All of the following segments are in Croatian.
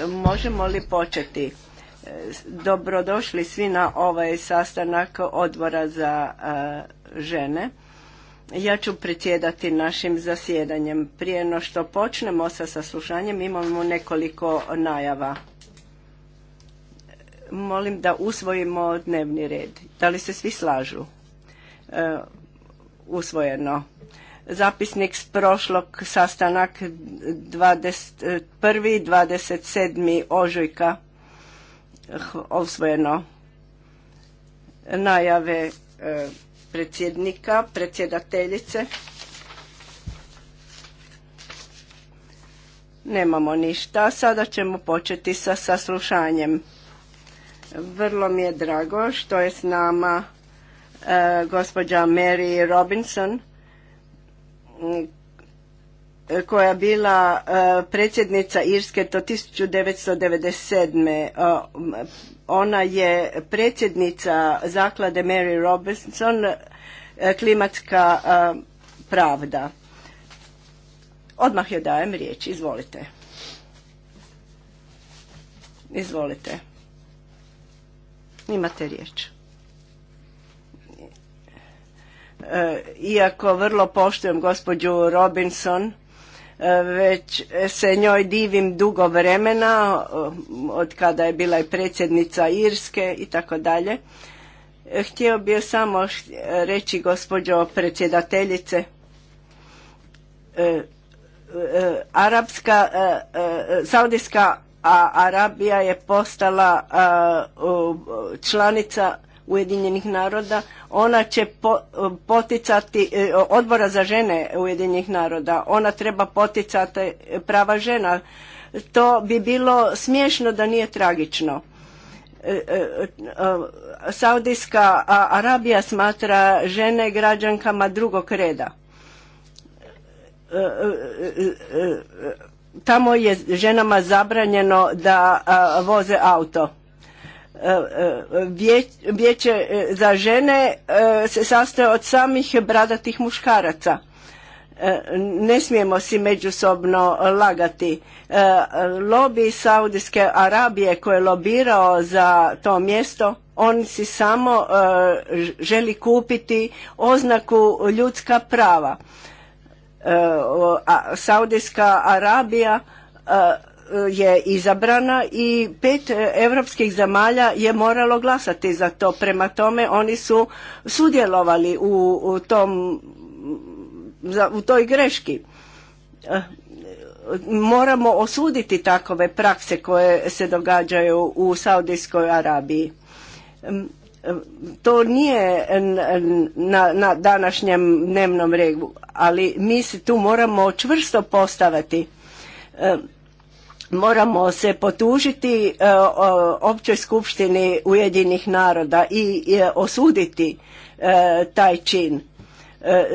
Možemo li početi? E, dobrodošli svi na ovaj sastanak odbora za e, žene. Ja ću predsjedati našim zasjedanjem. Prije no što počnemo sa saslušanjem imamo nekoliko najava. E, molim da usvojimo dnevni red. Da li se svi slažu? usvojeno. Zapisnik s prošlog sastanak 21. 27. ožujka eh, osvojeno najave eh, predsjednika, predsjedateljice. Nemamo ništa, sada ćemo početi sa saslušanjem. Vrlo mi je drago što je s nama eh, gospođa Mary Robinson, koja je bila e, predsjednica Irske to 1997. E, ona je predsjednica zaklade Mary Robinson e, Klimatska pravda. Odmah joj dajem riječ, izvolite. Izvolite. Imate riječ. E, iako vrlo poštujem gospođu Robinson, e, već se njoj divim dugo vremena, od kada je bila i predsjednica Irske i tako dalje. E, htio bih samo reći gospođo predsjedateljice, Saudijska Arabija je postala članica Ujedinjenih naroda, ona će poticati e, odbora za žene Ujedinjenih naroda, ona treba poticati prava žena. To bi bilo smiješno da nije tragično. E, e, Saudijska Arabija smatra žene građankama drugog reda. Tamo je ženama zabranjeno da voze auto E, e, vijeće e, za žene se sastoje od samih bradatih muškaraca ne smijemo si međusobno lagati. Lobi Saudijske Arabije koje je lobirao za to mjesto, on si samo želi kupiti oznaku ljudska prava. Saudijska Arabija je izabrana i pet europskih zemalja je moralo glasati za to. Prema tome oni su sudjelovali u, u tom u toj greški. E, moramo osuditi takove prakse koje se događaju u Saudijskoj Arabiji. To nije na, na današnjem dnevnom regu, ali mi se tu moramo čvrsto postaviti moramo se potužiti e, općoj skupštini Ujedinih naroda i osuditi e, taj čin. E,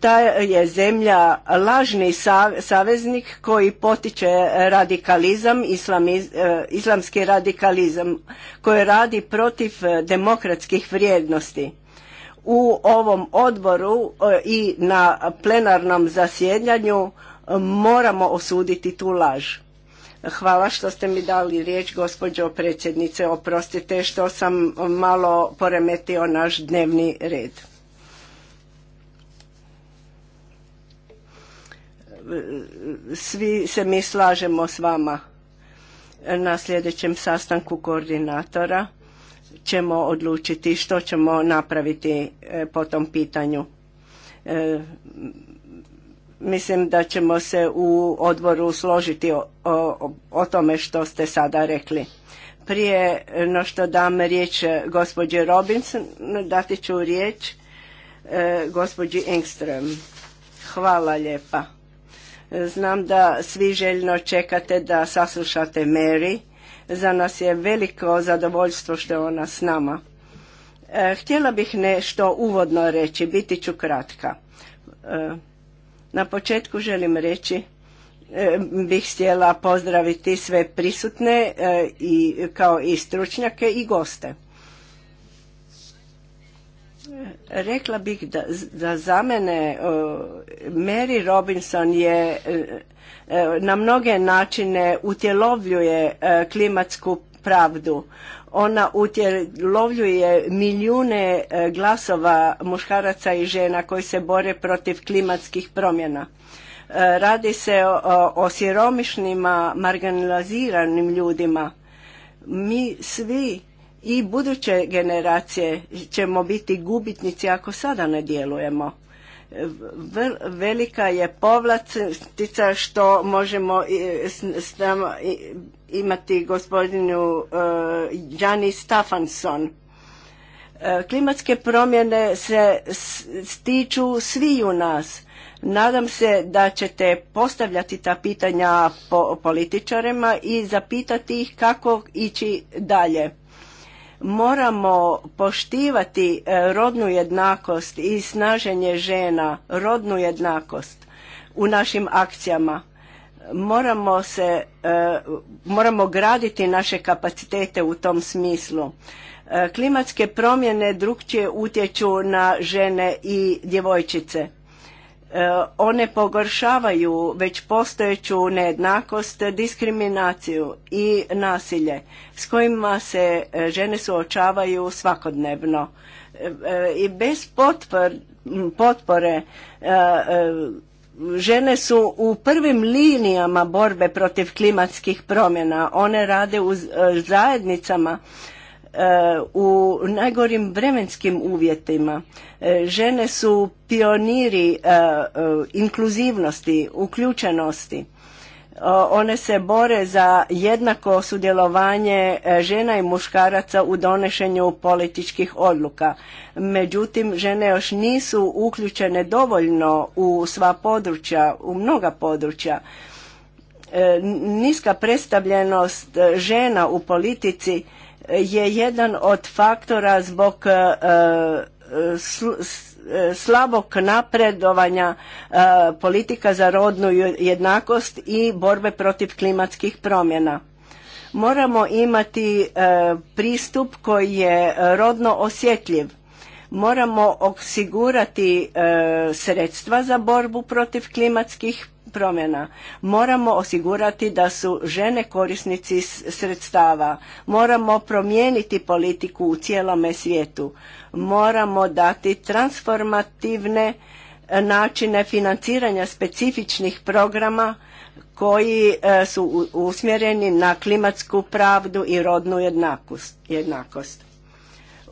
ta je zemlja lažni saveznik koji potiče radikalizam, islamski radikalizam koji radi protiv demokratskih vrijednosti u ovom odboru i na plenarnom zasjedanju moramo osuditi tu laž. Hvala što ste mi dali riječ, gospođo predsjednice. Oprostite što sam malo poremetio naš dnevni red. Svi se mi slažemo s vama. Na sljedećem sastanku koordinatora ćemo odlučiti što ćemo napraviti eh, po tom pitanju. Eh, Mislim da ćemo se u odboru složiti o, o, tome što ste sada rekli. Prije no što dam riječ e, gospođi Robinson, dati ću riječ e, gospođi Engström. Hvala lijepa. Znam da svi željno čekate da saslušate Mary. Za nas je veliko zadovoljstvo što je ona s nama. E, htjela bih nešto uvodno reći, biti ću kratka. E, na početku želim reći e, bih htjela pozdraviti sve prisutne e, i kao i stručnjake i goste. Rekla bih da, da za mene e, Mary Robinson je na mnoge načine utjelovljuje klimatsku pravdu. Ona utjelovljuje milijune e, glasova muškaraca i žena koji se bore protiv klimatskih promjena. E, radi se o, o siromišnima, marginaliziranim ljudima. Mi svi i buduće generacije ćemo biti gubitnici ako sada ne djelujemo. Velika je povlastica što možemo imati gospodinu Jani e, Stafanson. E, klimatske promjene se stiču sviju nas. Nadam se da ćete postavljati ta pitanja po političarima i zapitati ih kako ići dalje. Moramo poštivati e, rodnu jednakost i snaženje žena, rodnu jednakost u našim akcijama moramo se e, moramo graditi naše kapacitete u tom smislu e, klimatske promjene drukčije utječu na žene i djevojčice e, one pogoršavaju već postojeću nejednakost, diskriminaciju i nasilje s kojima se žene suočavaju svakodnevno. I bez potpore Žene su u prvim linijama borbe protiv klimatskih promjena. One rade u e, zajednicama e, u najgorim vremenskim uvjetima. E, žene su pioniri inkluzivnosti, uključenosti one se bore za jednako sudjelovanje e, žena i muškaraca u donošenju političkih odluka. Međutim, žene još nisu uključene dovoljno u sva područja, u mnoga područja. E, niska predstavljenost e, žena u politici je jedan od faktora zbog E, slabog napredovanja e, politika za rodnu jednakost i borbe protiv klimatskih promjena. Moramo imati e, pristup koji je rodno osjetljiv. Moramo osigurati sredstva za borbu protiv klimatskih promjena. Moramo osigurati da su žene korisnici sredstava. Moramo promijeniti politiku u cijelome svijetu. Moramo dati transformativne e, načine financiranja specifičnih programa koji e, su usmjereni na klimatsku pravdu i rodnu jednakost.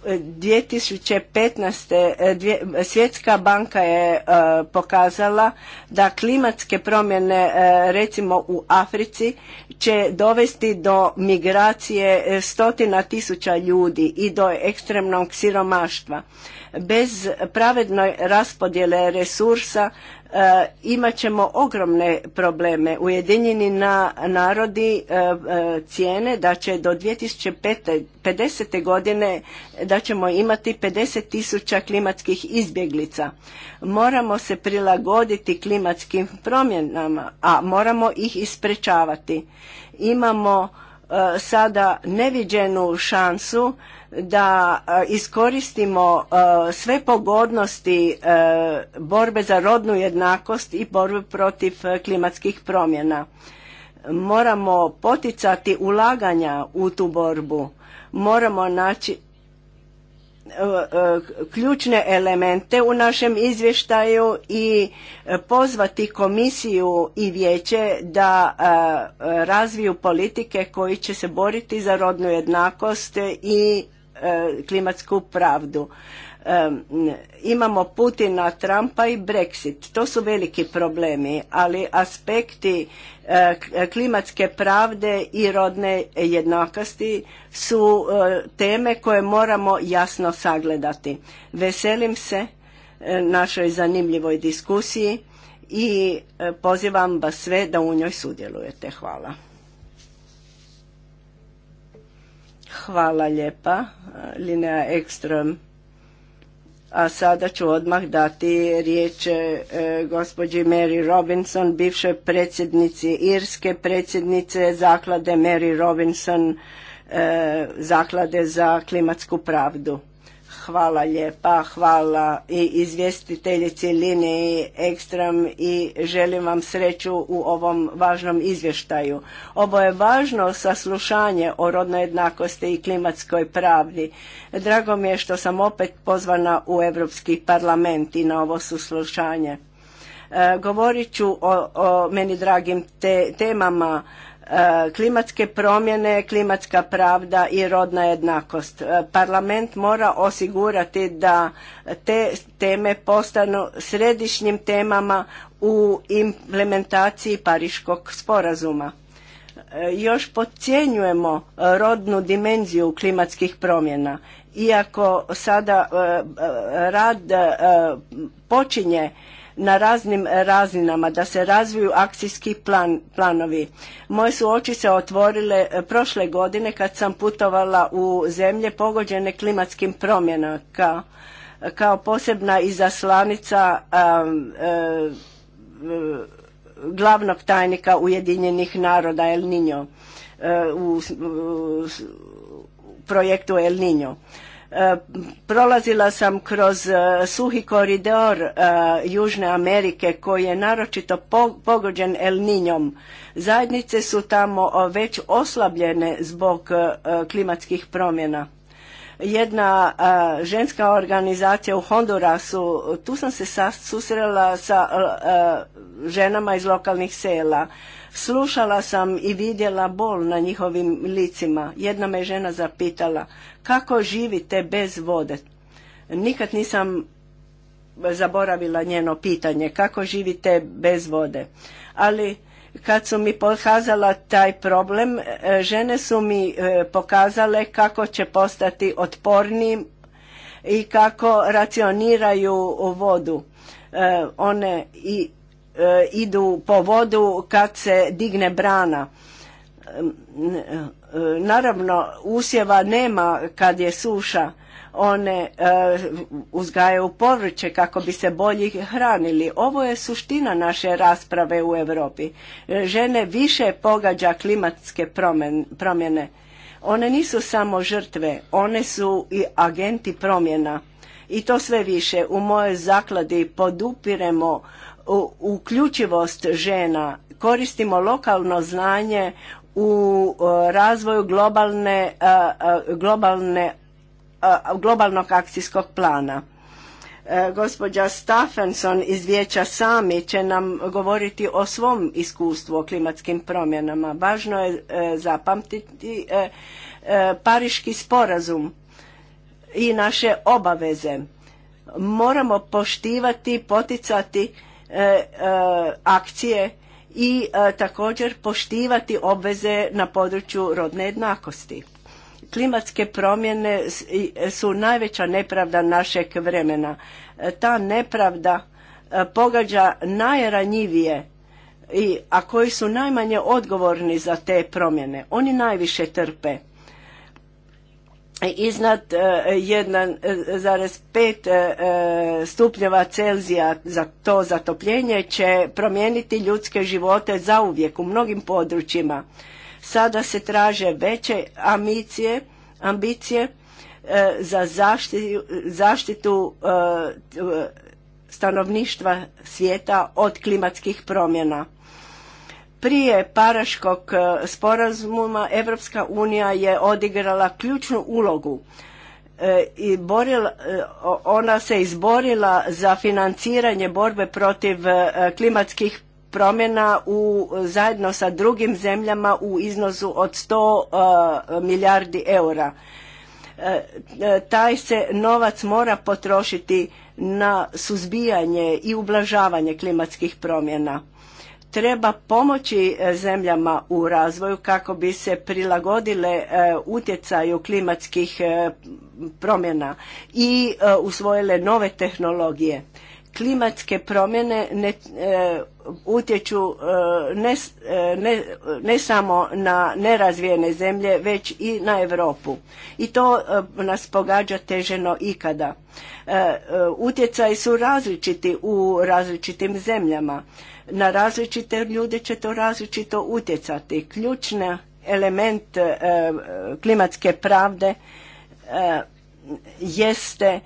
2015. E, svjetska banka je e, pokazala da klimatske promjene e, recimo u Africi će dovesti do migracije stotina tisuća ljudi i do ekstremnog siromaštva. Bez pravednoj raspodjele resursa E, imat ćemo ogromne probleme. Ujedinjeni na narodi e, e, cijene da će do 2050. godine da ćemo imati 50 klimatskih izbjeglica. Moramo se prilagoditi klimatskim promjenama, a moramo ih isprečavati. Imamo sada neviđenu šansu da e, iskoristimo e, sve pogodnosti e, borbe za rodnu jednakost i borbe protiv klimatskih promjena. Moramo poticati ulaganja u tu borbu. Moramo naći ključne elemente u našem izvještaju i pozvati komisiju i vijeće da razviju politike koji će se boriti za rodnu jednakost i E, klimatsku pravdu. E, imamo Putina, Trumpa i Brexit. To su veliki problemi, ali aspekti e, klimatske pravde i rodne jednakosti su teme koje moramo jasno sagledati. Veselim se našoj zanimljivoj diskusiji i pozivam vas sve da u njoj sudjelujete. Hvala. Hvala lijepa, e, Linea Ekstrom. A sada ću odmah dati riječ e, gospođi Mary Robinson, bivšoj predsjednici Irske, predsjednice zaklade Mary Robinson, e, zaklade za klimatsku pravdu hvala lijepa, hvala i izvjestiteljici Liniji Ekstrem i želim vam sreću u ovom važnom izvještaju. Ovo je važno saslušanje o rodnoj jednakosti i klimatskoj pravdi. Drago mi je što sam opet pozvana u Europski parlament i na ovo saslušanje. E, govorit ću o, meni dragim temama E, klimatske promjene, klimatska pravda i rodna jednakost. E, parlament mora osigurati da te teme postanu središnjim temama u implementaciji Pariškog sporazuma. E, još podcjenjujemo rodnu dimenziju klimatskih promjena. Iako sada rad počinje na raznim razinama, da se razviju akcijski planovi. Moje su oči se otvorile e, prošle godine kad sam putovala u zemlje pogođene klimatskim promjenama kao, posebna izaslanica e, e, glavnog tajnika Ujedinjenih naroda El Niño u, u projektu El Niño. Prolazila sam kroz e, suhi koridor e, Južne Amerike koji je naročito pogođen El Niñom. Zajednice su tamo već oslabljene zbog e, klimatskih promjena jedna ženska organizacija u Hondurasu, tu sam se susrela sa ženama iz lokalnih sela. Slušala sam i vidjela bol na njihovim licima. Jedna me žena zapitala, kako živite bez vode? Nikad nisam zaboravila njeno pitanje, kako živite bez vode? Ali kad su mi pokazala taj problem, e, žene su mi e, pokazale kako će postati otpornijim i kako racioniraju vodu. E, one i idu po vodu kad se digne brana. Naravno, usjeva nema kad je suša one e, uzgajaju povrće kako bi se bolje hranili. Ovo je suština naše rasprave u Europi. E, žene više pogađa klimatske promjene. One nisu samo žrtve, one su i agenti promjena. I to sve više u mojoj zakladi podupiremo uključivost žena, koristimo lokalno znanje u e, razvoju globalne, globalne globalnog akcijskog plana. E, gospođa Staffenson iz Vijeća Sami će nam govoriti o svom iskustvu o klimatskim promjenama. Važno je e, zapamtiti e, Pariški sporazum i naše obaveze. Moramo poštivati, poticati akcije i također poštivati obveze na području rodne jednakosti. Klimatske promjene su najveća nepravda našeg vremena. E, ta nepravda e, pogađa najranjivije i, a koji su najmanje odgovorni za te promjene. Oni najviše trpe. E, iznad 1,5 stupnjeva Celzija za to zatopljenje će promijeniti ljudske živote zauvijek u mnogim područjima. Sada se traže veće ambicije, ambicije e, za zaštitu, zaštitu e, e, stanovništva svijeta od klimatskih promjena. Prije Paraškog sporazuma Evropska unija je odigrala ključnu ulogu i borila, ona se izborila za financiranje borbe protiv klimatskih promjena u, zajedno sa drugim zemljama u iznosu od 100 e, milijardi eura. E, e, taj se novac mora potrošiti na suzbijanje i ublažavanje klimatskih promjena treba pomoći zemljama u razvoju kako bi se prilagodile utjecaju klimatskih promjena i usvojile nove tehnologije klimatske promjene ne, e, utječu e, e, ne, samo na nerazvijene zemlje već i na Europu i to nas pogađa teženo ikada. Utjecaji su različiti u različitim zemljama. Na različite ljude će to različito utjecati. Ključni element klimatske pravde jeste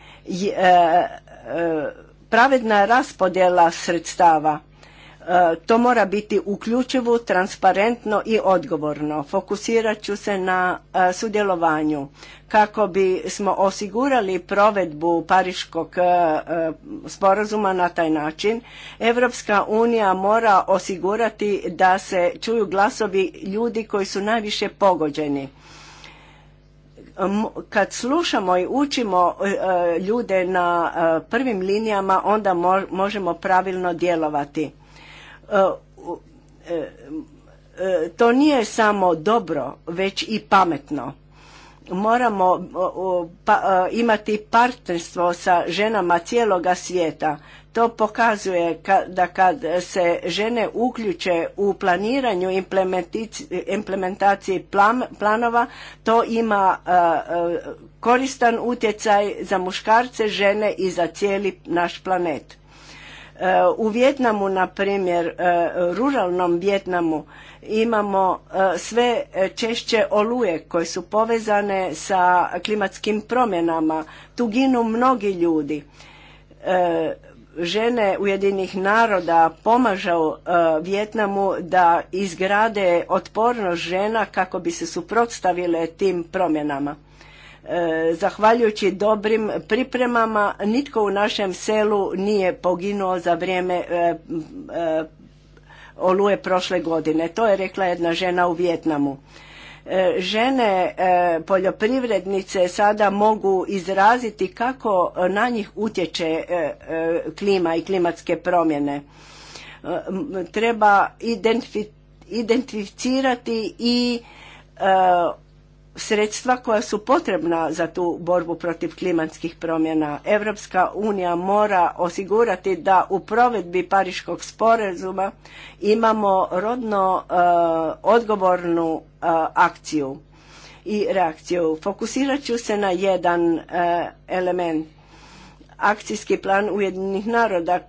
pravedna raspodjela sredstava e, to mora biti uključivo, transparentno i odgovorno. Fokusirat ću se na e, sudjelovanju kako bi smo osigurali provedbu Pariškog e, sporazuma na taj način. Evropska unija mora osigurati da se čuju glasovi ljudi koji su najviše pogođeni kad slušamo i učimo e, e, ljude na e, prvim linijama onda možemo pravilno djelovati to nije samo dobro već i pametno moramo pa, e, imati partnerstvo sa ženama cijeloga svijeta. To pokazuje da kad se žene uključe u planiranju implementaciji planova, to ima e, e, koristan utjecaj za muškarce, žene i za cijeli naš planet. U Vjetnamu, na primjer, e, ruralnom Vjetnamu imamo e, sve češće oluje koje su povezane sa klimatskim promjenama. Tu ginu mnogi ljudi. E, žene Ujedinih naroda pomažu Vjetnamu da izgrade otpornost žena kako bi se suprotstavile tim promjenama E, zahvaljujući dobrim pripremama nitko u našem selu nije poginuo za vrijeme e, e, oluje prošle godine. To je rekla jedna žena u Vjetnamu. Žene poljoprivrednice sada mogu izraziti kako na njih utječe klima i klimatske promjene. Treba identificirati i sredstva koja su potrebna za tu borbu protiv klimatskih promjena. Europska unija mora osigurati da u provedbi Pariškog sporazuma imamo rodno e, odgovornu e, akciju i reakciju. Fokusirat ću se na jedan e, element. Akcijski plan Ujedinjenih naroda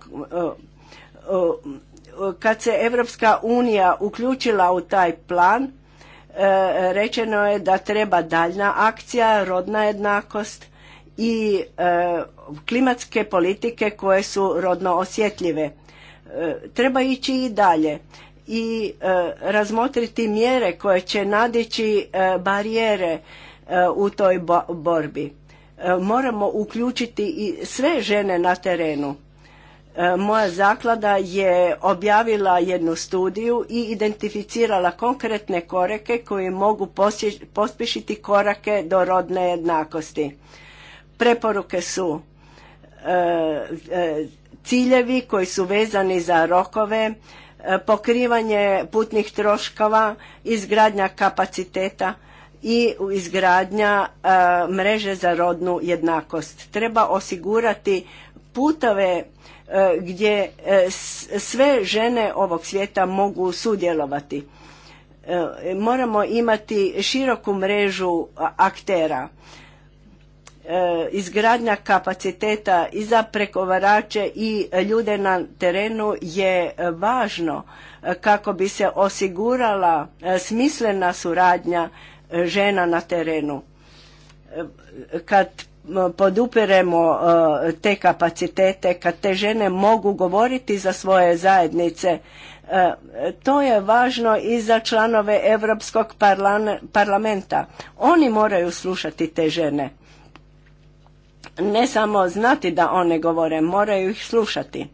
kad se Europska unija uključila u taj plan E, rečeno je da treba daljna akcija, rodna jednakost i e, klimatske politike koje su rodno osjetljive. E, treba ići i dalje i razmotriti mjere koje će nadići barijere u toj borbi. Moramo uključiti i sve žene na terenu E, moja zaklada je objavila jednu studiju i identificirala konkretne korake koje mogu pospješiti korake do rodne jednakosti. Preporuke su e, e, ciljevi koji su vezani za rokove, pokrivanje putnih troškova, izgradnja kapaciteta i izgradnja mreže za rodnu jednakost. Treba osigurati putove Eh, gdje eh, sve žene ovog svijeta mogu sudjelovati. Eh, moramo imati široku mrežu aktera. Izgradnja kapaciteta i za prekovarače i ljude na terenu je važno kako bi se osigurala smislena suradnja žena na terenu. Kad podupiremo e, te kapacitete kad te žene mogu govoriti za svoje zajednice e, to je važno i za članove Europskog parlamenta. Oni moraju slušati te žene. Ne samo znati da one govore, moraju ih slušati.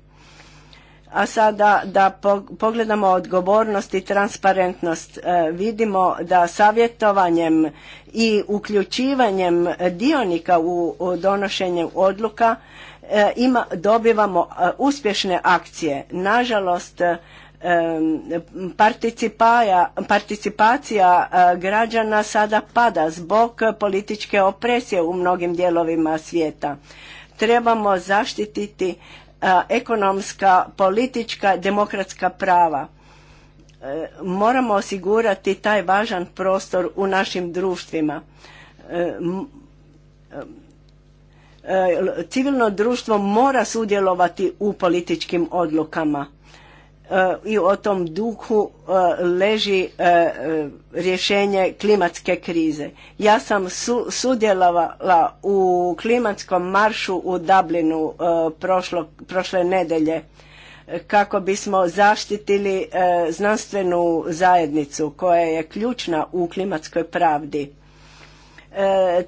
A sada da pogledamo odgovornost i transparentnost. E, vidimo da savjetovanjem i uključivanjem dionika u, donošenje odluka e, ima, dobivamo e, uspješne akcije. Nažalost, participacija građana sada pada zbog političke opresije u mnogim dijelovima svijeta trebamo zaštititi ekonomska, politička, demokratska prava. E, moramo osigurati taj važan prostor u našim društvima. E, e, civilno društvo mora sudjelovati u političkim odlukama i o tom duhu e, leži e, e, rješenje klimatske krize. Ja sam sudjelovala u klimatskom maršu u Dublinu prošlo, prošle nedelje kako bismo zaštitili znanstvenu zajednicu koja je ključna u klimatskoj pravdi.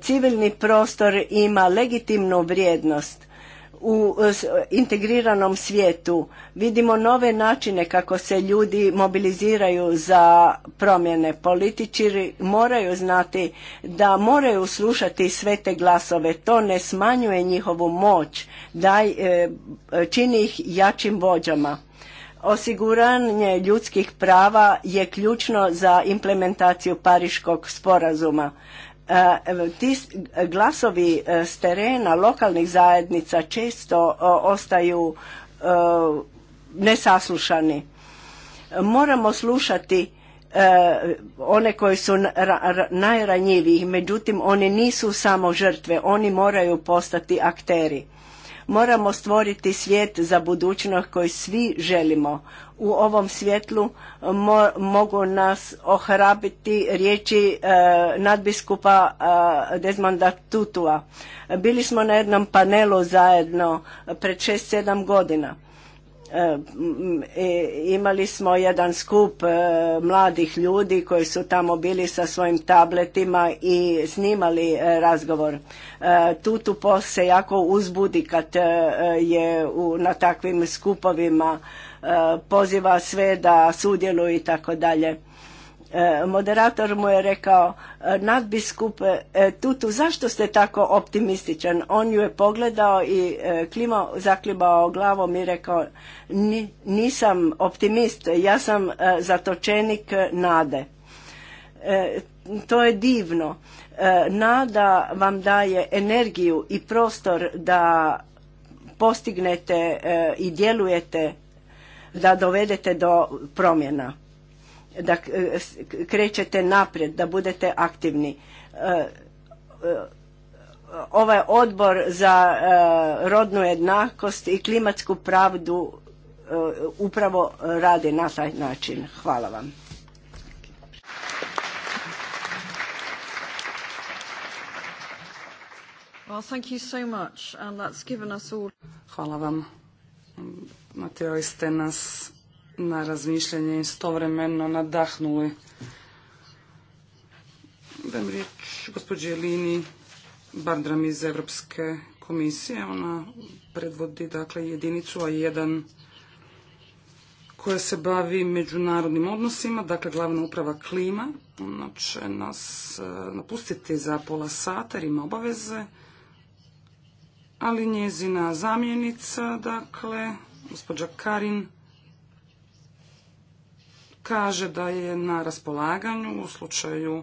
Civilni prostor ima legitimnu vrijednost u e, integriranom svijetu vidimo nove načine kako se ljudi mobiliziraju za promjene. Političari moraju znati da moraju slušati sve te glasove. To ne smanjuje njihovu moć, daj, e, čini ih jačim vođama. Osiguranje ljudskih prava je ključno za implementaciju Pariškog sporazuma. Ti glasovi e, s terena lokalnih zajednica često ostaju e, nesaslušani. Moramo slušati e, one koji su najranjiviji, međutim oni nisu samo žrtve, oni moraju postati akteri. Moramo stvoriti svijet za budućnost koji svi želimo. U ovom svjetlu mogu nas ohrabiti riječi e, nadbiskupa e, Desmonda Tutua. Bili smo na jednom panelu zajedno pred 6-7 godina E, e, imali smo jedan skup e, mladih ljudi koji su tamo bili sa svojim tabletima i snimali razgovor. Tutu pos se jako uzbudi kad je na takvim skupovima poziva sve da sudjeluju i tako dalje. E, moderator mu je rekao, e, nadbiskup e, Tutu, zašto ste tako optimističan? On ju je pogledao i klimao zaklibao glavom i rekao, nisam optimist, ja sam zatočenik nade. To je divno. Nada vam daje energiju i prostor da postignete i djelujete da dovedete do promjena da e, krećete naprijed, da budete aktivni. E, e, ovaj odbor za rodnu jednakost i klimatsku pravdu upravo radi na taj način. Hvala vam. Hvala vam. Mateo ste nas na razmišljanje istovremeno nadahnuli. Dajem riječ gospođe Lini Bardram iz Evropske komisije. Ona predvodi dakle jedinicu a jedan koja se bavi međunarodnim odnosima, dakle glavna uprava klima. Ona će nas e, napustiti za pola sata jer ima obaveze, ali njezina zamjenica, dakle, gospođa Karin kaže da je na raspolaganju u slučaju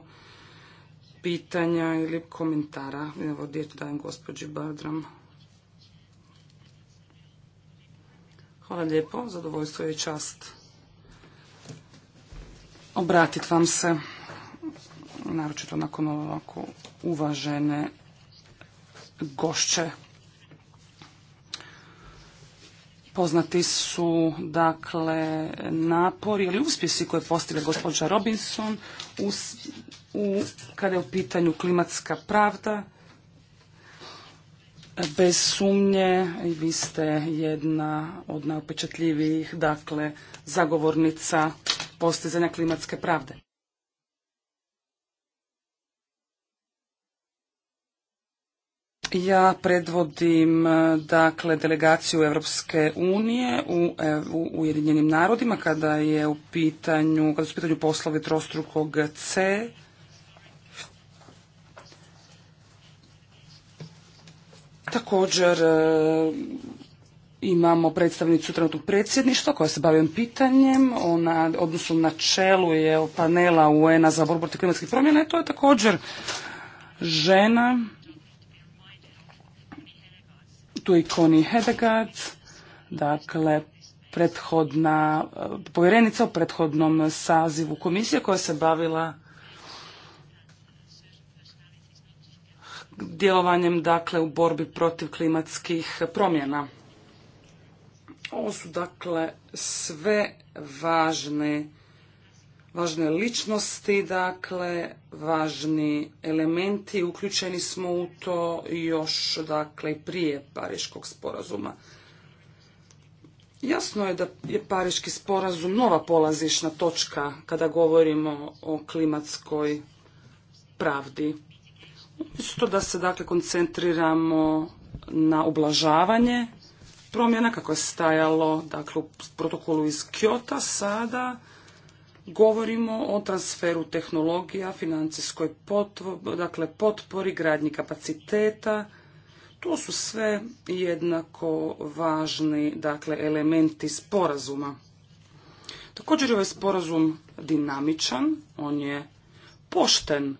pitanja ili komentara. Evo, djetu dajem gospođi Bardram. Hvala lijepo, zadovoljstvo je i čast obratit vam se, naročito nakon ovako uvažene gošće Poznati su dakle napori ili uspjesi koje postigle gospođa Robinson u, kada je u pitanju klimatska pravda. Bez sumnje i vi ste jedna od najupečatljivijih dakle zagovornica postizanja klimatske pravde. Ja predvodim dakle delegaciju Europske unije u, u Ujedinjenim narodima kada je u pitanju, kada su u pitanju poslovi trostrukog C. Također e, imamo predstavnicu trenutnog predsjedništva koja se bavim pitanjem. Ona, odnosno na čelu je panela UN-a za borbu protiv klimatskih promjena i to je također žena tu i Koni Hedegaard, dakle prethodna eh, povjerenica u prethodnom sazivu komisije koja se bavila djelovanjem dakle u borbi protiv klimatskih promjena. Ovo su dakle sve važne važne ličnosti, dakle, važni elementi, uključeni smo u to još, dakle, i prije Pariškog sporazuma. Jasno je da je Pariški sporazum nova polazišna točka kada govorimo o klimatskoj pravdi. Isto da se, dakle, koncentriramo na ublažavanje promjena, kako je stajalo, dakle, u protokolu iz Kjota, sada govorimo o transferu tehnologija, financijskoj potpori, dakle potpori, gradnji kapaciteta. To su sve jednako važni dakle, elementi sporazuma. Također je ovaj sporazum dinamičan, on je pošten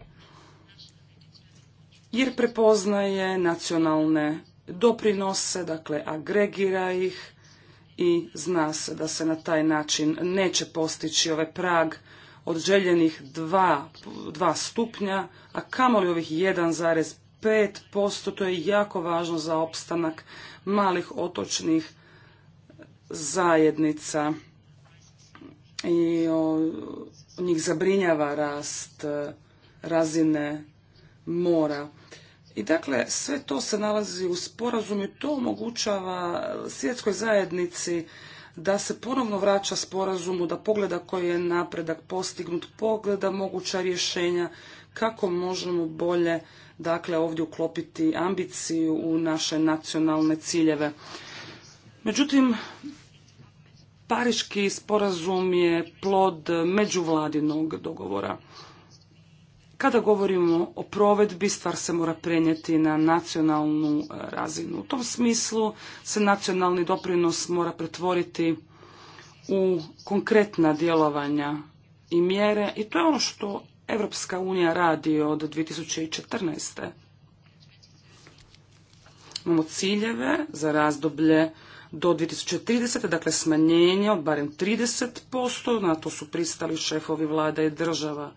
jer prepoznaje nacionalne doprinose, dakle agregira ih i zna se da se na taj način neće postići ovaj prag od željenih dva stupnja, a kamoli ovih 1,5%, to je jako važno za opstanak malih otočnih zajednica. I njih zabrinjava rast eh, razine mora. I dakle, sve to se nalazi u sporazumu i to omogućava svjetskoj zajednici da se ponovno vraća sporazumu, da pogleda koji je napredak postignut, pogleda moguća rješenja, kako možemo bolje dakle ovdje uklopiti ambiciju u naše nacionalne ciljeve. Međutim, Pariški sporazum je plod međuvladinog dogovora. Kada govorimo o provedbi, stvar se mora prenijeti na nacionalnu e, razinu. U tom smislu se nacionalni doprinos mora pretvoriti u konkretna djelovanja i mjere i to je ono što Evropska unija radi od 2014. Imamo ciljeve za razdoblje do 2030. dakle smanjenje od barem 30%, na to su pristali šefovi vlada i država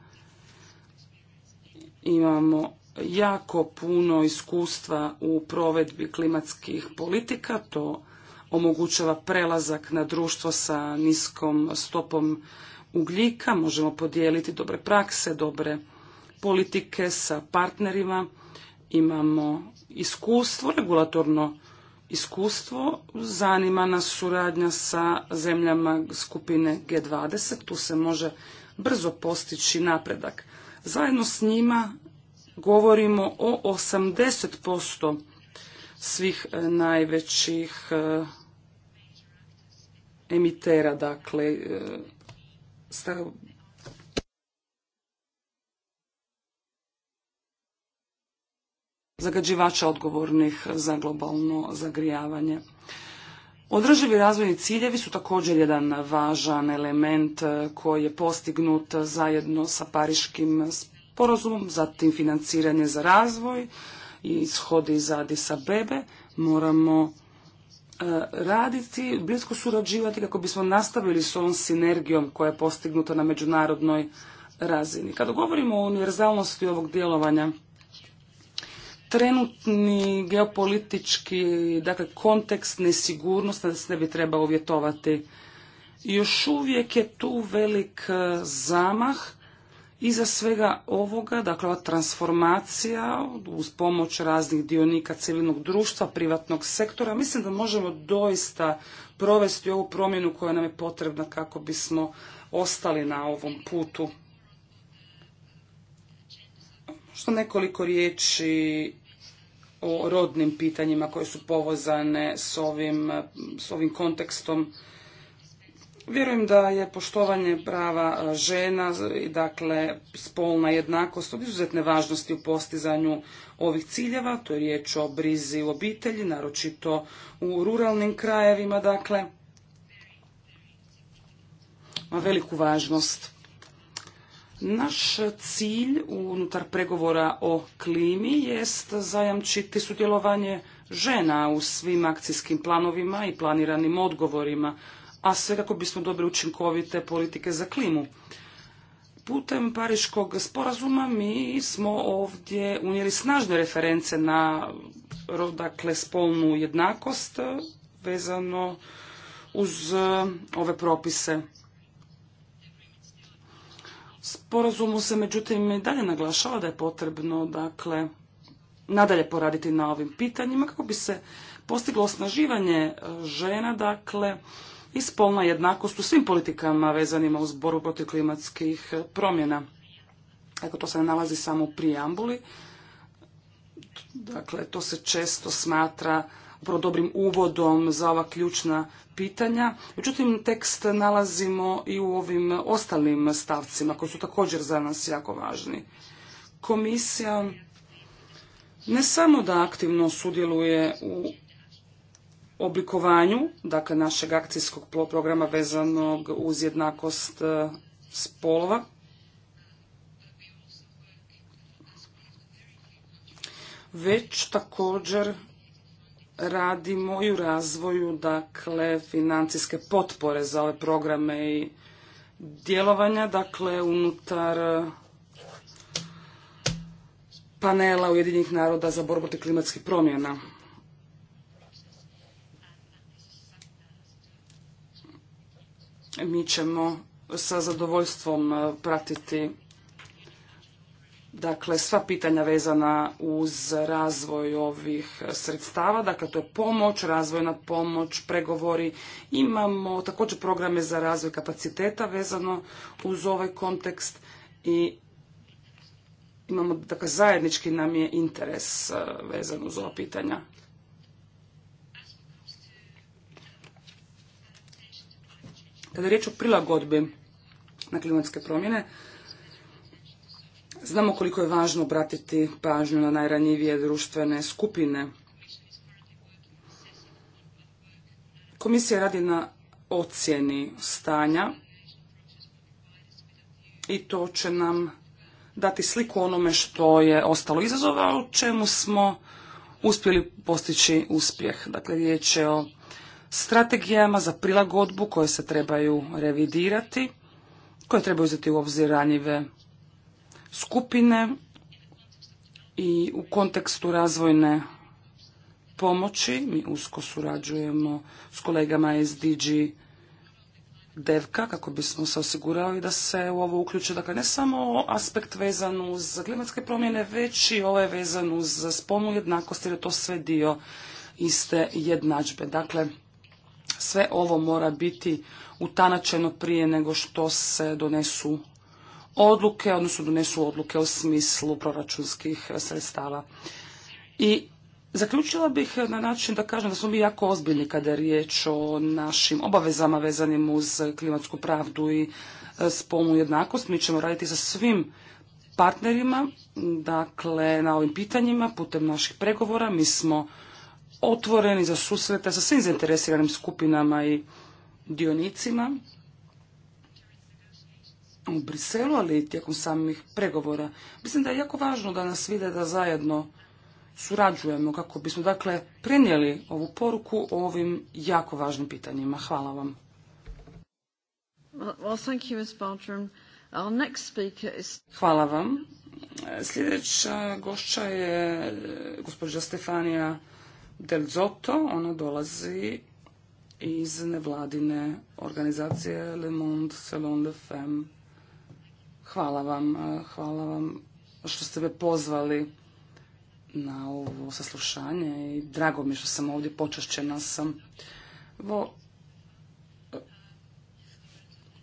imamo jako puno iskustva u provedbi klimatskih politika, to omogućava prelazak na društvo sa niskom stopom ugljika, možemo podijeliti dobre prakse, dobre politike sa partnerima, imamo iskustvo, regulatorno iskustvo, zanima nas suradnja sa zemljama skupine G20, tu se može brzo postići napredak. Zajedno s njima govorimo o 80% svih e, najvećih e, emitera, dakle, e, zagađivača odgovornih za globalno zagrijavanje. Održivi razvojni ciljevi su također jedan važan element e, koji je postignut zajedno sa pariškim sporazumom, zatim financiranje za razvoj i ishodi iz Adisa Bebe. Moramo e, raditi, blisko surađivati kako bismo nastavili s ovom sinergijom koja je postignuta na međunarodnoj razini. Kada govorimo o univerzalnosti ovog djelovanja, trenutni geopolitički dakle, kontekst nesigurnosti da se ne bi trebao uvjetovati. Još uvijek je tu velik e, zamah iza svega ovoga, dakle ova transformacija uz pomoć raznih dionika civilnog društva, privatnog sektora. Mislim da možemo doista provesti ovu promjenu koja nam je potrebna kako bismo ostali na ovom putu što nekoliko riječi o rodnim pitanjima koje su povozane s ovim, s ovim kontekstom. Vjerujem da je poštovanje prava žena i dakle spolna jednakost od izuzetne važnosti u postizanju ovih ciljeva. To je riječ o brizi u obitelji, naročito u ruralnim krajevima, dakle. Ima veliku važnost. Naš cilj unutar pregovora o klimi jest zajamčiti sudjelovanje žena u svim akcijskim planovima i planiranim odgovorima, a sve kako bismo dobili učinkovite politike za klimu. Putem Pariškog sporazuma mi smo ovdje unijeli snažne reference na rodakle spolnu jednakost vezano uz e, ove propise sporazumu se međutim i dalje naglašava da je potrebno dakle nadalje poraditi na ovim pitanjima kako bi se postiglo osnaživanje e, žena dakle i spolna jednakost u svim politikama vezanima uz borbu protiv klimatskih e, promjena. Ako to se ne nalazi samo u prijambuli, dakle to se često smatra upravo dobrim uvodom za ova ključna pitanja. Međutim, tekst nalazimo i u ovim ostalim stavcima koji su također za nas jako važni. Komisija ne samo da aktivno sudjeluje u oblikovanju, dakle našeg akcijskog programa vezanog uz jednakost e, spolova, već također radimo i u razvoju dakle financijske potpore za ove programe i djelovanja dakle unutar eh, panela Ujedinjenih naroda za borbu protiv klimatskih promjena. Mi ćemo sa zadovoljstvom eh, pratiti dakle sva pitanja vezana uz razvoj ovih sredstava, dakle to je pomoć, razvojna pomoć, pregovori. Imamo također programe za razvoj kapaciteta vezano uz ovaj kontekst i imamo, dakle zajednički nam je interes e, vezan uz ova pitanja. Kada je riječ o prilagodbi na klimatske promjene, Znamo koliko je važno obratiti pažnju na najranjivije društvene skupine. Komisija radi na ocjeni stanja i to će nam dati sliku onome što je ostalo izazova, o čemu smo uspjeli postići uspjeh. Dakle, riječ je o strategijama za prilagodbu koje se trebaju revidirati, koje trebaju uzeti u obzir ranjive skupine i u kontekstu razvojne pomoći. Mi usko surađujemo s kolegama SDG devka kako bismo se osigurali da se u ovo uključe dakle ne samo aspekt vezan uz klimatske promjene već i ovaj vezan uz spolnu jednakost jer je to sve dio iste jednadžbe. Dakle, sve ovo mora biti utanačeno prije nego što se donesu odluke, odnosno donesu odluke u smislu proračunskih e, sredstava. I Zaključila bih e, na način da kažem da smo mi jako ozbiljni kada je riječ o našim obavezama vezanim uz klimatsku pravdu i e, spolnu jednakost. Mi ćemo raditi sa svim partnerima, dakle na ovim pitanjima putem naših pregovora. Mi smo otvoreni za susrete sa svim zainteresiranim skupinama i dionicima u Briselu, ali i tijekom samih pregovora. Mislim da je jako važno da nas vide da zajedno surađujemo kako bismo dakle prenijeli ovu poruku o ovim jako važnim pitanjima. Hvala vam. Hvala vam. Sljedeća gošća je eh, gospođa Stefania Del Zotto. Ona dolazi iz nevladine organizacije Le Monde Salon de Femme. Hvala vam, e, hvala vam što ste me pozvali na ovo saslušanje i drago mi je što sam ovdje počašćena sam. Evo, e,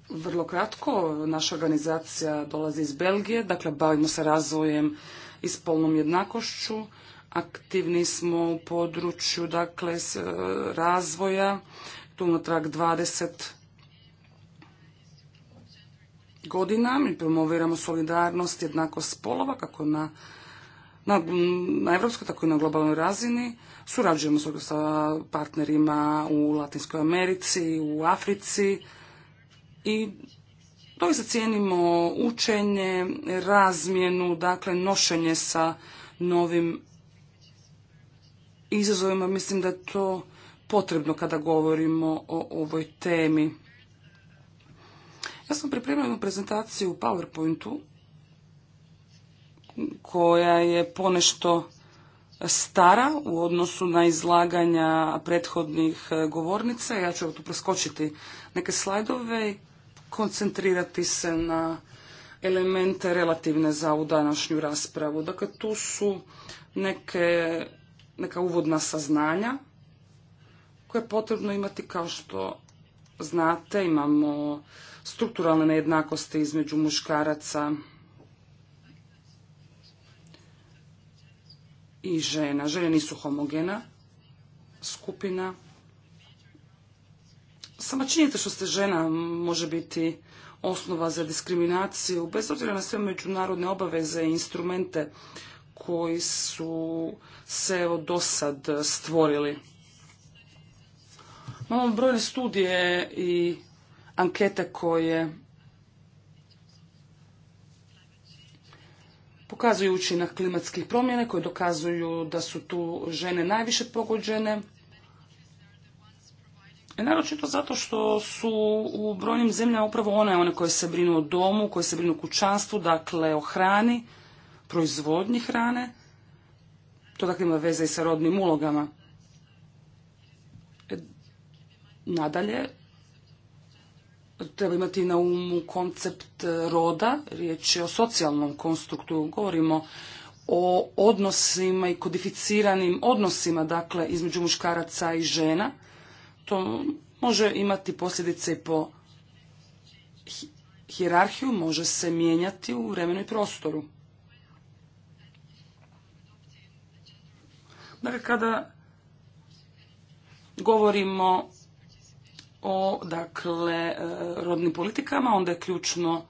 vrlo kratko, naša organizacija dolazi iz Belgije, dakle bavimo se razvojem i spolnom jednakošću. Aktivni smo u području dakle, e, razvoja, tu unatrag godina. Mi promoviramo solidarnost, jednakost spolova, kako na na, na evropskoj, tako i na globalnoj razini. Surađujemo sa partnerima u Latinskoj Americi, u Africi i doista cijenimo učenje, razmjenu, dakle nošenje sa novim izazovima. Mislim da je to potrebno kada govorimo o ovoj temi. Ja sam pripremila jednu prezentaciju u PowerPointu koja je ponešto stara u odnosu na izlaganja prethodnih e, govornica. Ja ću tu preskočiti neke slajdove i koncentrirati se na elemente relativne za ovu današnju raspravu. Dakle, tu su neke, neka uvodna saznanja koje je potrebno imati kao što znate. Imamo strukturalne nejednakosti između muškaraca i žena. Žene nisu homogena skupina. Sama činjenica što ste žena može biti osnova za diskriminaciju, bez obzira na sve međunarodne obaveze i instrumente koji su se od dosad stvorili. Imamo brojne studije i ankete koje pokazuju učinak klimatskih promjene, koje dokazuju da su tu žene najviše pogođene. I e, naročito zato što su u brojnim zemljama upravo one, one koje se brinu o domu, koje se brinu o kućanstvu, dakle o hrani, proizvodnji hrane. To dakle ima veze i sa rodnim ulogama. E, nadalje, treba imati na umu koncept e, roda, riječ je o socijalnom konstruktu, govorimo o odnosima i kodificiranim odnosima, dakle, između muškaraca i žena. To može imati posljedice po hijerarhiju, može se mijenjati u vremenu i prostoru. Dakle, kada govorimo o dakle, e, rodnim politikama, onda je ključno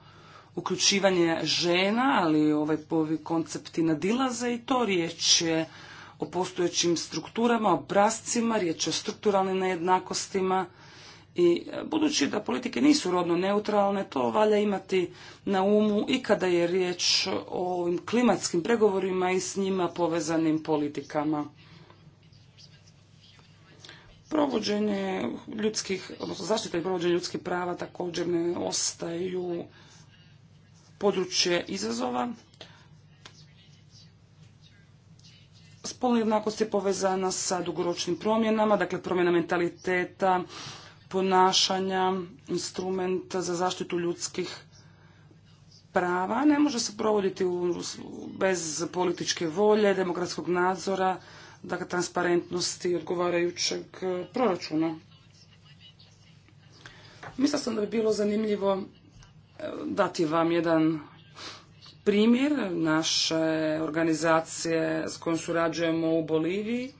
uključivanje žena, ali ovaj ovi koncepti nadilaze i to riječ je o postojećim strukturama, obrazcima, riječ je o strukturalnim nejednakostima i e, budući da politike nisu rodno neutralne, to valja imati na umu i kada je riječ o ovim klimatskim pregovorima i s njima povezanim politikama provođenje ljudskih, odnosno zaštita i provođenje ljudskih prava također ne ostaju područje izazova. Spolna jednakost je povezana sa dugoročnim promjenama, dakle promjena mentaliteta, ponašanja, instrumenta za zaštitu ljudskih prava ne može se provoditi bez političke volje, demokratskog nadzora dakle, transparentnosti odgovarajućeg e, proračuna. Mislila sam da bi bilo zanimljivo e, dati vam jedan primjer naše organizacije s kojom surađujemo u Boliviji.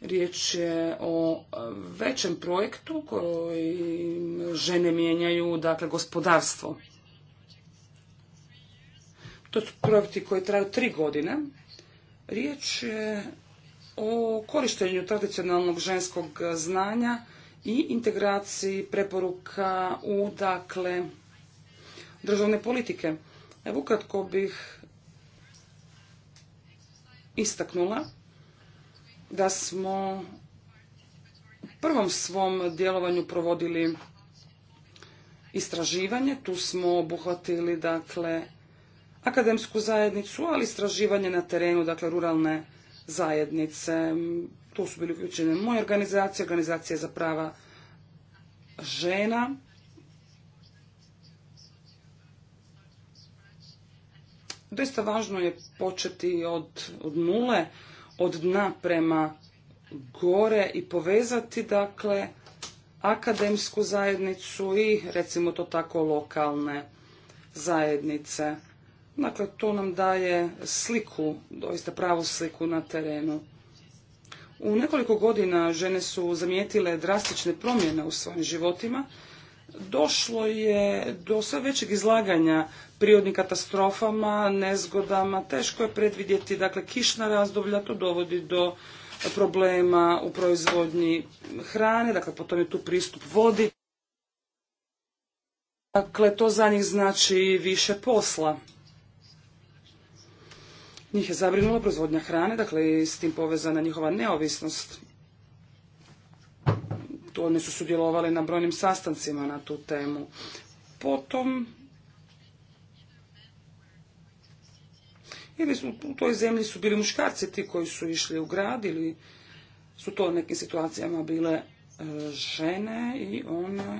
Riječ je o većem projektu koji žene mijenjaju, dakle, gospodarstvo to su projekti koji traju tri godine. Riječ je o korištenju tradicionalnog ženskog znanja i integraciji preporuka u dakle državne politike. Evo ukratko bih istaknula da smo u prvom svom djelovanju provodili istraživanje, tu smo obuhvatili dakle akademsku zajednicu, ali istraživanje na terenu, dakle ruralne zajednice. Tu su bili uključene moje organizacije, organizacije za prava žena. Doista važno je početi od, od nule, od dna prema gore i povezati dakle akademsku zajednicu i recimo to tako lokalne zajednice. Dakle, to nam daje sliku, doista pravu sliku na terenu. U nekoliko godina žene su zamijetile drastične promjene u svojim životima. Došlo je do sve većeg izlaganja prirodnim katastrofama, nezgodama, teško je predvidjeti, dakle kišna razdoblja, to dovodi do problema u proizvodnji hrane, dakle potom je tu pristup vodi. Dakle, to za njih znači više posla njih je zabrinula proizvodnja hrane, dakle i s tim povezana njihova neovisnost. Oni su sudjelovali na brojnim sastancima na tu temu. Potom ili su, u toj zemlji su bili muškarci ti koji su išli u grad ili su to u nekim situacijama bile e, žene i one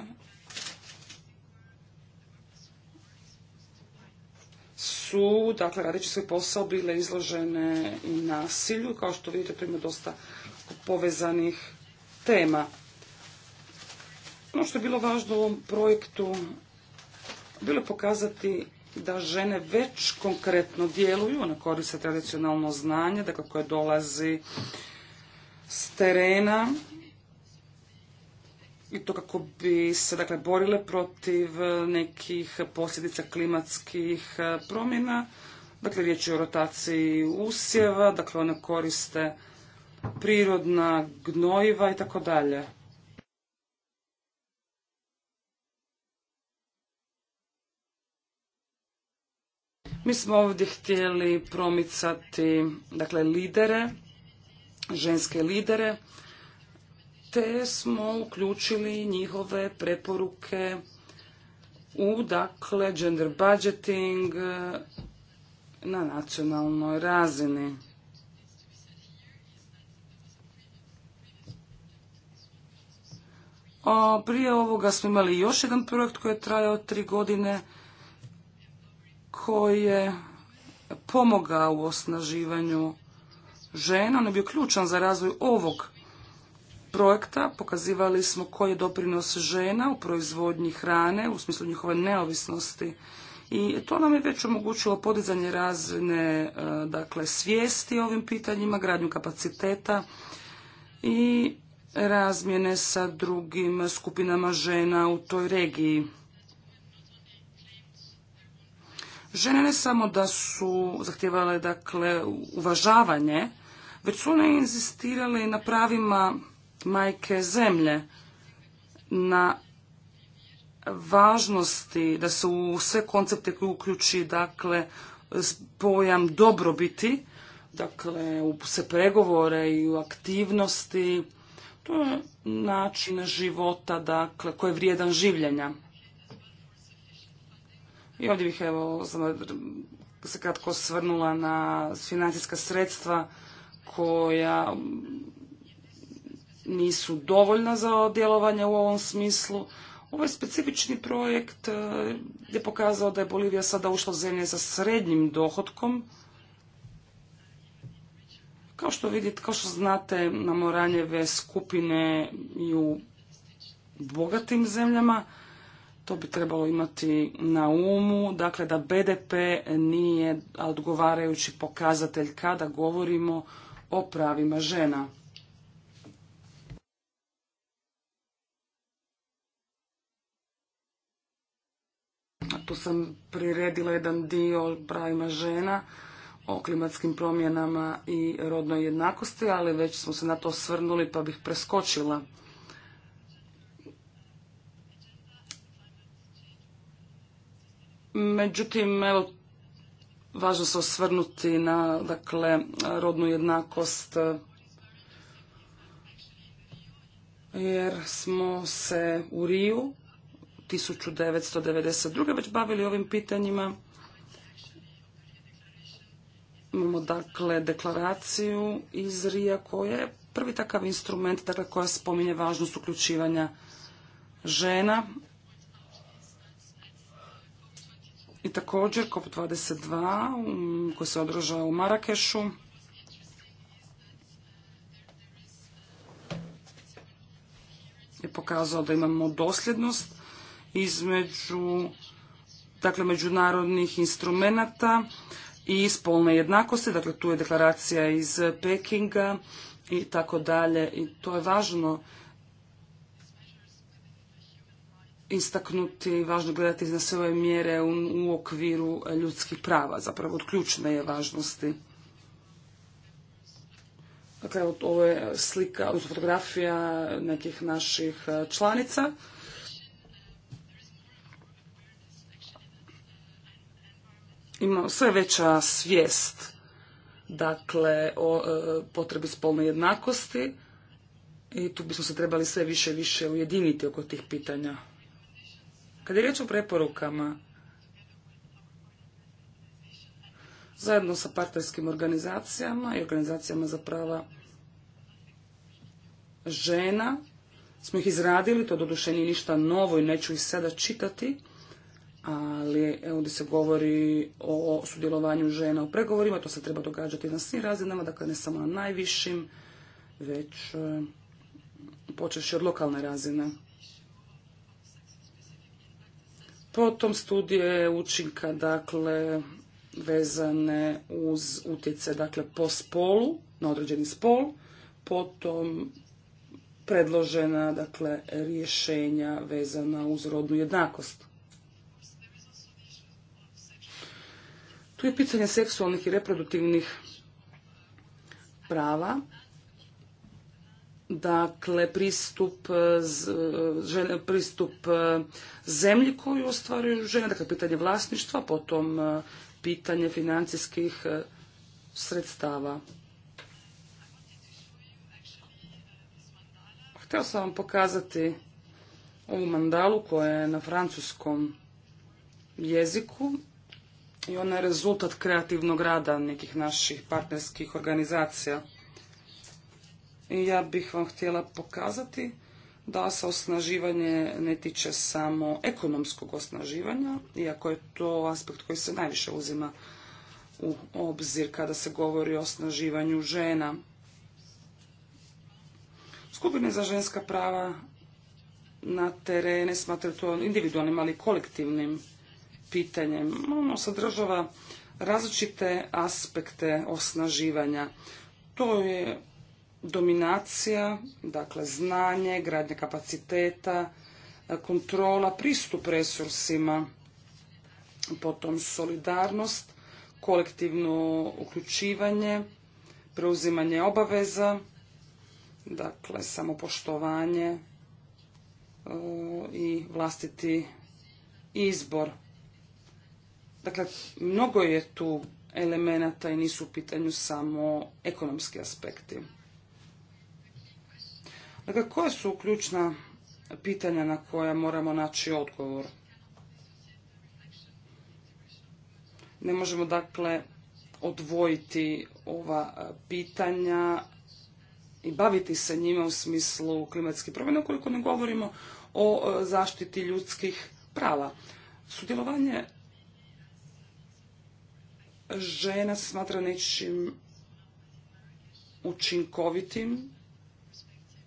su, dakle, radeći svoj posao, bile izložene i nasilju. Kao što vidite, tu ima dosta povezanih tema. Ono što je bilo važno u ovom projektu, bilo je pokazati da žene već konkretno djeluju, one koriste tradicionalno znanje, dakle koje dolazi s terena, i to kako bi se dakle borile protiv e, nekih posljedica klimatskih e, promjena. Dakle, riječ je o rotaciji usjeva, dakle one koriste prirodna gnojiva i tako dalje. Mi smo ovdje htjeli promicati dakle lidere, ženske lidere te smo uključili njihove preporuke u, dakle, gender budgeting e, na nacionalnoj razini. prije ovoga smo imali još jedan projekt koji je trajao tri godine, koji je pomogao u osnaživanju žena. On je bio ključan za razvoj ovog projekta pokazivali smo koji je doprinos žena u proizvodnji hrane u smislu njihove neovisnosti i to nam je već omogućilo podizanje razine e, dakle, svijesti o ovim pitanjima, gradnju kapaciteta i razmjene sa drugim skupinama žena u toj regiji. Žene ne samo da su zahtjevale dakle, uvažavanje, već su one inzistirale na pravima majke zemlje na važnosti da se u sve koncepte uključi dakle pojam dobrobiti, dakle u se pregovore i u aktivnosti. To je način života dakle koji je vrijedan življenja. I ovdje bih evo se kratko osvrnula na financijska sredstva koja nisu dovoljna za djelovanje u ovom smislu. Ovaj specifični projekt e, je pokazao da je Bolivija sada ušla u zemlje sa srednjim dohodkom. Kao što vidite, kao što znate, imamo ranjeve skupine i u bogatim zemljama. To bi trebalo imati na umu, dakle da BDP nije odgovarajući pokazatelj kada govorimo o pravima žena. Tu sam priredila jedan dio pravima žena o klimatskim promjenama i rodnoj jednakosti, ali već smo se na to osvrnuli pa bih preskočila. Međutim, evo, važno se osvrnuti na dakle, rodnu jednakost jer smo se u Riju 1992. već bavili ovim pitanjima. Imamo dakle deklaraciju iz Rija koja je prvi takav instrument dakle, koja spominje važnost uključivanja žena. I također COP22 um, koji se održava u Marakešu. je pokazao da imamo dosljednost između dakle, međunarodnih instrumenata i spolne jednakosti, dakle tu je deklaracija iz Pekinga i tako dalje i to je važno istaknuti, važno gledati na sve ove mjere u, okviru ljudskih prava, zapravo od ključne je važnosti. Dakle, ovo je slika, fotografija nekih naših e, članica. imamo sve veća svijest dakle o e, potrebi spolne jednakosti i tu bismo se trebali sve više i više ujediniti oko tih pitanja. Kad je riječ o preporukama, zajedno sa partnerskim organizacijama i organizacijama za prava žena smo ih izradili, to doduše nije ništa novo i neću ih sada čitati, ali e, ovdje se govori o sudjelovanju žena u pregovorima, to se treba događati na svim razinama, dakle ne samo na najvišim, već e, i od lokalne razine. Potom studije učinka, dakle, vezane uz utjece, dakle, po spolu, na određeni spol, potom predložena, dakle, rješenja vezana uz rodnu jednakost. Tu je pitanje seksualnih i reproduktivnih prava. Dakle, pristup, eh, pristup eh, zemlji koju ostvaruju žene, dakle pitanje vlasništva, potom eh, pitanje financijskih sredstava. Htio sam vam pokazati ovu mandalu koja je na francuskom jeziku i ona je rezultat kreativnog rada nekih naših partnerskih organizacija. I ja bih vam htjela pokazati da se osnaživanje ne tiče samo ekonomskog osnaživanja, iako je to aspekt koji se najviše uzima u obzir kada se govori o osnaživanju žena. Skupine za ženska prava na terene smatraju to individualnim, ali kolektivnim pitanjem. Ono sadržava različite aspekte osnaživanja. To je dominacija, dakle znanje, gradnja kapaciteta, kontrola, pristup resursima, potom solidarnost, kolektivno uključivanje, preuzimanje obaveza, dakle samopoštovanje e, i vlastiti izbor. Dakle, mnogo je tu elemenata i nisu u pitanju samo ekonomski aspekti. Dakle, koja su ključna pitanja na koja moramo naći odgovor? Ne možemo dakle odvojiti ova e, pitanja i baviti se njima u smislu klimatskih promjena ukoliko ne govorimo o e, zaštiti ljudskih prava. Sudjelovanje žena se smatra nečim učinkovitim,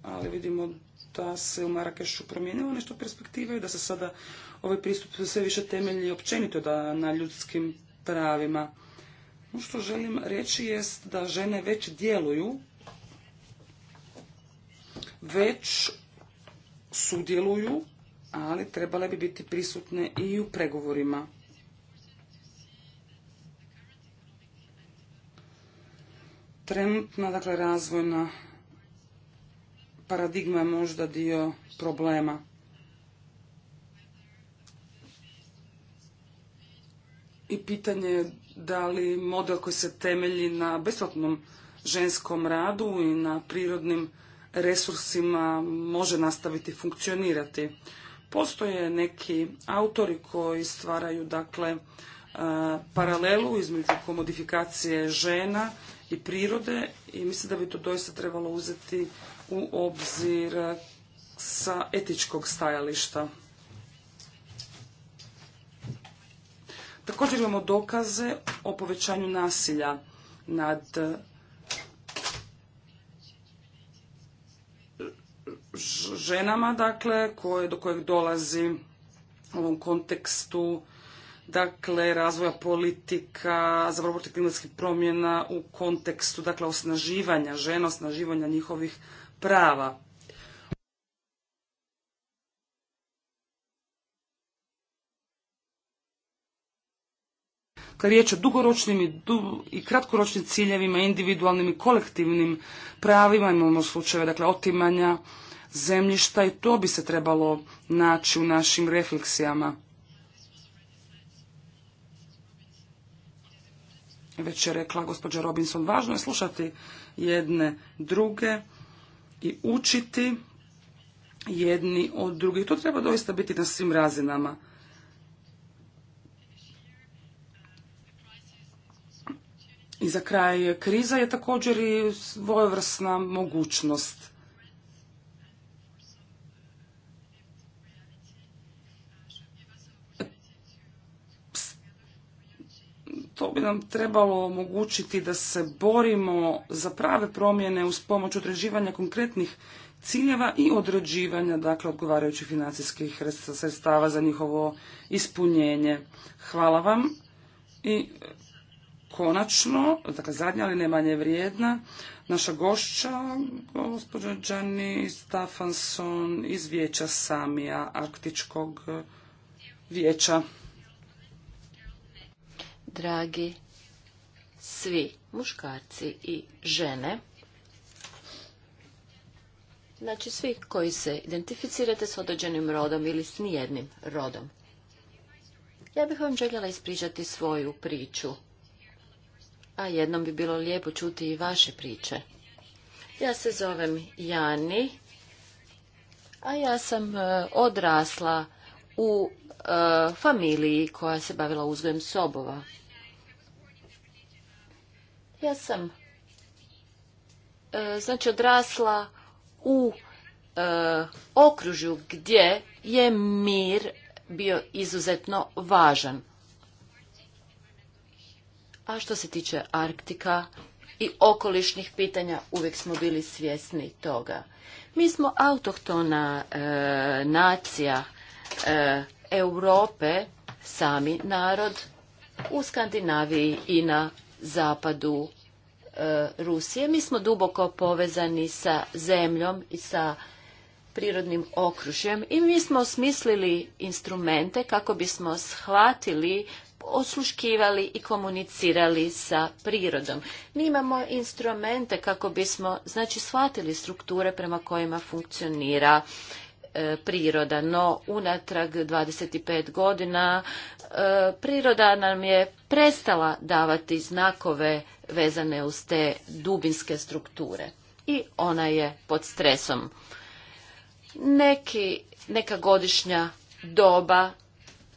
ali vidimo da se u Marakešu promijenilo nešto perspektive i da se sada ovaj pristup sve više temelji općenito da na ljudskim pravima. Ono što želim reći jest da žene već djeluju, već sudjeluju, ali trebale bi biti prisutne i u pregovorima. Trenutna, dakle, razvojna paradigma je možda dio problema. I pitanje je da li model koji se temelji na besplatnom ženskom radu i na prirodnim resursima može nastaviti funkcionirati. Postoje neki autori koji stvaraju dakle e, paralelu između komodifikacije žena i prirode i mislim da bi to doista trebalo uzeti u obzir sa etičkog stajališta. Također imamo dokaze o povećanju nasilja nad ženama, dakle, koje, do kojeg dolazi u ovom kontekstu dakle razvoja politika za borbu protiv klimatskih promjena u kontekstu dakle osnaživanja žena, osnaživanja njihovih prava. Kad riječ o dugoročnim i, kratkoročnim ciljevima, individualnim i kolektivnim pravima, imamo slučajeve dakle otimanja zemljišta i to bi se trebalo naći u našim refleksijama. već je rekla gospođa Robinson, važno je slušati jedne druge i učiti jedni od drugih. To treba doista biti na svim razinama. I za kraj kriza je također i svojevrsna mogućnost. To bi nam trebalo omogućiti da se borimo za prave promjene uz pomoć određivanja konkretnih ciljeva i određivanja dakle odgovarajućih financijskih sredstava za njihovo ispunjenje. Hvala vam i konačno, dakle zadnja ali ne manje vrijedna, naša gošća, gospođa Stafanson iz Vijeća Samija Arktičkog vijeća dragi svi muškarci i žene. Znači svi koji se identificirate s određenim rodom ili s nijednim rodom. Ja bih vam željela ispričati svoju priču. A jednom bi bilo lijepo čuti i vaše priče. Ja se zovem Jani, a ja sam e, odrasla u e, familiji koja se bavila uzgojem sobova. Ja sam e, znači odrasla u e, okružju gdje je mir bio izuzetno važan. A što se tiče Arktika i okolišnih pitanja, uvijek smo bili svjesni toga. Mi smo autohtona e, nacija Europe, sami narod u Skandinaviji i na zapadu e, Rusije. Mi smo duboko povezani sa zemljom i sa prirodnim okružjem i mi smo osmislili instrumente kako bismo shvatili osluškivali i komunicirali sa prirodom. Mi imamo instrumente kako bismo znači shvatili strukture prema kojima funkcionira E, priroda, no unatrag 25 godina e, priroda nam je prestala davati znakove vezane uz te dubinske strukture i ona je pod stresom. Neki, neka godišnja doba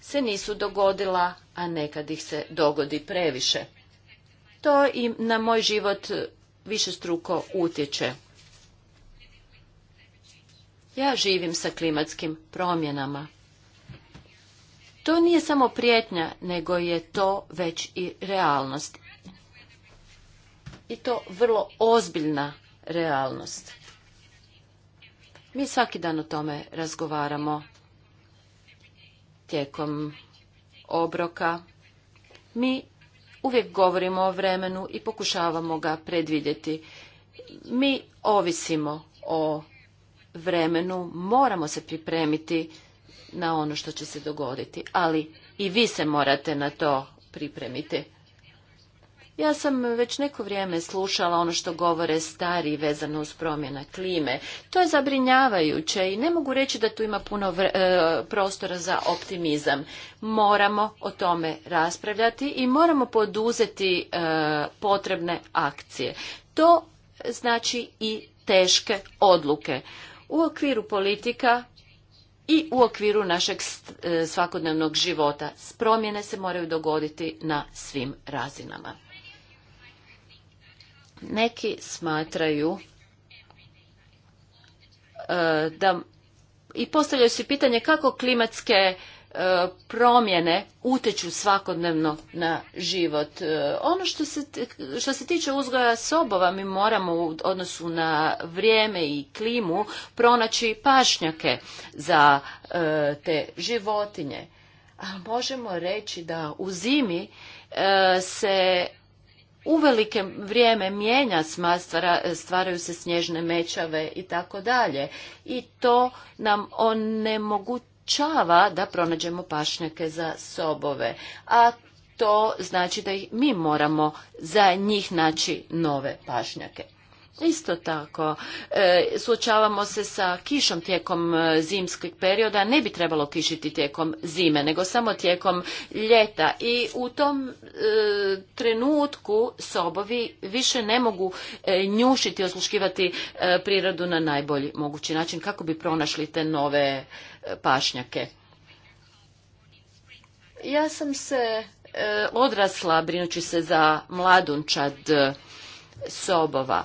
se nisu dogodila, a nekad ih se dogodi previše. To i na moj život više struko utječe. Ja živim sa klimatskim promjenama. To nije samo prijetnja, nego je to već i realnost. I to vrlo ozbiljna realnost. Mi svaki dan o tome razgovaramo tijekom obroka. Mi uvijek govorimo o vremenu i pokušavamo ga predvidjeti. Mi ovisimo o vremenu moramo se pripremiti na ono što će se dogoditi, ali i vi se morate na to pripremiti. Ja sam već neko vrijeme slušala ono što govore stari vezano uz promjena klime. To je zabrinjavajuće i ne mogu reći da tu ima puno e, prostora za optimizam. Moramo o tome raspravljati i moramo poduzeti e, potrebne akcije. To znači i teške odluke u okviru politika i u okviru našeg e, svakodnevnog života. Promjene se moraju dogoditi na svim razinama. Neki smatraju e, da i postavljaju se pitanje kako klimatske E, promjene utječu svakodnevno na život. E, ono što se, što se tiče uzgoja sobova, mi moramo u odnosu na vrijeme i klimu pronaći pašnjake za e, te životinje. A možemo reći da u zimi se uvelike vrijeme mijenja stvaraju se snježne mečave i tako dalje i to nam onemogućuje čava da pronađemo pašnjake za sobove, a to znači da ih mi moramo za njih naći nove pašnjake. Isto tako, e, suočavamo se sa kišom tijekom e, zimskog perioda, ne bi trebalo kišiti tijekom zime, nego samo tijekom ljeta i u tom e, trenutku sobovi više ne mogu njušiti njušiti, osluškivati prirodu na najbolji mogući način kako bi pronašli te nove pašnjake. Ja sam se odrasla brinući se za mladunčad sobova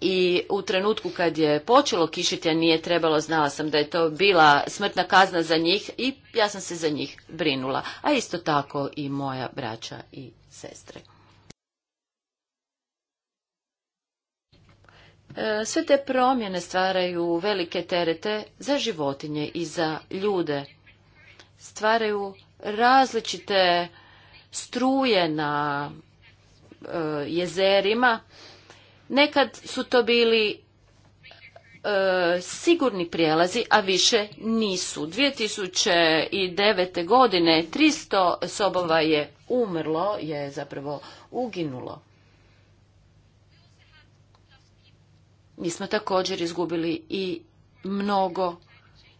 i u trenutku kad je počelo kišiti, a nije trebalo, znala sam da je to bila smrtna kazna za njih i ja sam se za njih brinula, a isto tako i moja braća i sestre. E, sve te promjene stvaraju velike terete za životinje i za ljude. Stvaraju različite struje na e, jezerima Nekad su to bili e, sigurni prijelazi, a više nisu. 2009. godine 300 sobova je umrlo, je zapravo uginulo. Mi smo također izgubili i mnogo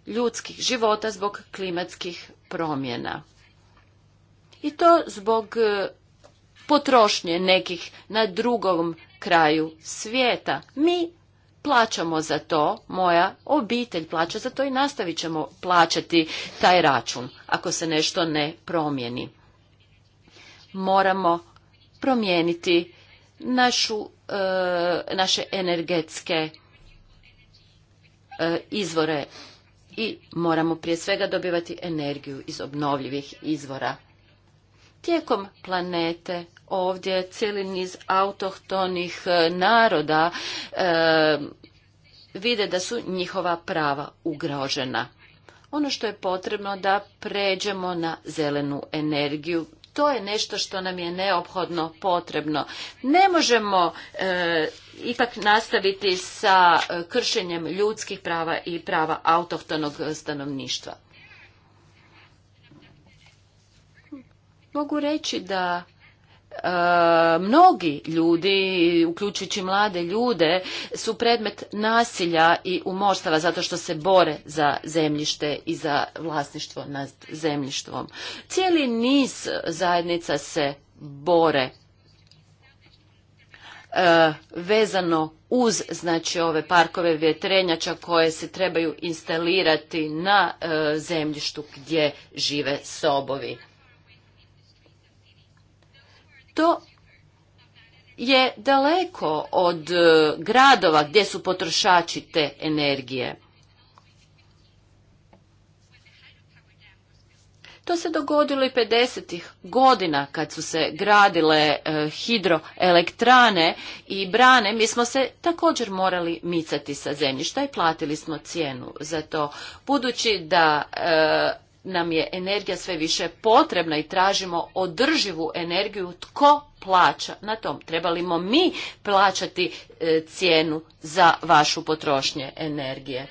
ljudskih života zbog klimatskih promjena. I to zbog e, potrošnje nekih na drugom kraju svijeta. Mi plaćamo za to, moja obitelj plaća za to i nastavit ćemo plaćati taj račun ako se nešto ne promijeni. Moramo promijeniti našu, e, naše energetske e, izvore i moramo prije svega dobivati energiju iz obnovljivih izvora. Tijekom planete ovdje cijeli niz autohtonih e, naroda e, vide da su njihova prava ugrožena. Ono što je potrebno da pređemo na zelenu energiju, to je nešto što nam je neophodno potrebno. Ne možemo e, ipak nastaviti sa kršenjem ljudskih prava i prava autohtonog stanovništva. Mogu reći da E, mnogi ljudi, uključujući mlade ljude, su predmet nasilja i umorstava zato što se bore za zemljište i za vlasništvo nad zemljištvom. Cijeli niz zajednica se bore e, vezano uz znači ove parkove vjetrenjača koje se trebaju instalirati na e, zemljištu gdje žive sobovi to je daleko od e, gradova gdje su potrošači te energije. To se dogodilo i 50. godina kad su se gradile e, hidroelektrane i brane. Mi smo se također morali micati sa zemljišta i platili smo cijenu za to. Budući da e, nam je energija sve više potrebna i tražimo održivu energiju, tko plaća na tom? Trebalimo mi plaćati e, cijenu za vašu potrošnje energije?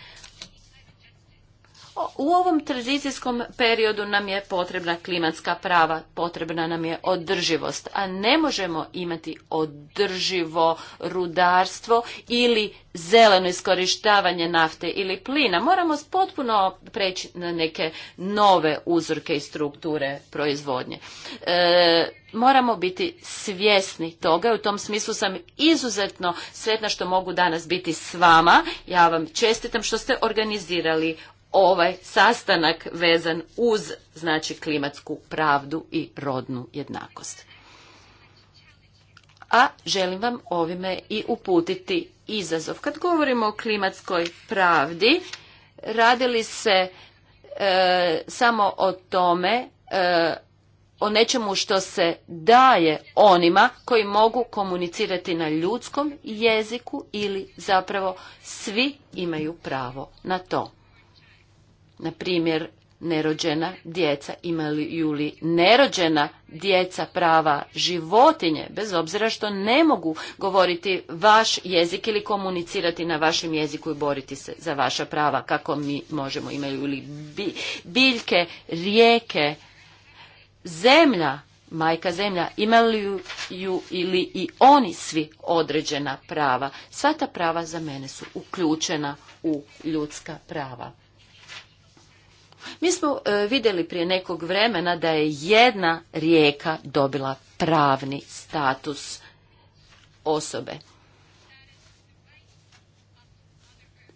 U ovom tranzicijskom periodu nam je potrebna klimatska prava, potrebna nam je održivost, a ne možemo imati održivo rudarstvo ili zeleno iskorištavanje nafte ili plina. Moramo potpuno preći na neke nove uzorke i strukture proizvodnje. E, moramo biti svjesni toga. U tom smislu sam izuzetno sretna što mogu danas biti s vama. Ja vam čestitam što ste organizirali ovaj sastanak vezan uz znači klimatsku pravdu i rodnu jednakost. A želim vam ovime i uputiti izazov. Kad govorimo o klimatskoj pravdi, radili se e, samo o tome e, o nečemu što se daje onima koji mogu komunicirati na ljudskom jeziku ili zapravo svi imaju pravo na to na primjer nerođena djeca imaju li nerođena djeca prava životinje bez obzira što ne mogu govoriti vaš jezik ili komunicirati na vašem jeziku i boriti se za vaša prava kako mi možemo imaju li biljke rijeke zemlja majka zemlja imaju li ili i oni svi određena prava sva ta prava za mene su uključena u ljudska prava mi smo e, vidjeli prije nekog vremena da je jedna rijeka dobila pravni status osobe.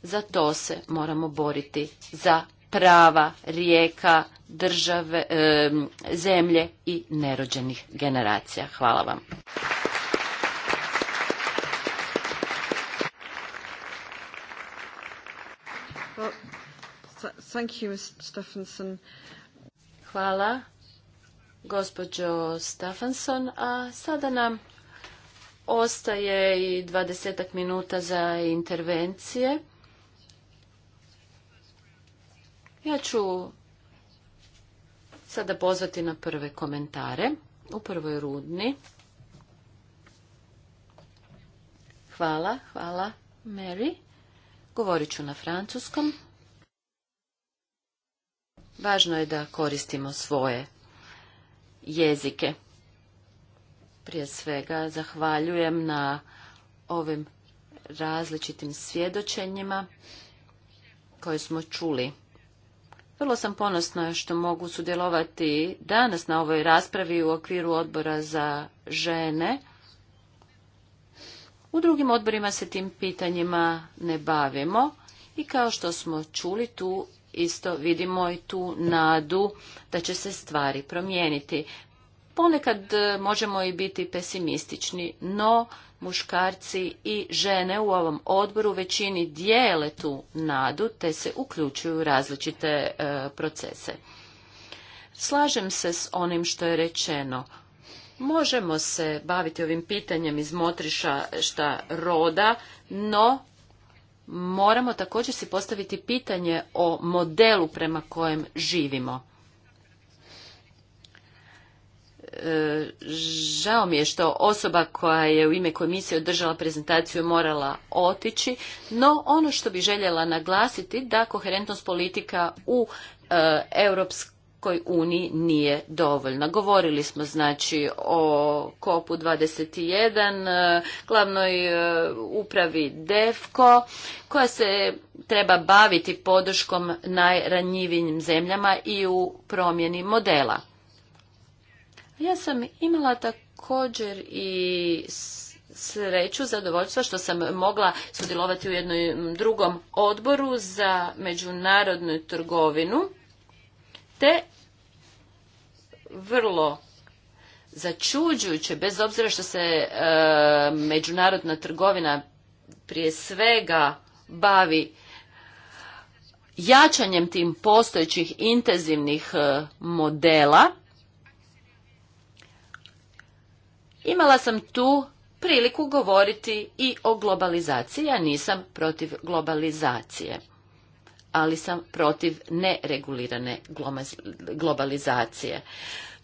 Za to se moramo boriti, za prava rijeka, države, e, zemlje i nerođenih generacija. Hvala vam. Thank you, Hvala, gospođo Stephenson. A sada nam ostaje i dvadesetak minuta za intervencije. Ja ću sada pozvati na prve komentare u prvoj rudni. Hvala, hvala, Mary. Govorit ću na francuskom. Važno je da koristimo svoje jezike. Prije svega zahvaljujem na ovim različitim svjedočenjima koje smo čuli. Vrlo sam ponosna što mogu sudjelovati danas na ovoj raspravi u okviru odbora za žene. U drugim odborima se tim pitanjima ne bavimo i kao što smo čuli tu isto vidimo i tu nadu da će se stvari promijeniti. Ponekad e, možemo i biti pesimistični, no muškarci i žene u ovom odboru većini dijele tu nadu te se uključuju u različite e, procese. Slažem se s onim što je rečeno. Možemo se baviti ovim pitanjem iz šta roda, no moramo također si postaviti pitanje o modelu prema kojem živimo. E, žao mi je što osoba koja je u ime komisije održala prezentaciju morala otići, no ono što bi željela naglasiti da koherentnost politika u e, koji Uniji nije dovoljna. Govorili smo znači o kopu 21, e, glavnoj e, upravi DEFKO, koja se treba baviti podrškom najranjivijim zemljama i u promjeni modela. Ja sam imala također i sreću, zadovoljstva što sam mogla sudjelovati u jednom drugom odboru za međunarodnu trgovinu te vrlo začuđujuće, bez obzira što se e, međunarodna trgovina prije svega bavi jačanjem tim postojećih intenzivnih e, modela, imala sam tu priliku govoriti i o globalizaciji. Ja nisam protiv globalizacije ali sam protiv neregulirane globalizacije.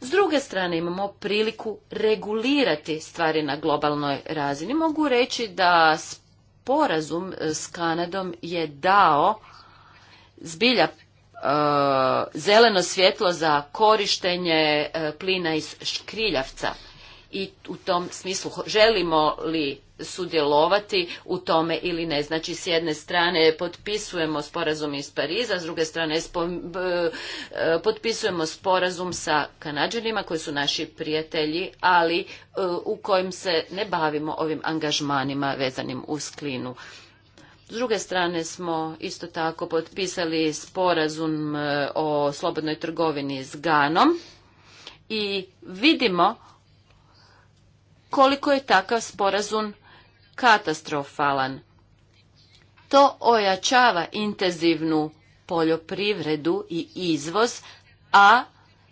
S druge strane imamo priliku regulirati stvari na globalnoj razini. Mogu reći da sporazum e, s Kanadom je dao zbilja e, zeleno svjetlo za korištenje e, plina iz škriljavca i u tom smislu želimo li sudjelovati u tome ili ne. Znači s jedne strane potpisujemo sporazum iz Pariza, s druge strane e, potpisujemo sporazum sa Kanadžanima, koji su naši prijatelji, ali e, u kojem se ne bavimo ovim angažmanima vezanim uz klinu. S druge strane smo isto tako potpisali sporazum e, o slobodnoj trgovini s Ganom i vidimo koliko je takav sporazum katastrofalan. To ojačava intenzivnu poljoprivredu i izvoz, a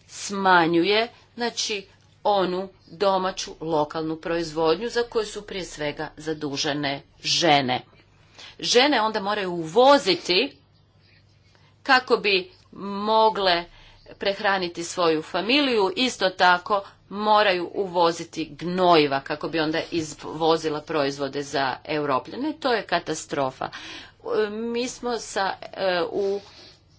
smanjuje znači onu domaću lokalnu proizvodnju za koju su prije svega zadužene žene. Žene onda moraju uvoziti kako bi mogle prehraniti svoju familiju, isto tako moraju uvoziti gnojiva kako bi onda izvozila proizvode za europljane. To je katastrofa. E, mi smo sa, e, u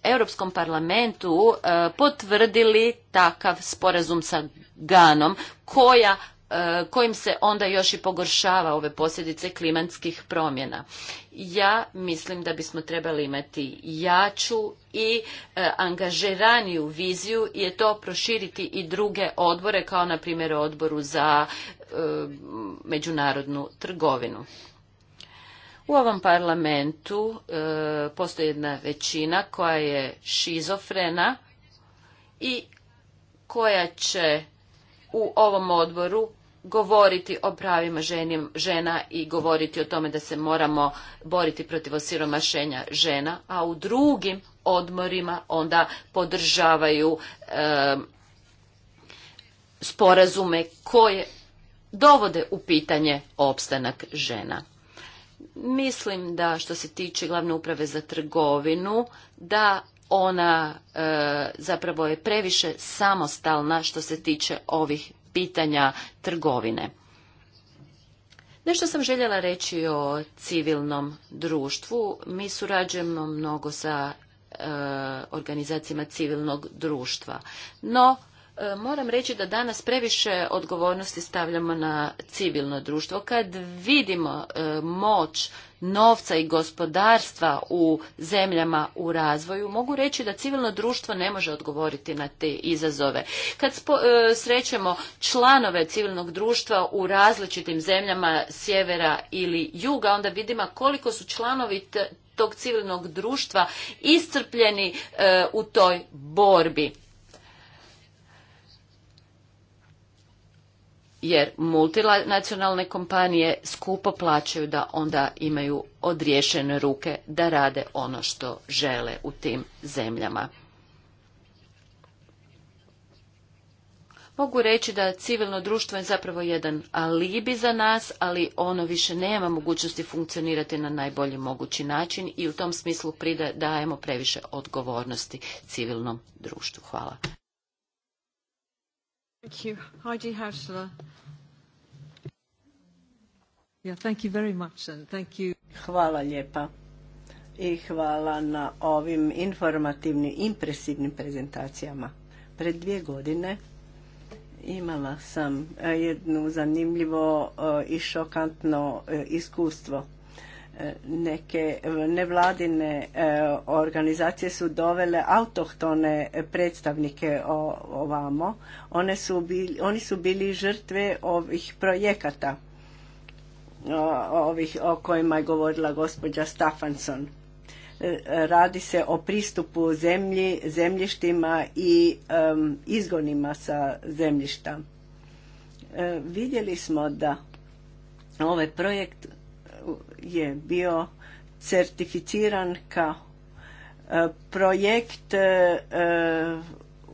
Europskom parlamentu e, potvrdili takav sporazum sa Ganom koja E, kojim se onda još i pogoršava ove posljedice klimatskih promjena. Ja mislim da bismo trebali imati jaču i angažeraniju angažiraniju viziju i je to proširiti i druge odbore kao na primjer odboru za e, međunarodnu trgovinu. U ovom parlamentu e, postoji jedna većina koja je šizofrena i koja će u ovom odboru govoriti o pravima žena i govoriti o tome da se moramo boriti protiv osiromašenja žena, a u drugim odmorima onda podržavaju sporazume koje dovode u pitanje opstanak žena. Mislim da što se tiče glavne uprave za trgovinu, da ona e, zapravo je previše samostalna što se tiče ovih pitanja trgovine. Nešto sam željela reći o civilnom društvu. Mi surađujemo mnogo sa e, organizacijama civilnog društva. No, E, moram reći da danas previše odgovornosti stavljamo na civilno društvo. Kad vidimo e, moć novca i gospodarstva u zemljama u razvoju, mogu reći da civilno društvo ne može odgovoriti na te izazove. Kad e, srećemo članove civilnog društva u različitim zemljama sjevera ili juga, onda vidimo koliko su članovi tog civilnog društva iscrpljeni u toj borbi jer multinacionalne kompanije skupo plaćaju da onda imaju odriješene ruke da rade ono što žele u tim zemljama. Mogu reći da civilno društvo je zapravo jedan alibi za nas, ali ono više nema mogućnosti funkcionirati na najbolji mogući način i u tom smislu dajemo previše odgovornosti civilnom društvu. Hvala. Thank you. Heidi thank you very much and thank you. Hvala lijepa i hvala na ovim informativnim, impresivnim prezentacijama. Pred dvije godine imala sam eh, jednu zanimljivo eh, i šokantno eh, iskustvo neke nevladine e, organizacije su dovele autohtone predstavnike ovamo. One su bili, oni su bili žrtve ovih projekata ovih o kojima je govorila gospođa Stafanson. E, radi se o pristupu zemlji, zemljištima i izgonima sa zemljišta. E, vidjeli smo da ovaj projekt je bio certificiran kao e, projekt e, e,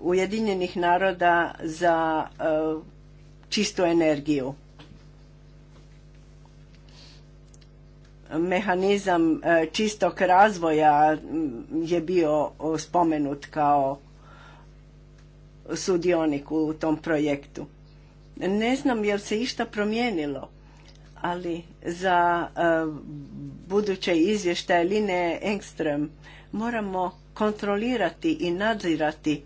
Ujedinjenih naroda za čistu energiju. Mehanizam čistog razvoja mm, je bio spomenut kao sudionik u tom projektu. Ne znam jel se išta promijenilo ali za e, buduće izvještaje Line Engström moramo kontrolirati i nadzirati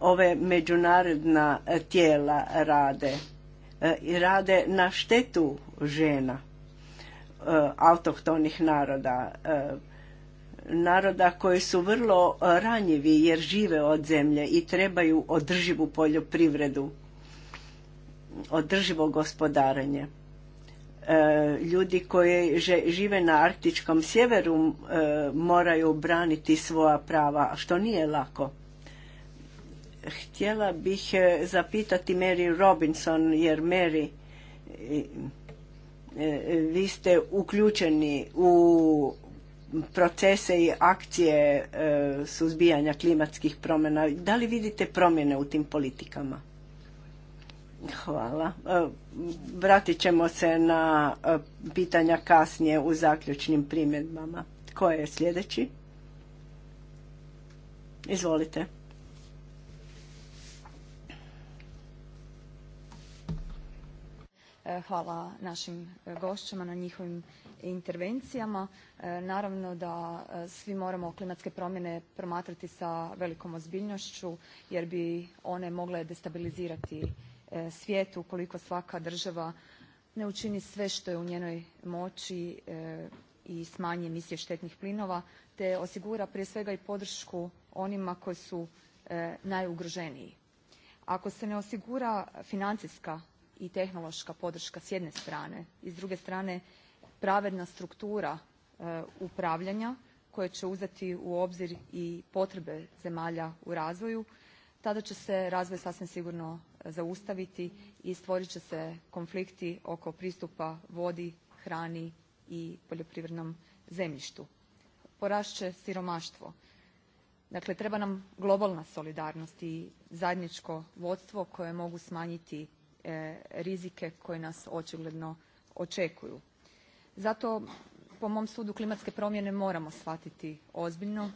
ove međunarodna tijela rade e, i rade na štetu žena e, autohtonih naroda naroda koji su vrlo ranjivi jer žive od zemlje i trebaju održivu poljoprivredu održivo gospodarenje E, ljudi koji žive na arktičkom sjeveru e, moraju braniti svoja prava, što nije lako. Htjela bih e, zapitati Mary Robinson, jer Mary, vi ste uključeni u procese i akcije suzbijanja klimatskih promjena. Da li vidite promjene u tim politikama? Hvala. E, vratit ćemo se na e, pitanja kasnije u zaključnim primjedbama. Ko je sljedeći? Izvolite. E, hvala našim gošćama na njihovim intervencijama. Naravno da svi moramo klimatske promjene promatrati sa velikom ozbiljnošću jer bi one mogle destabilizirati E, svijetu ukoliko svaka država ne učini sve što je u njenoj moći e, i smanji emisije štetnih plinova te osigura prije svega i podršku onima koji su e, najugroženiji. Ako se ne osigura financijska i tehnološka podrška s jedne strane i s druge strane pravedna struktura upravljanja koje će uzeti u obzir i potrebe zemalja u razvoju tada će se razvoj sasvim sigurno zaustaviti i stvorit će se konflikti oko pristupa vodi, hrani i poljoprivrednom zemljištu. Porast će siromaštvo. Dakle, treba nam globalna solidarnost i zajedničko vodstvo koje mogu smanjiti e, rizike koje nas očigledno očekuju. Zato, po mom sudu, klimatske promjene moramo shvatiti ozbiljno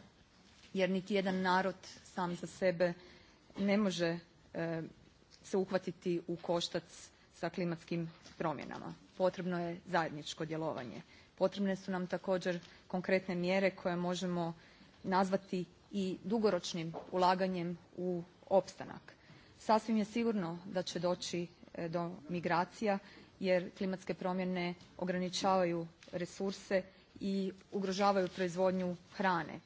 jer niti jedan narod sam za sebe ne može e, se uhvatiti u koštac sa klimatskim promjenama. Potrebno je zajedničko djelovanje. Potrebne su nam također konkretne mjere koje možemo nazvati i dugoročnim ulaganjem u opstanak. Sasvim je sigurno da će doći e, do migracija jer klimatske promjene ograničavaju resurse i ugrožavaju proizvodnju hrane.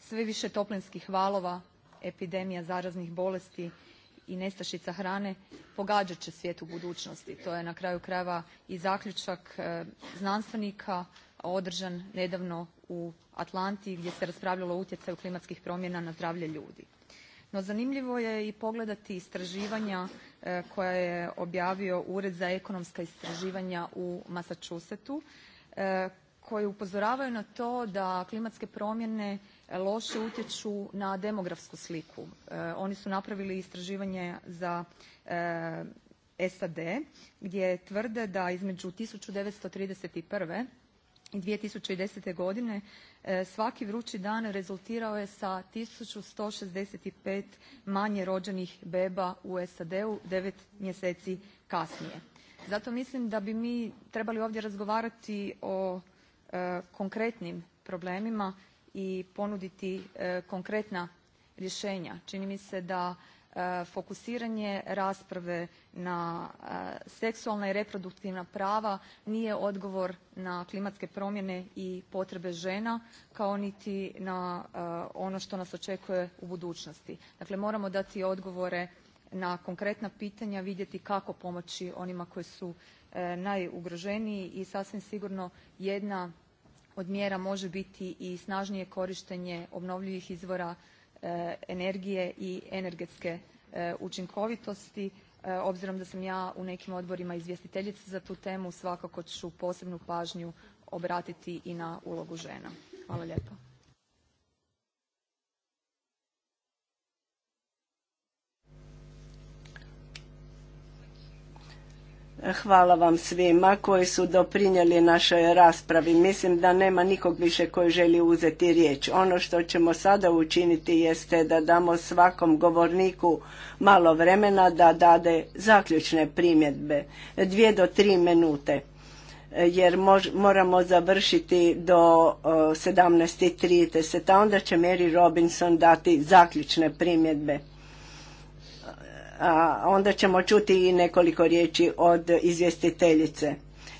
Sve više toplinskih valova, epidemija zaraznih bolesti, i nestašica hrane pogađat će svijet u budućnosti. To je na kraju krajeva i zaključak e, znanstvenika održan nedavno u Atlanti gdje se raspravljalo o utjecaju klimatskih promjena na zdravlje ljudi. No zanimljivo je i pogledati istraživanja e, koja je objavio Ured za ekonomska istraživanja u Massachusettsu e, koji upozoravaju na to da klimatske promjene loše utječu na demografsku sliku. E, oni su napravili istraživanje za e, SAD gdje tvrde da između 1931. i 2010. godine e, svaki vrući dan rezultirao je sa 1165 manje rođenih beba u SAD-u 9 mjeseci kasnije. Zato mislim da bi mi trebali ovdje razgovarati o konkretnim problemima i ponuditi e, konkretna rješenja. Čini mi se da e, fokusiranje rasprave na e, seksualna i reproduktivna prava nije odgovor na klimatske promjene i potrebe žena kao niti na ono što nas očekuje u budućnosti. Dakle, moramo dati odgovore na konkretna pitanja, vidjeti kako pomoći onima koji su najugroženiji i sasvim sigurno jedna od mjera može biti i snažnije korištenje obnovljivih izvora e, energije i energetske e, učinkovitosti. E, obzirom da sam ja u nekim odborima izvjestiteljica za tu temu svakako ću posebnu pažnju obratiti i na ulogu žena. Hvala lijepa. Hvala vam svima koji su doprinijeli našoj raspravi. Mislim da nema nikog više koji želi uzeti riječ. Ono što ćemo sada učiniti jeste da damo svakom govorniku malo vremena da dade zaključne primjedbe. Dvije do tri minute jer moramo završiti do 17.30, a onda će Mary Robinson dati zaključne primjedbe a onda ćemo čuti i nekoliko riječi od izvjestiteljice.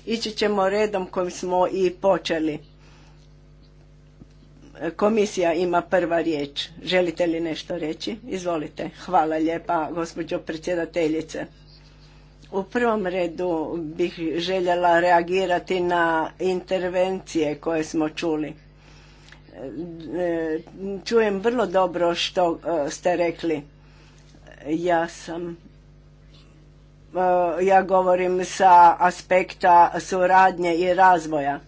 Ići ćemo redom kojim smo i počeli. Komisija ima prva riječ. Želite li nešto reći? Izvolite. Hvala lijepa, gospođo predsjedateljice. U prvom redu bih željela reagirati na intervencije koje smo čuli. E, čujem vrlo dobro što e, ste rekli ja sam e, ja govorim sa aspekta suradnje i razvoja.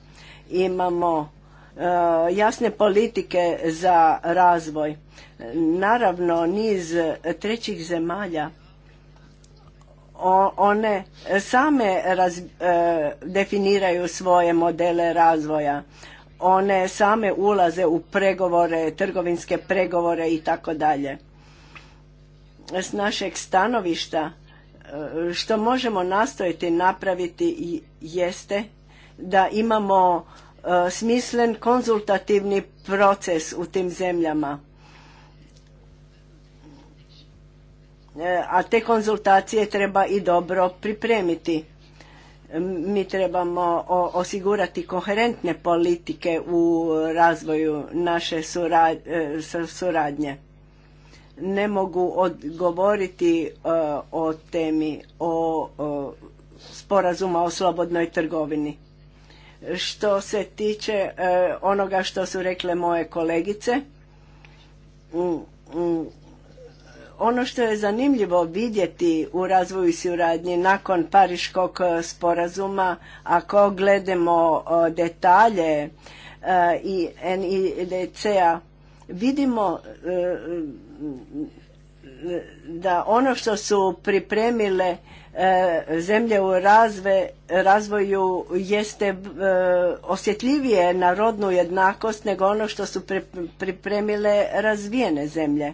Imamo e, jasne politike za razvoj. Naravno, niz trećih zemalja one same e, definiraju svoje modele razvoja. One same ulaze u pregovore, trgovinske pregovore i tako dalje s našeg stanovišta e, što možemo nastojiti napraviti jeste da imamo e, smislen konzultativni proces u tim zemljama. E, a te konzultacije treba i dobro pripremiti. Mi trebamo osigurati koherentne politike u razvoju naše suradnje ne mogu odgovoriti e, o temi o, sporazuma o slobodnoj trgovini. Što se tiče e, onoga što su rekle moje kolegice, ono što je zanimljivo vidjeti u razvoju suradnje nakon Pariškog sporazuma, ako gledamo detalje e, i NIDC-a, vidimo da ono što su pripremile e, zemlje u razve, razvoju jeste e, osjetljivije na rodnu jednakost nego ono što su pripremile razvijene zemlje.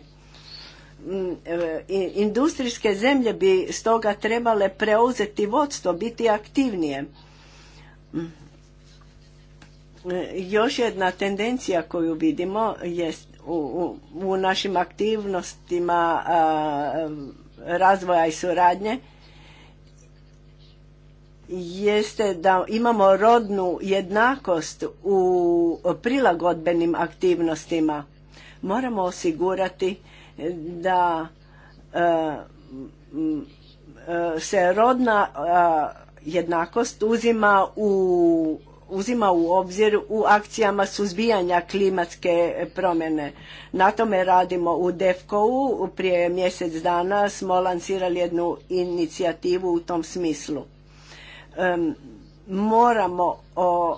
Mm, e, industrijske zemlje bi stoga trebale preuzeti vodstvo, biti aktivnije. Mm. Još jedna tendencija koju vidimo jest u, našim aktivnostima razvoja i suradnje jeste da imamo rodnu jednakost u prilagodbenim aktivnostima. Moramo osigurati da e, e, se rodna jednakost uzima u uzima u obzir u akcijama suzbijanja klimatske promjene. Na tome radimo u DEFCO-u. Prije mjesec dana smo lansirali jednu inicijativu u tom smislu. moramo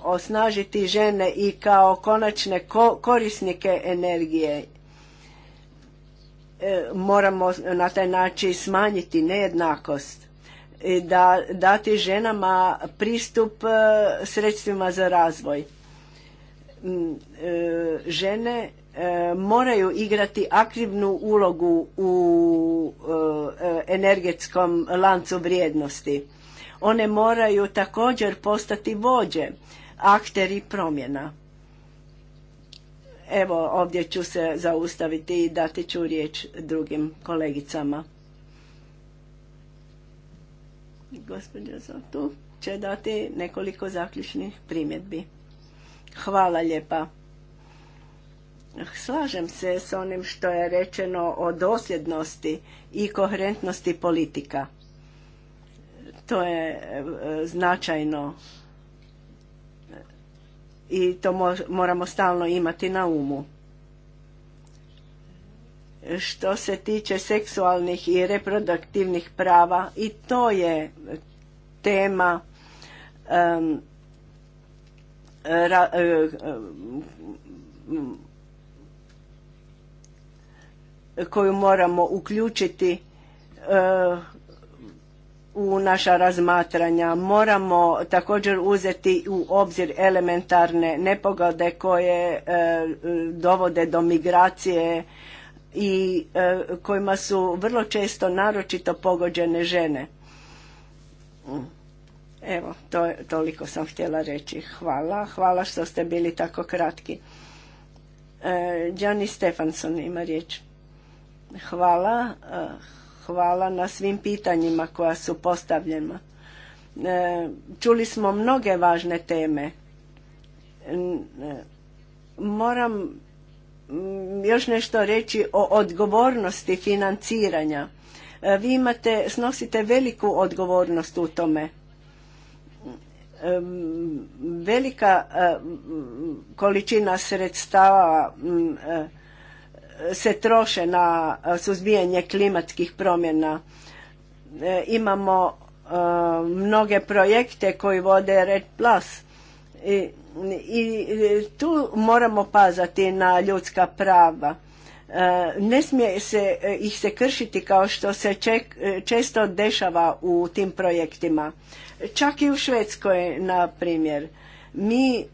osnažiti žene i kao konačne korisnike energije. E, moramo na taj način smanjiti nejednakost da dati ženama pristup e, sredstvima za razvoj. Mm, e, žene e, moraju igrati aktivnu ulogu u energetskom lancu vrijednosti. One moraju također postati vođe, akteri promjena. Evo, ovdje ću se zaustaviti i dati ću riječ drugim kolegicama. Gospođa Zotu će dati nekoliko zaključnih primjedbi. Hvala lijepa. Slažem se s onim što je rečeno o dosljednosti i koherentnosti politika. To je e, značajno i to moramo stalno imati na umu što se tiče seksualnih i reproduktivnih prava i to je tema e, koju moramo uključiti e, u naša razmatranja moramo također uzeti u obzir elementarne nepogode koje e, dovode do migracije i e, kojima su vrlo često naročito pogođene žene. Mm. Evo, to, je toliko sam htjela reći. Hvala. Hvala što ste bili tako kratki. E, Gianni Stefanson ima riječ. Hvala. E, hvala na svim pitanjima koja su postavljena. Čuli smo mnoge važne teme. Moram još nešto reći o odgovornosti financiranja. E, vi imate, snosite veliku odgovornost u tome. E, velika e, količina sredstava se troše na suzbijanje klimatskih promjena. Imamo mnoge projekte koji vode Red Plus i i e, tu moramo pazati na ljudska prava. E, ne smije se e, ih se kršiti kao što se često dešava u tim projektima. Čak i u Švedskoj, na primjer. Mi,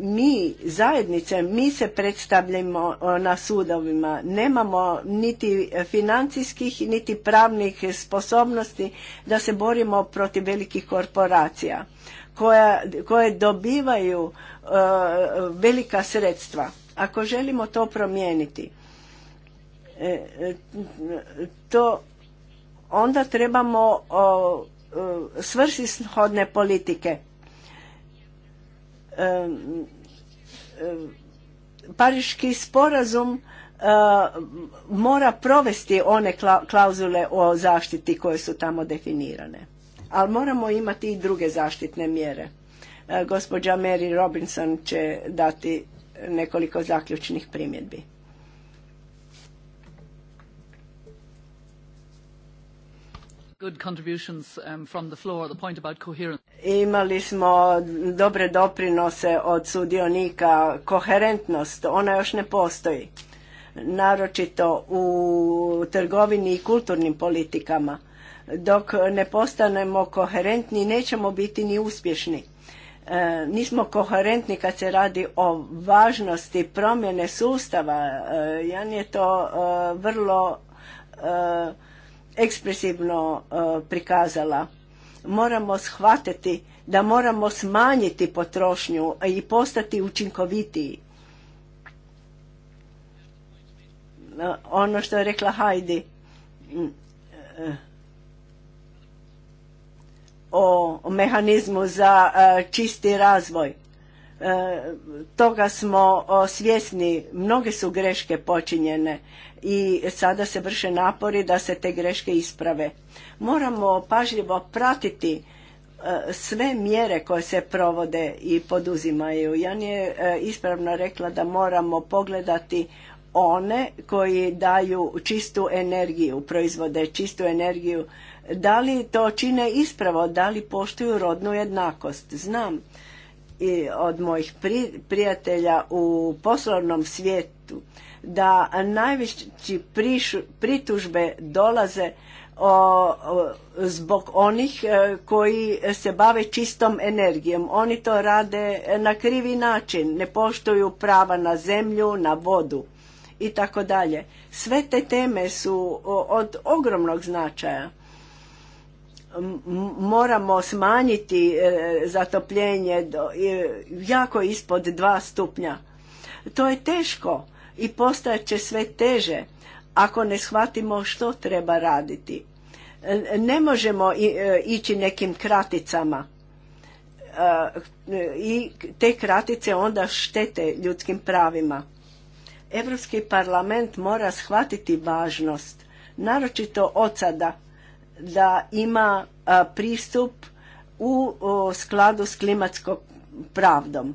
mi zajednice, mi se predstavljamo na sudovima, nemamo niti financijskih niti pravnih sposobnosti da se borimo protiv velikih korporacija koja, koje dobivaju uh, velika sredstva. Ako želimo to promijeniti, e, to onda trebamo o, o, svrsishodne politike. E, e, Pariški sporazum mora provesti one klauzule o zaštiti koje su tamo definirane ali moramo imati i druge zaštitne mjere. E, gospođa Mary Robinson će dati nekoliko zaključnih primjedbi. Um, Imali smo dobre doprinose od sudionika, koherentnost, ona još ne postoji, naročito u trgovini i kulturnim politikama. Dok ne postanemo koherentni nećemo biti ni uspješni. E, nismo koherentni kad se radi o važnosti promjene sustava. E, Jan je to e, vrlo e, ekspresivno e, prikazala. Moramo shvatiti da moramo smanjiti potrošnju i postati učinkovitiji. Ono što je rekla Hajdi, o mehanizmu za e, čisti razvoj. E, toga smo svjesni, mnoge su greške počinjene i sada se vrše napori da se te greške isprave. Moramo pažljivo pratiti e, sve mjere koje se provode i poduzimaju. Ja je ispravno rekla da moramo pogledati one koji daju čistu energiju, proizvode čistu energiju da li to čine ispravo, da li poštuju rodnu jednakost? Znam i od mojih prijatelja u poslovnom svijetu da najveći pritužbe dolaze zbog onih e, koji se bave čistom energijom. Oni to rade na krivi način, ne poštuju prava na zemlju, na vodu i tako dalje. Sve te teme su od ogromnog značaja moramo smanjiti e, zatopljenje e, jako ispod dva stupnja. To je teško i postajat će sve teže ako ne shvatimo što treba raditi. E, ne možemo ići nekim kraticama i te kratice onda štete ljudskim pravima. Europski parlament mora shvatiti važnost, naročito od sada, da ima pristup u skladu s klimatskom pravdom.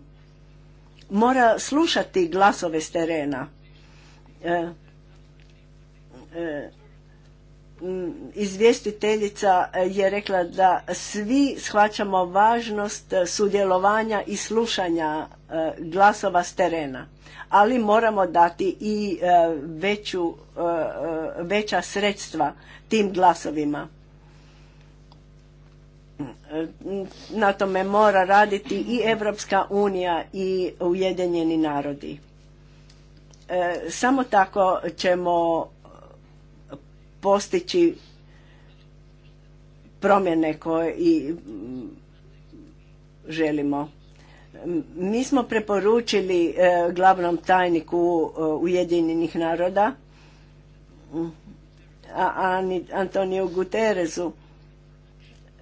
Mora slušati glasove s terena. E, e, izvjestiteljica je rekla da svi shvaćamo važnost sudjelovanja i slušanja e, glasova s terena, ali moramo dati i veću, veća sredstva tim glasovima na tome mora raditi i Evropska unija i Ujedinjeni narodi. E, samo tako ćemo postići promjene koje i mm, želimo. Mi smo preporučili e, glavnom tajniku e, Ujedinjenih naroda mm, Antoniju Guterezu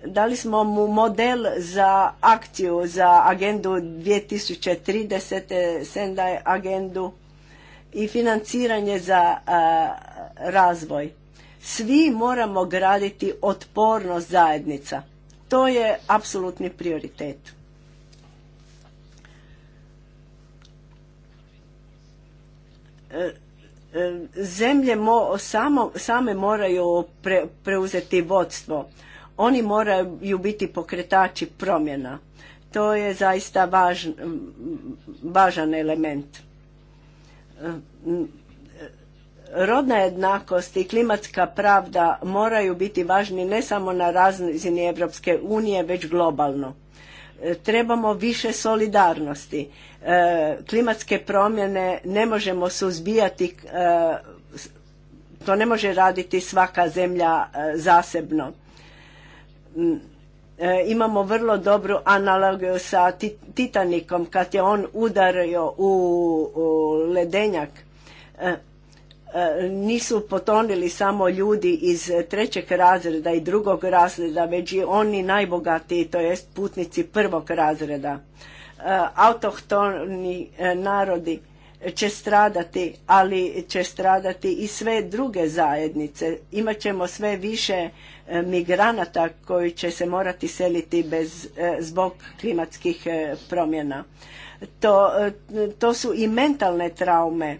Dali smo mu model za akciju, za agendu 2030. Sendai agendu i financiranje za razvoj. Svi moramo graditi otpornost zajednica. To je apsolutni prioritet. E, e, zemlje samo, same moraju preuzeti vodstvo. Oni moraju biti pokretači promjena. To je zaista važan element. Rodna jednakost i klimatska pravda moraju biti važni ne samo na razini Europske unije, već globalno. Trebamo više solidarnosti. E, klimatske promjene ne možemo suzbijati, e, to ne može raditi svaka zemlja e, zasebno E, imamo vrlo dobru analogiju sa Titanikom kad je on udario u, ledenjak. E, e, nisu potonili samo ljudi iz trećeg razreda i drugog razreda, već i oni najbogatiji, to jest putnici prvog razreda. autohtoni narodi će stradati, ali će stradati i sve druge zajednice. Imaćemo sve više e, migranata koji će se morati seliti bez, e, zbog klimatskih e, promjena. To, to su i mentalne traume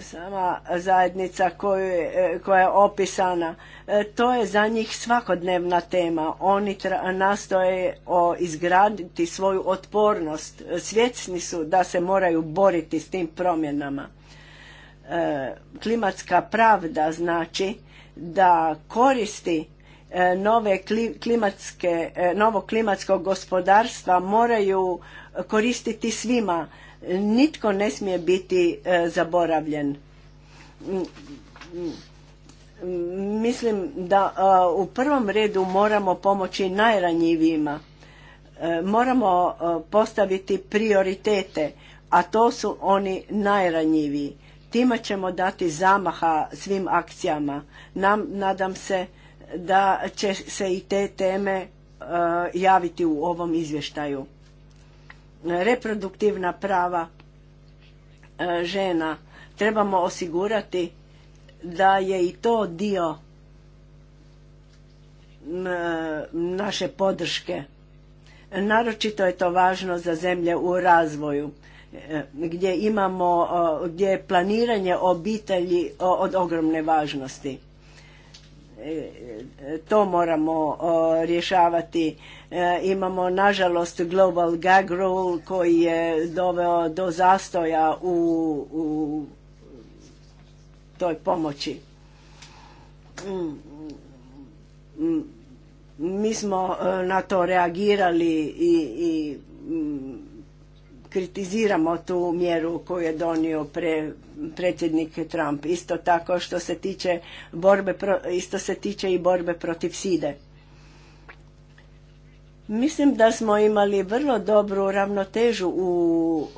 sama zajednica e, koja je opisana, e, to je za njih svakodnevna tema. Oni nastoje izgraditi svoju otpornost. Svjesni su da se moraju boriti s tim promjenama. E, klimatska pravda znači da koristi nove klimatske, novo klimatskog gospodarstva moraju koristiti svima Nitko ne smije biti e, zaboravljen. Mislim da e, u prvom redu moramo pomoći najranjivijima. E, moramo postaviti prioritete, a to su oni najranjiviji. Tima ćemo dati zamaha svim akcijama. Nam, nadam se da će se i te teme javiti u ovom izvještaju reproduktivna prava e, žena trebamo osigurati da je i to dio naše podrške. Naročito je to važno za zemlje u razvoju e, gdje imamo, gdje je planiranje obitelji od ogromne važnosti. E, to moramo rješavati E, imamo nažalost Global Gag Rule koji je doveo do zastoja u, toj pomoći. Mi smo e, na to reagirali i, mm, kritiziramo tu mjeru koju je donio predsjednik Trump. Isto tako što se tiče borbe, isto se tiče i borbe protiv side. Mislim da smo imali vrlo dobru ravnotežu u,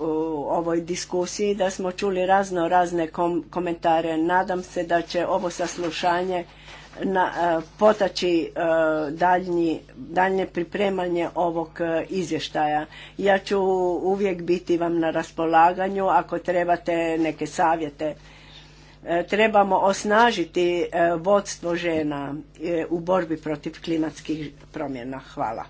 ovoj diskusiji, da smo čuli razno razne komentare. Nadam se da će ovo saslušanje na, e, potaći e, daljnji, daljnje pripremanje ovog e, izvještaja. Ja ću uvijek biti vam na raspolaganju ako trebate neke savjete. Trebamo osnažiti vodstvo žena u borbi protiv klimatskih promjena. Hvala.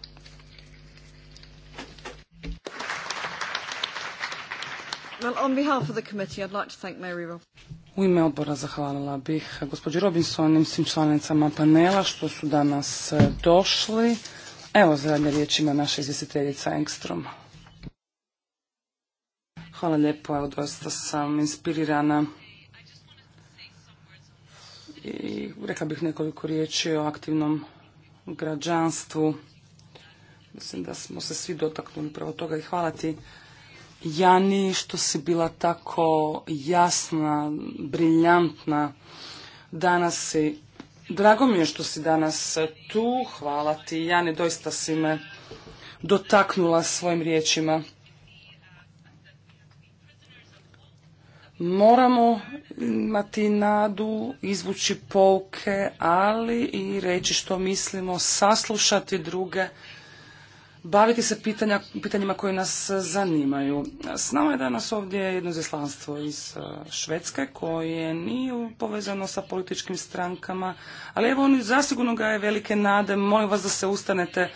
U ime odbora zahvalila bih gospođi Robinson i svim članicama panela što su danas e, došli. Evo zadnja riječ ima naša izvjestiteljica Engstrom. Hvala lijepo, evo dosta sam inspirirana. I rekla bih nekoliko riječi o aktivnom građanstvu. Mislim da smo se svi dotaknuli upravo toga i hvala ti Jani, što si bila tako jasna, briljantna. Danas si, drago mi je što si danas tu, hvala ti. Jani, doista si me dotaknula svojim riječima. Moramo imati nadu, izvući pouke, ali i reći što mislimo, saslušati druge baviti se pitanja, pitanjima koje nas zanimaju. S nama je danas ovdje jedno zeslanstvo iz e, Švedske koje nije povezano sa političkim strankama, ali evo oni zasigurno ga je velike nade. Molim vas da se ustanete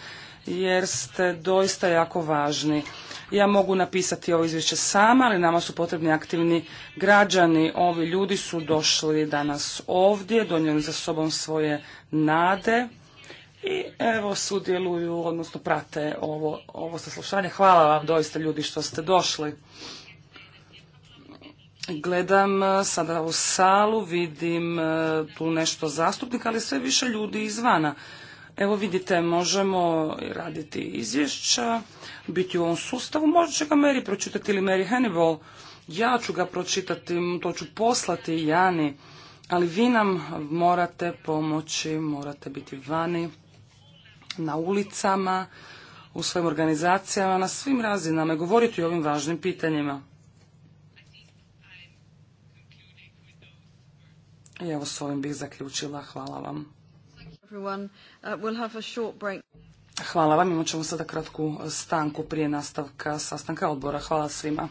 jer ste doista jako važni. Ja mogu napisati ovo izvješće sama, ali nama su potrebni aktivni građani. Ovi ljudi su došli danas ovdje, donijeli za sobom svoje nade, i evo sudjeluju, odnosno prate ovo, saslušanje. Hvala vam doista ljudi što ste došli. Gledam e, sada u salu, vidim e, tu nešto zastupnika, ali sve više ljudi izvana. Evo vidite, možemo raditi izvješća, biti u ovom sustavu, možda će ga Mary pročitati ili Mary Hannibal. Ja ću ga pročitati, to ću poslati Jani, ali vi nam morate pomoći, morate biti vani na ulicama, u svojim organizacijama, na svim razinama i govoriti o ovim važnim pitanjima. I evo s ovim bih zaključila. Hvala vam. Uh, Hvala vam. Imat ćemo sada kratku stanku prije nastavka sastanka odbora. Hvala svima.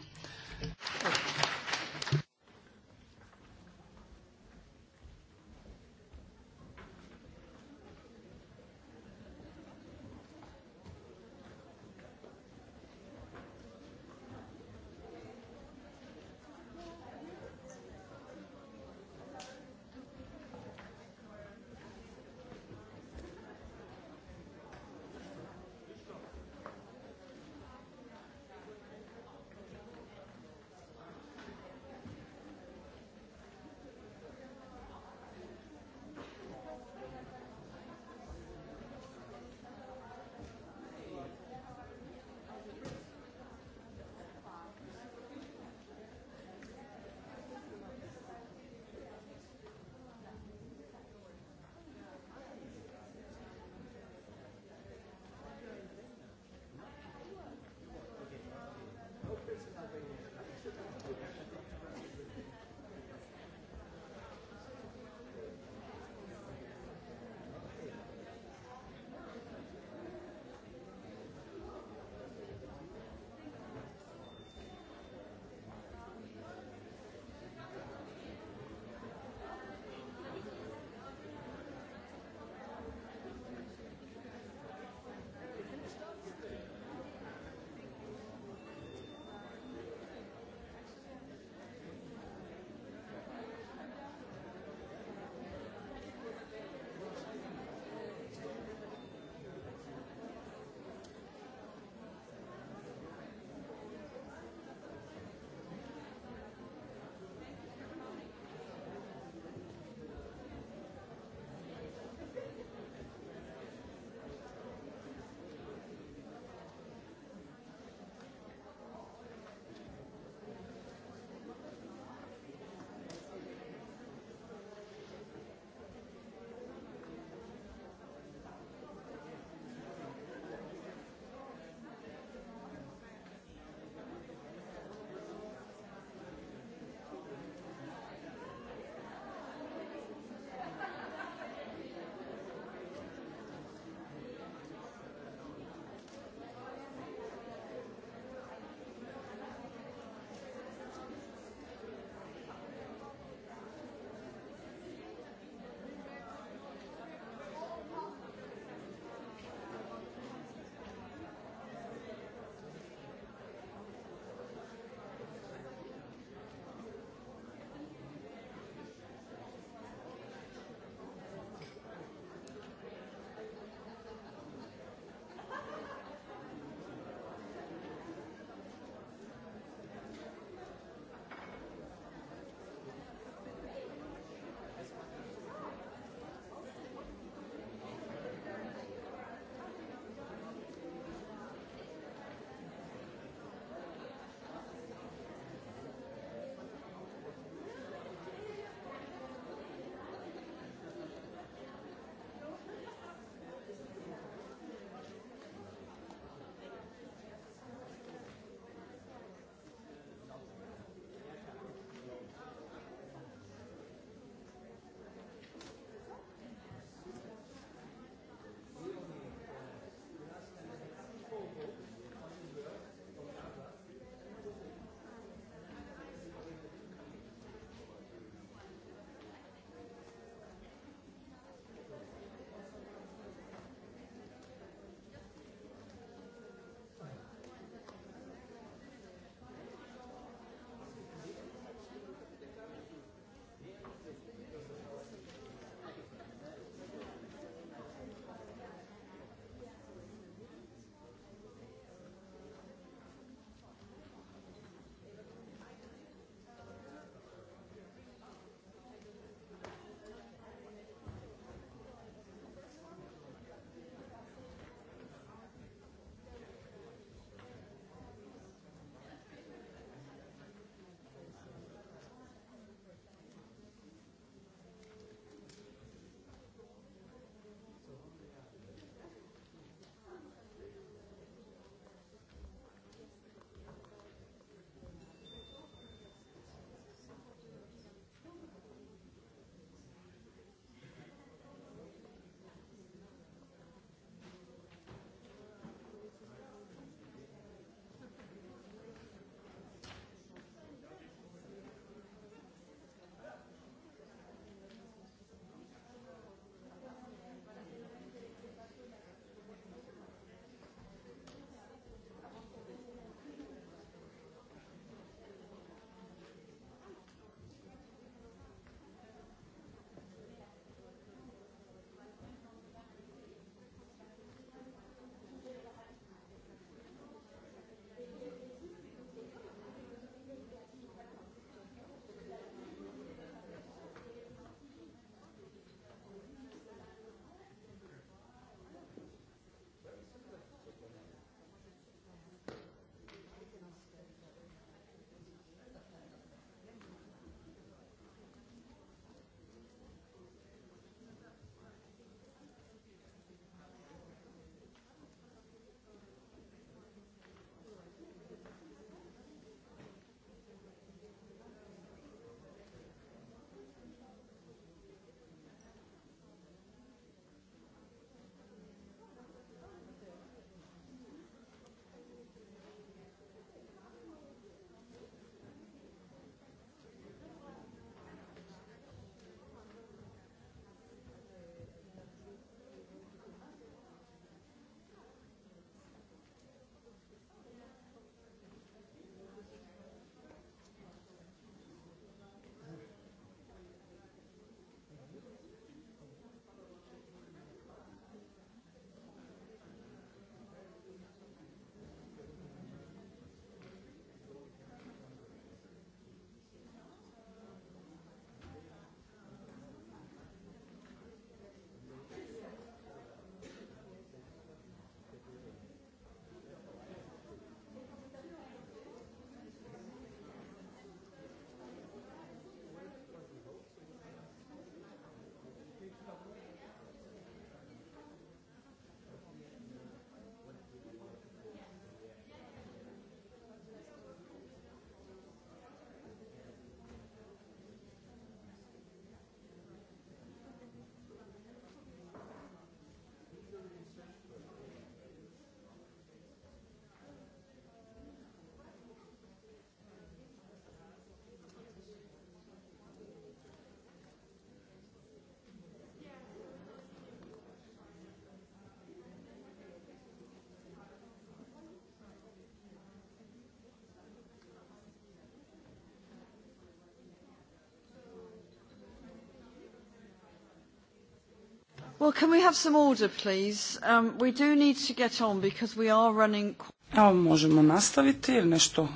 Well, can we have some order, please? Um, we do need to get on because we are running... Evo, možemo nastaviti jer nešto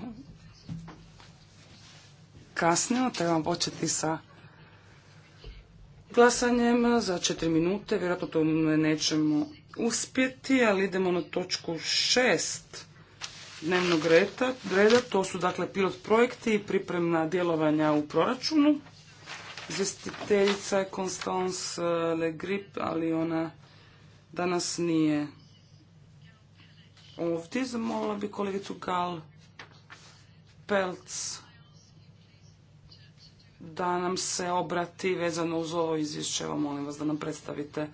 kasnimo. Trebamo početi sa glasanjem za četiri minute. Vjerojatno to nećemo uspjeti, ali idemo na točku šest dnevnog reda. To su dakle pilot projekti i pripremna djelovanja u proračunu. Izvjestiteljica je Constance eh, Le Grip, ali ona danas nije ovdje. Zamolila bi kolegicu Gal Pelc da nam se obrati vezano uz ovo izvješće. Evo, molim vas da nam predstavite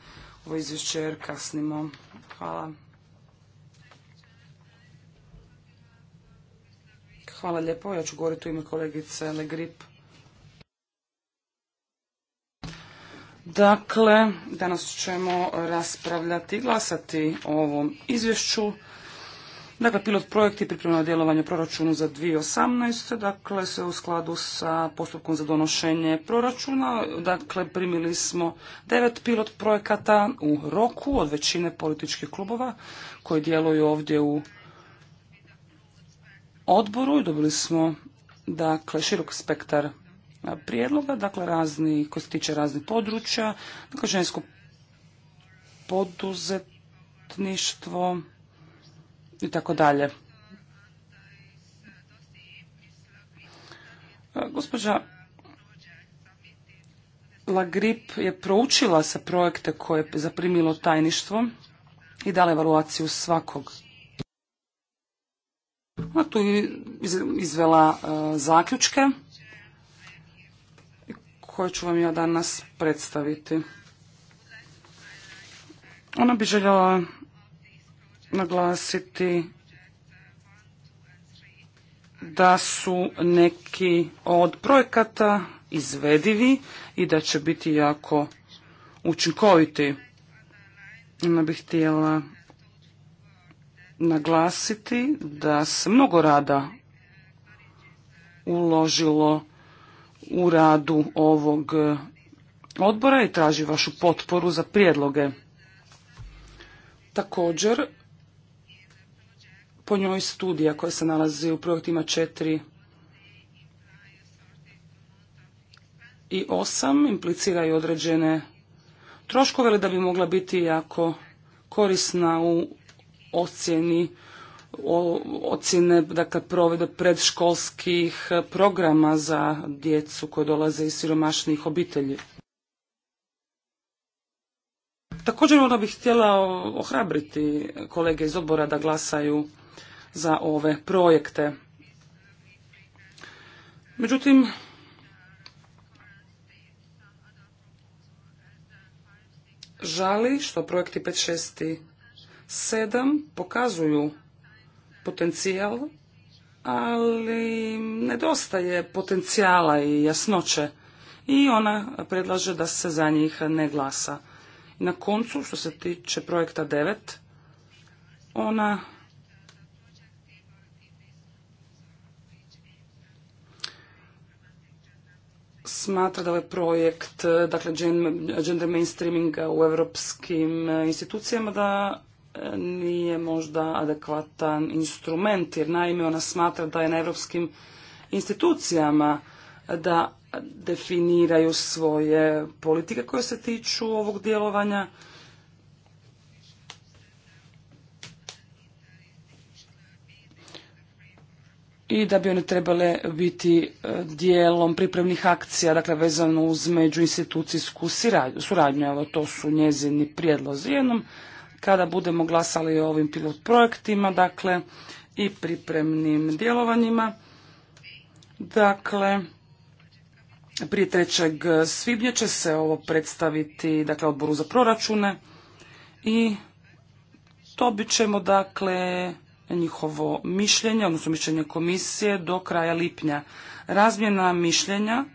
ovo izvješće jer kasnimo. Hvala. Hvala lijepo. Ja ću govoriti u ime kolegice Le Grip. Dakle, danas ćemo raspravljati i glasati o ovom izvješću. Dakle, pilot projekti i pripremljeno djelovanje proračunu za 2018. Dakle, sve u skladu sa postupkom za donošenje proračuna. Dakle, primili smo devet pilot projekata u roku od većine političkih klubova koji djeluju ovdje u odboru i dobili smo dakle, širok spektar prijedloga, dakle razni, koji se tiče raznih područja, dakle žensko poduzetništvo i tako dalje. Gospođa Lagrip je proučila se projekte koje je zaprimilo tajništvo i dala evaluaciju svakog. Ona tu je izvela e, zaključke koju ću vam ja danas predstaviti. Ona bi željela naglasiti da su neki od projekata izvedivi i da će biti jako učinkoviti. Ona bi htjela naglasiti da se mnogo rada uložilo u radu ovog e, odbora i traži vašu potporu za prijedloge. Također, po njoj studija koja se nalazi u projektima 4 i 8 impliciraju određene troškove, da bi mogla biti jako korisna u ocjeni ocjene dakle, provede predškolskih e, programa za djecu koje dolaze iz siromašnih obitelji. Također onda bih htjela ohrabriti kolege iz odbora da glasaju za ove projekte. Međutim, žali što projekti 5, 6 7 pokazuju potencijal, ali nedostaje potencijala i jasnoće i ona predlaže da se za njih ne glasa. Na koncu, što se tiče projekta 9, ona smatra da ovaj projekt, dakle gender mainstreaminga u europskim eh, institucijama, da nije možda adekvatan instrument, jer naime ona smatra da je na europskim institucijama da definiraju svoje politike koje se tiču ovog djelovanja. i da bi one trebale biti e, dijelom pripremnih akcija, dakle vezano uz međuinstitucijsku suradnju. Evo, to su njezini prijedlozi. Jednom kada budemo glasali o ovim pilot projektima, dakle i pripremnim djelovanjima. Dakle, prije 3. svibnja će se ovo predstaviti dakle, odboru za proračune i dobit ćemo dakle njihovo mišljenje, odnosno mišljenje komisije do kraja lipnja. Razmjena mišljenja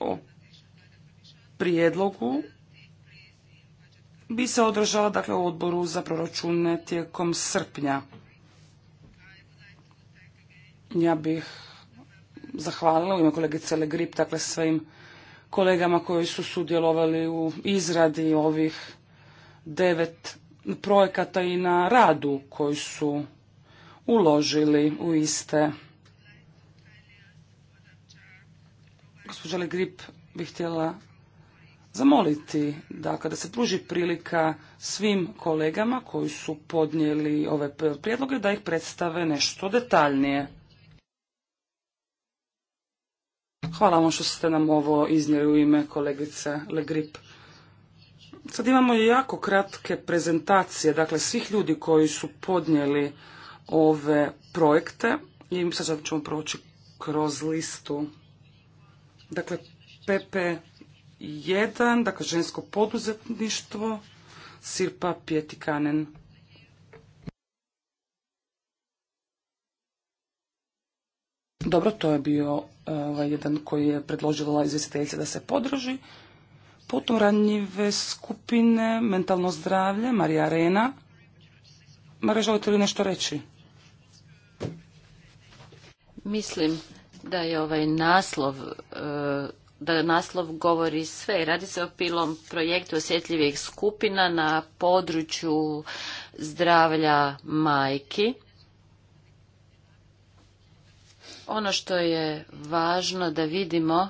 o prijedlogu bi se održala dakle, u odboru za proračune tijekom srpnja. Ja bih zahvalila u ime kolegice Legrip, dakle svim kolegama koji su sudjelovali u izradi ovih devet projekata i na radu koji su uložili u iste. Gospođa Legrip bi htjela zamoliti da kada se pruži prilika svim kolegama koji su podnijeli ove prijedloge da ih predstave nešto detaljnije. Hvala vam što ste nam ovo iznijeli u ime kolegice Legrip. Sad imamo jako kratke prezentacije, dakle svih ljudi koji su podnijeli ove projekte i sad ćemo proći kroz listu. Dakle, Pepe jedan, dakle žensko poduzetništvo, Sirpa Pjetikanen. Dobro, to je bio ovaj, jedan koji je predložila izvjestiteljica da se podrži. Potom ranjive skupine, mentalno zdravlje, Marija Arena. Marija, želite li nešto reći? Mislim da je ovaj naslov e, da naslov govori sve. Radi se o pilom projektu osjetljivih skupina na području zdravlja majki. Ono što je važno da vidimo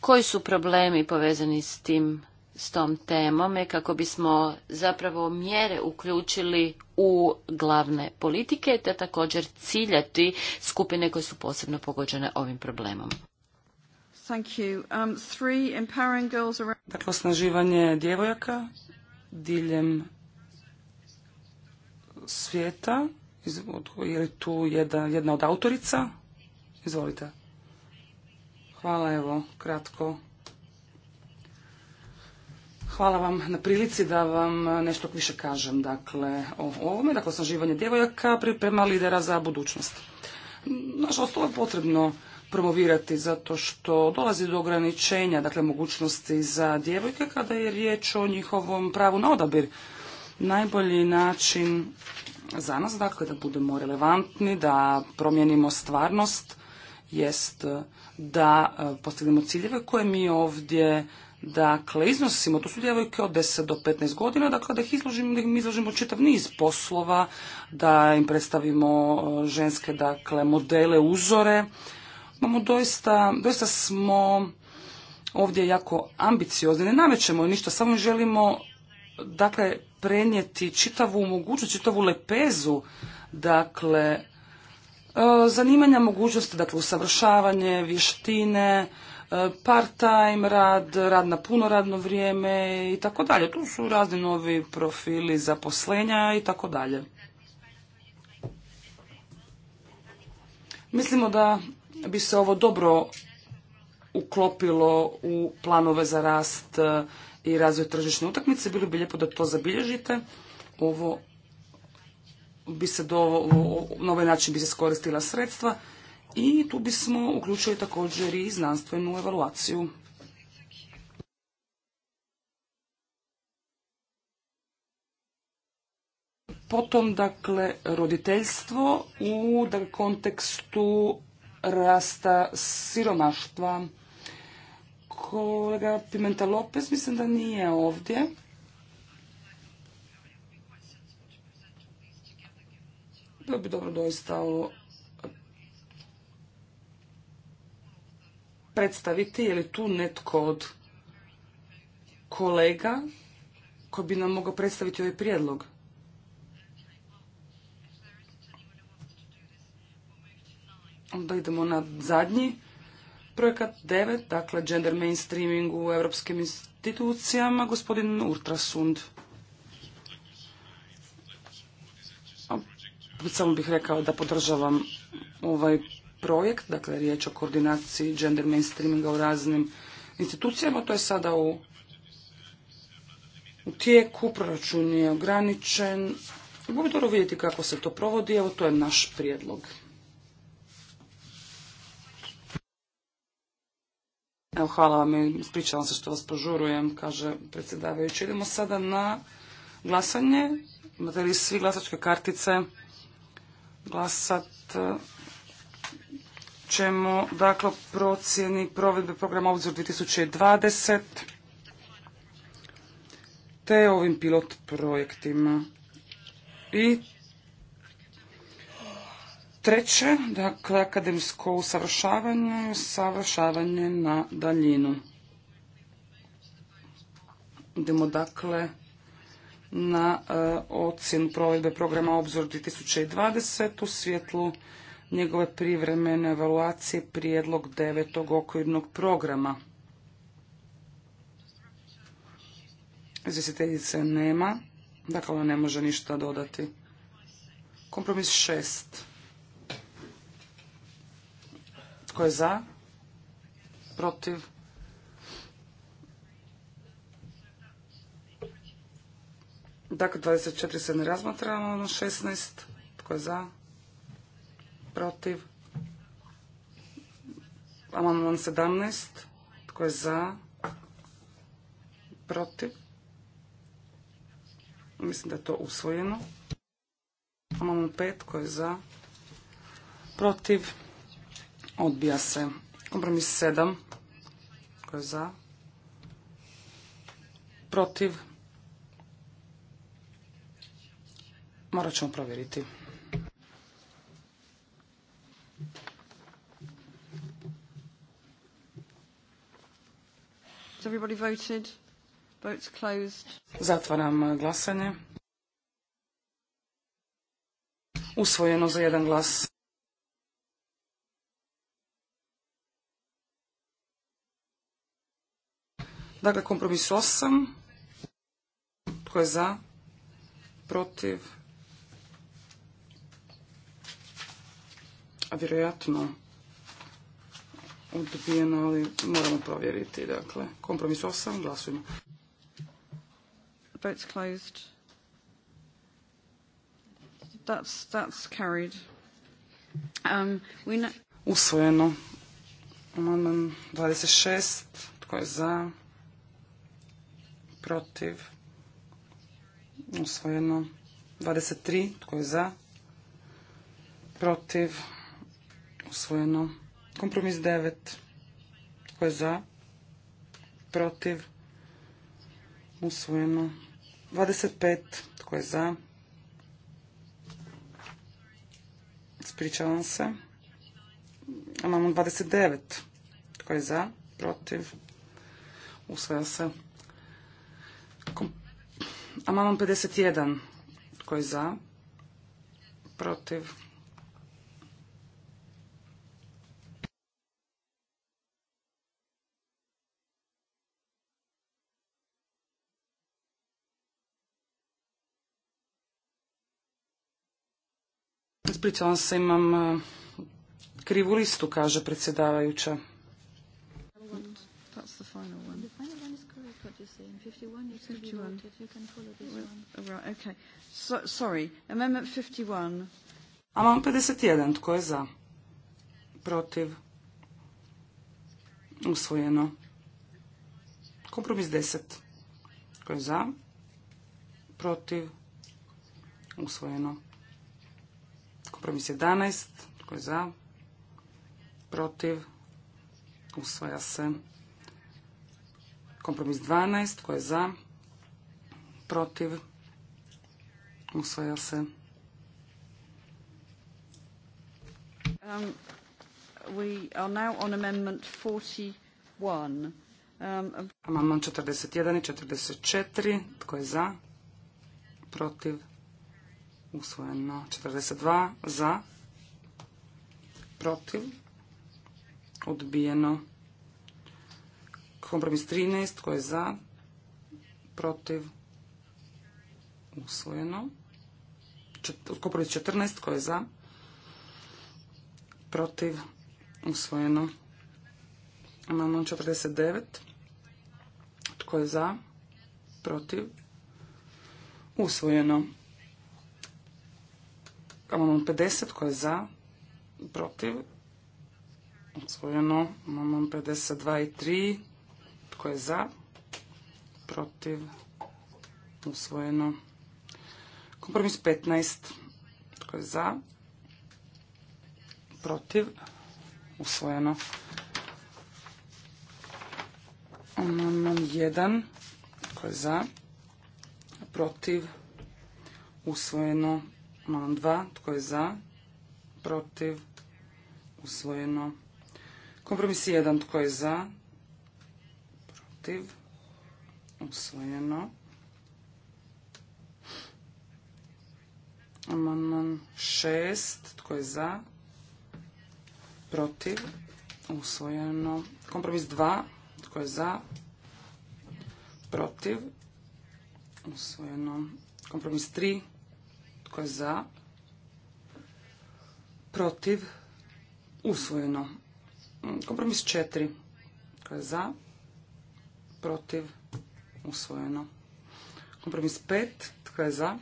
koji su problemi povezani s tim s tom temom i kako bismo zapravo mjere uključili u glavne politike te također ciljati skupine koje su posebno pogođene ovim problemom. Thank you. Um, dakle, osnaživanje djevojaka diljem svijeta. Je li tu jedna, jedna od autorica? Izvolite. Hvala, evo, kratko. Hvala vam na prilici da vam nešto više kažem dakle, o ovome, dakle osnaživanje djevojaka, priprema lidera za budućnost. Nažalost, ovo je potrebno promovirati zato što dolazi do ograničenja, dakle mogućnosti za djevojke kada je riječ o njihovom pravu na odabir. Najbolji način za nas, dakle, da budemo relevantni, da promijenimo stvarnost, jest e, da e, postignemo ciljeve koje mi ovdje Dakle, iznosimo, to su djevojke od 10 do 15 godina, dakle da ih izložimo, da im izložimo čitav niz poslova, da im predstavimo e, ženske, dakle, modele, uzore, Imamo doista, doista smo ovdje jako ambiciozni, ne namećemo ništa, samo želimo dakle prenijeti čitavu mogućnost, čitavu lepezu dakle e, zanimanja mogućnosti, dakle usavršavanje, vještine, e, part-time rad, rad na puno radno vrijeme i tako dalje. Tu su razni novi profili zaposlenja i tako dalje. Mislimo da bi se ovo dobro uklopilo u planove za rast eh, i razvoj tržišne utakmice. Bilo bi lijepo da to zabilježite. Ovo bi se do, na ovaj način bi se skoristila sredstva i tu bismo uključili također i znanstvenu evaluaciju. Potom, dakle, roditeljstvo u dakle, kontekstu rasta siromaštva. Kolega Pimenta Lopez mislim da nije ovdje. Bilo bi dobro doista predstaviti je li tu netko od kolega koji bi nam mogao predstaviti ovaj prijedlog. Onda idemo na zadnji projekat devet, dakle gender mainstreaming u europskim institucijama, gospodin Urtrasund. Samo bih rekao da podržavam ovaj projekt, dakle riječ o koordinaciji gender mainstreaminga u raznim institucijama, to je sada u, u tijeku, proračun je ograničen. dobro vidjeti kako se to provodi, evo to je naš prijedlog. Evo, hvala vam i ispričavam se što vas požurujem, kaže predsjedavajući. Idemo sada na glasanje. Imate li svi glasačke kartice? Glasat e, ćemo, dakle, procjeni provedbe programa Obzor 2020 te ovim pilot projektima. I Treće, dakle, akademsko usavršavanje i usavršavanje na daljinu. Idemo dakle na e, ocjenu provedbe programa Obzor 2020 u svjetlu njegove privremene evaluacije prijedlog devetog okvirnog programa. Izvjestiteljice nema, dakle ona ne može ništa dodati. Kompromis šest. Tko je za? Protiv? Dakle, 24 se ne razmatra, ono 16. Tko je za? Protiv? Amandman 17. Tko je za? Protiv? Mislim da je to usvojeno. Amandman 5. Tko je za? Protiv? Odbija se. Kompromis 7. Tko je za? Protiv? Morat ćemo provjeriti. Everybody voted. Votes closed. Zatvaram glasanje. Usvojeno za jedan glas. Dakle, kompromis 8. Tko je za? Protiv? A vjerojatno odbijeno, ali moramo provjeriti. Dakle, kompromis 8, glasujemo. Vote's closed. That's, that's carried. Um, we Usvojeno. Amandman 26. Tko je za? protiv, usvojeno. 23, tko je za, protiv, usvojeno. Kompromis 9, tko je za, protiv, usvojeno. 25, tko je za, spričavam se. imamo 29, tko je za, protiv, usvojeno se. Amandman 51. Tko je za? Protiv? Ispričavam se, imam e, krivu listu, kaže predsjedavajuća. That's the 51 51. be voted. You can follow this one. Right, okay. So, sorry. Amendment 51. Amandman 51. Tko je za? Protiv? Usvojeno. Kompromis 10. Tko je za? Protiv? Usvojeno. Kompromis 11. Tko je za? Protiv? Usvoja se. Kompromis 12. Tko je za? Protiv? Usvaja se. Um, we are now on amendment 41. Um, Amandman 41 i 44. Tko je za? Protiv? Usvojeno. 42. Za? Protiv? Odbijeno. Kompromis 13, tko je za? Protiv? Usvojeno. Kompromis 14, tko je za? Protiv? Usvojeno. Amandman 49. Tko je za? Protiv? Usvojeno. Amandman 50. Tko je za? Protiv? Usvojeno. Amandman 52 i 3. Tko je za? Protiv? Usvojeno. Kompromis 15. Tko je za? Protiv? Usvojeno. Amandman 1. Tko je za? Protiv? Usvojeno. Amandman 2. Tko je za? Protiv? Usvojeno. Kompromis 1. Tko je za? protiv, usvojeno. Amandman šest tko je za, protiv, usvojeno. Kompromis dva. tko je za, protiv, usvojeno. Kompromis tri. tko je za, protiv, usvojeno. Kompromis četiri. tko je za, protiv, usvojeno. Kompromis pet, tko je za,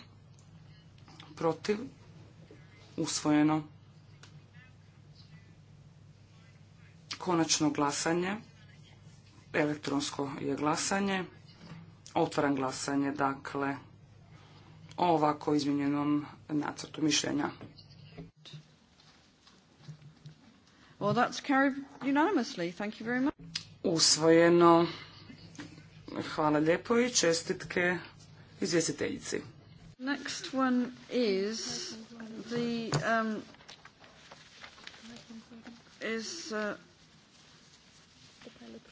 protiv, usvojeno. Konačno glasanje, elektronsko je glasanje, otvoran glasanje, dakle, o ovako izmjenjenom nacrtu mišljenja. Well, that's carried unanimously. Thank you very much. Usvojeno. Hvala lijepo i čestitke izvjestiteljici. Next one is um,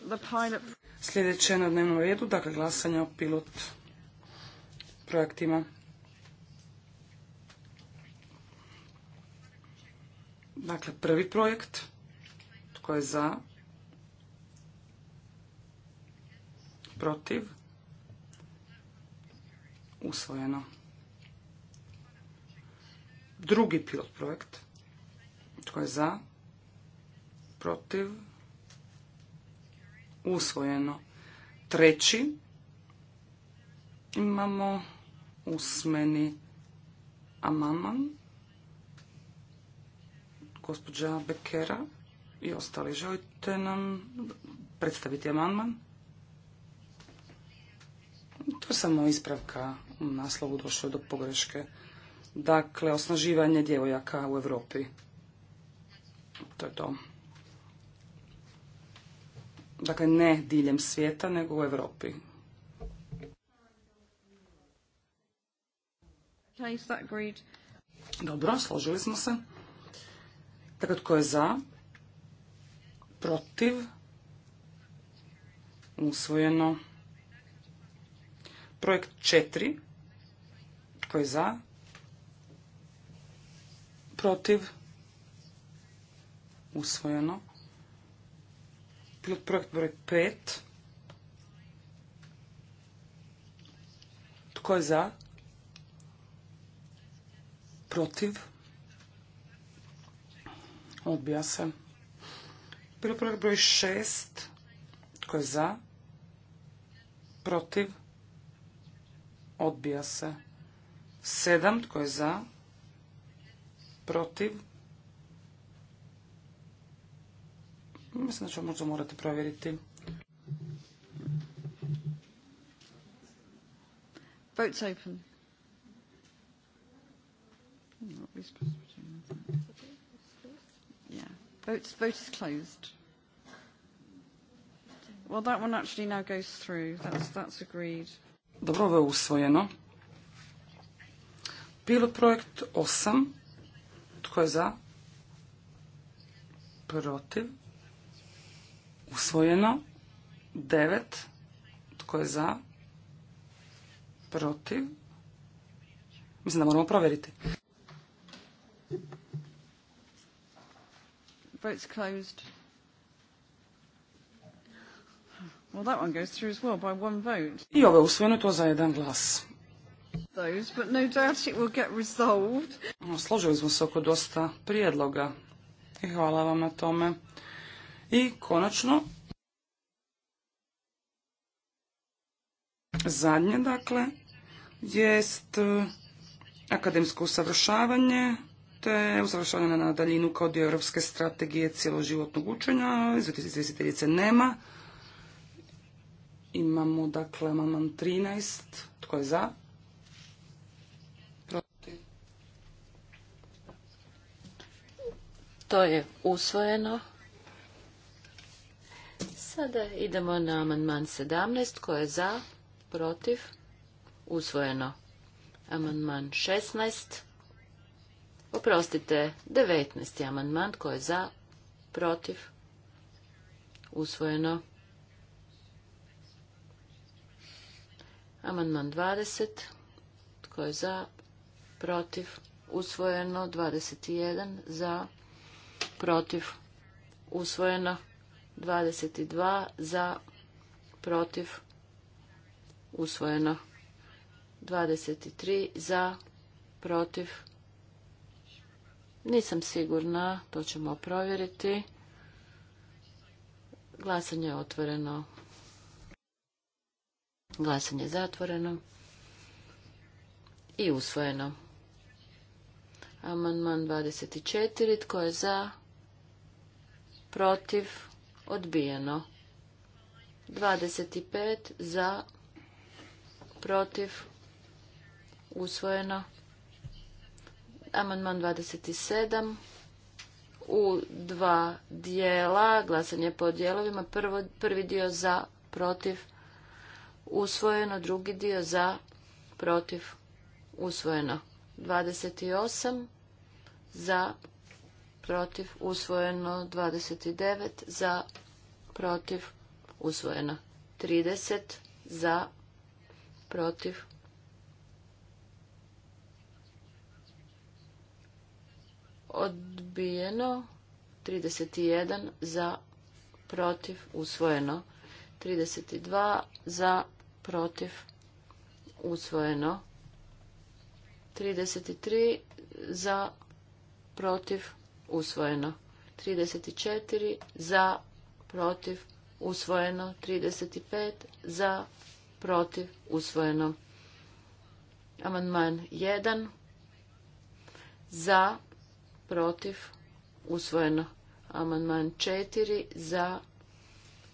uh, Sljedeće na dnevnom redu, dakle glasanje o pilot projektima. Dakle, prvi projekt, tko je za, protiv, usvojeno. Drugi pilot projekt, tko je za, protiv, usvojeno. Treći, imamo usmeni amaman, gospođa Bekera i ostali. Želite nam predstaviti amandman? To je samo ispravka u naslovu došlo do pogreške. Dakle, osnaživanje djevojaka u Europi. To je to. Dakle, ne diljem svijeta, nego u Europi. Dobro, složili smo se. Dakle, tko je za? Protiv? Usvojeno. Projekt 4. Tko je za? Protiv? Usvojeno. Pilot projekt broj 5. Tko je za? Protiv? Odbija se. Pilot projekt broj 6. Tko je za? Protiv? Odbija se. 7. Tko je za? Protiv? Mislim da ću možda morati provjeriti. Vote's open. Yeah. Vote's, vote is closed. Well, that one actually now goes through. That's, that's agreed. Dobro, ovo je usvojeno. Pilot projekt 8. Tko je za? Protiv. Usvojeno. 9. Tko je za? Protiv. Mislim da moramo provjeriti. Vote's closed. Well, that one I ovo je to za jedan glas. Ono, složili smo se oko dosta prijedloga i hvala vam na tome. I konačno, zadnje dakle, jest e, akademsko usavršavanje te usavršavanje na daljinu kao dio Europske strategije cijeloživotnog učenja. Izvjestiteljice nema. Imamo dakle amandman 13. Tko je za? Protiv. To je usvojeno. Sada idemo na amandman 17. Tko je za? Protiv. Usvojeno. Amandman 16. Oprostite, 19. amandman. Tko je za? Protiv. Usvojeno. Amandman 20. Tko je za? Protiv? Usvojeno. 21. Za? Protiv? Usvojeno. 22. Za? Protiv? Usvojeno. 23. Za? Protiv? Nisam sigurna. To ćemo provjeriti. Glasanje je otvoreno. Glasanje zatvoreno i usvojeno. Amandman 24. Tko je za? Protiv? Odbijeno. 25. Za? Protiv? Usvojeno. Amandman 27. U dva dijela. Glasanje po dijelovima. prvi dio za? Protiv? usvojeno, drugi dio za, protiv, usvojeno. 28 za, protiv, usvojeno. 29 za, protiv, usvojeno. 30 za, protiv, odbijeno. 31 za, protiv, usvojeno. 32 za, protiv, usvojeno. 33 za, protiv, usvojeno. 34 za, protiv, usvojeno. 35 za, protiv, usvojeno. Amandman 1 za, protiv, usvojeno. Amandman 4 za,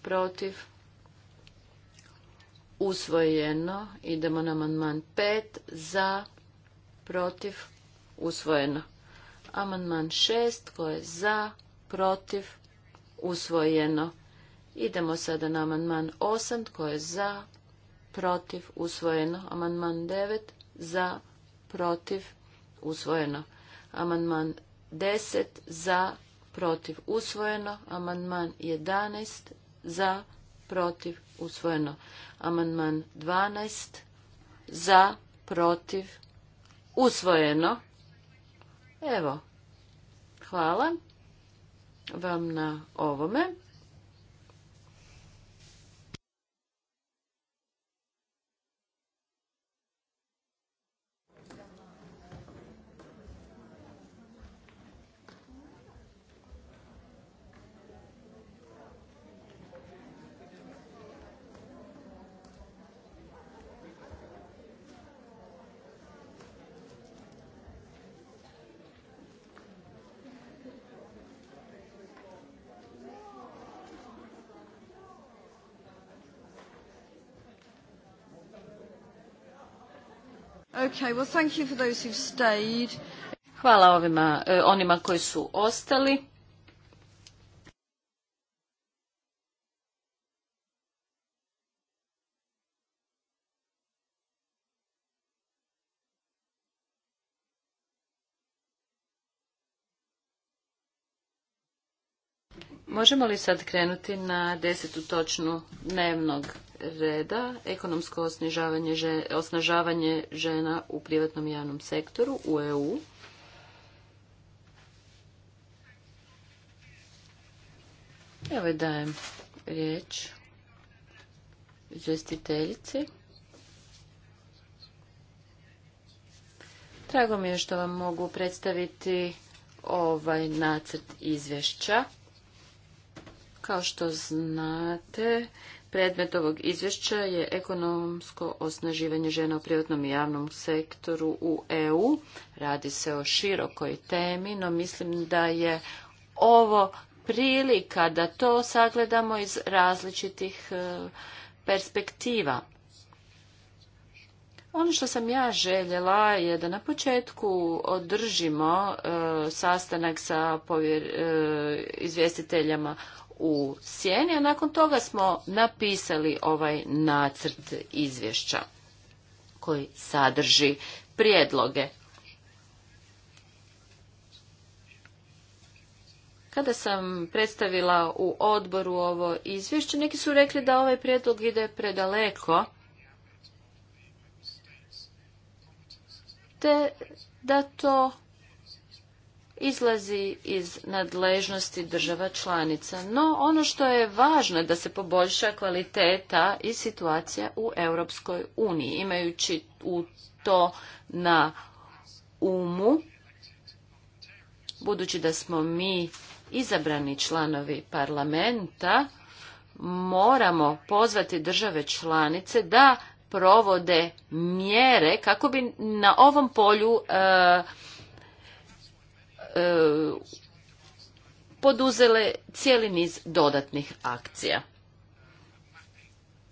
protiv, usvojeno usvojeno. Idemo na amandman 5 za, protiv, usvojeno. Amandman 6 tko je za, protiv, usvojeno. Idemo sada na amandman 8 tko je za, protiv, usvojeno. Amandman 9 za, protiv, usvojeno. Amandman 10 za, protiv, usvojeno. Amandman 11 za, protiv, usvojeno. Amandman 12 za, protiv, usvojeno. Evo, hvala vam na ovome. Okay, well, thank you for those who've stayed. Hvala ovima, e, onima koji su ostali. Možemo li sad krenuti na desetu točnu dnevnog reda, ekonomsko osnažavanje, žena u privatnom i javnom sektoru u EU? Evo dajem riječ izvestiteljici. Drago mi je što vam mogu predstaviti ovaj nacrt izvješća. Kao što znate, predmet ovog izvješća je ekonomsko osnaživanje žena u privatnom i javnom sektoru u EU. Radi se o širokoj temi, no mislim da je ovo prilika da to sagledamo iz različitih e, perspektiva. Ono što sam ja željela je da na početku održimo e, sastanak sa povjer, e, izvjestiteljama u sjeni, a nakon toga smo napisali ovaj nacrt izvješća koji sadrži prijedloge. Kada sam predstavila u odboru ovo izvješće, neki su rekli da ovaj prijedlog ide predaleko, te da to izlazi iz nadležnosti država članica. No, ono što je važno je da se poboljša kvaliteta i situacija u Europskoj uniji, imajući u to na umu, budući da smo mi izabrani članovi parlamenta, moramo pozvati države članice da provode mjere kako bi na ovom polju e, E, poduzele cijeli niz dodatnih akcija.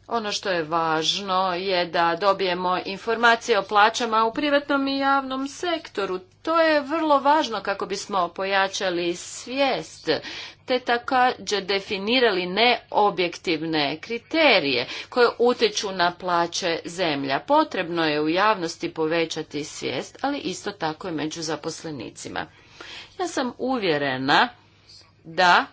Ono što je važno je da dobijemo informacije o plaćama u privatnom i javnom sektoru. To je vrlo važno kako bismo pojačali svijest te također definirali neobjektivne kriterije koje utječu na plaće zemlja. Potrebno je u javnosti povećati svijest, ali isto tako i među zaposlenicima. Ja sam uvjerena da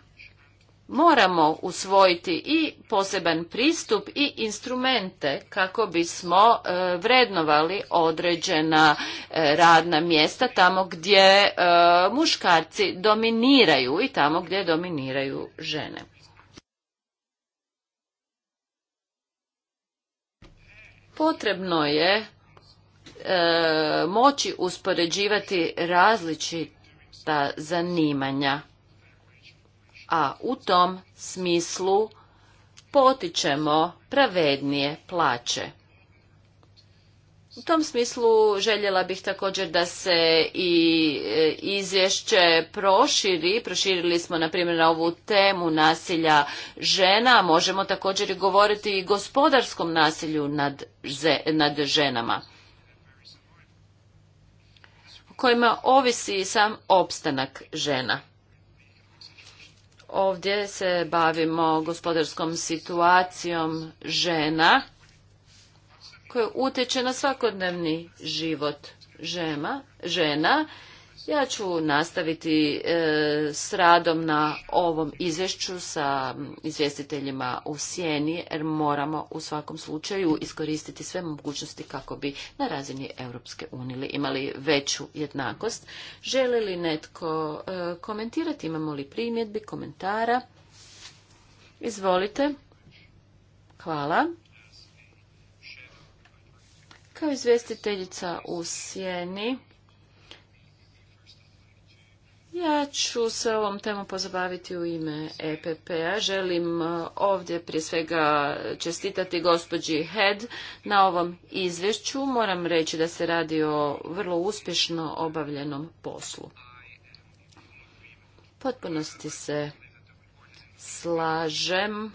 moramo usvojiti i poseban pristup i instrumente kako bismo e, vrednovali određena e, radna mjesta tamo gdje e, muškarci dominiraju i tamo gdje dominiraju žene. Potrebno je moći uspoređivati različite vrsta zanimanja. A u tom smislu potičemo pravednije plaće. U tom smislu željela bih također da se i e, izvješće proširi. Proširili smo na primjer na ovu temu nasilja žena. Možemo također i govoriti i gospodarskom nasilju nad, nad ženama kojima ovisi sam opstanak žena. Ovdje se bavimo gospodarskom situacijom žena koje utječe na svakodnevni život žena žena ja ću nastaviti e, s radom na ovom izvješću sa izvjestiteljima u sjeni jer moramo u svakom slučaju iskoristiti sve mogućnosti kako bi na razini Europske unije imali veću jednakost. Želi li netko e, komentirati? Imamo li primjedbi, komentara? Izvolite. Hvala. Kao izvjestiteljica u sjeni ja ću se ovom temom pozabaviti u ime EPP-a. Želim e, ovdje prije svega čestitati gospođi Head na ovom izvješću. Moram reći da se radi o vrlo uspješno obavljenom poslu. Potpunosti se slažem e,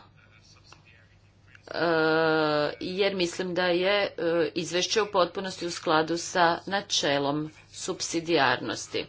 jer mislim da je e, izvješće u potpunosti u skladu sa načelom subsidijarnosti.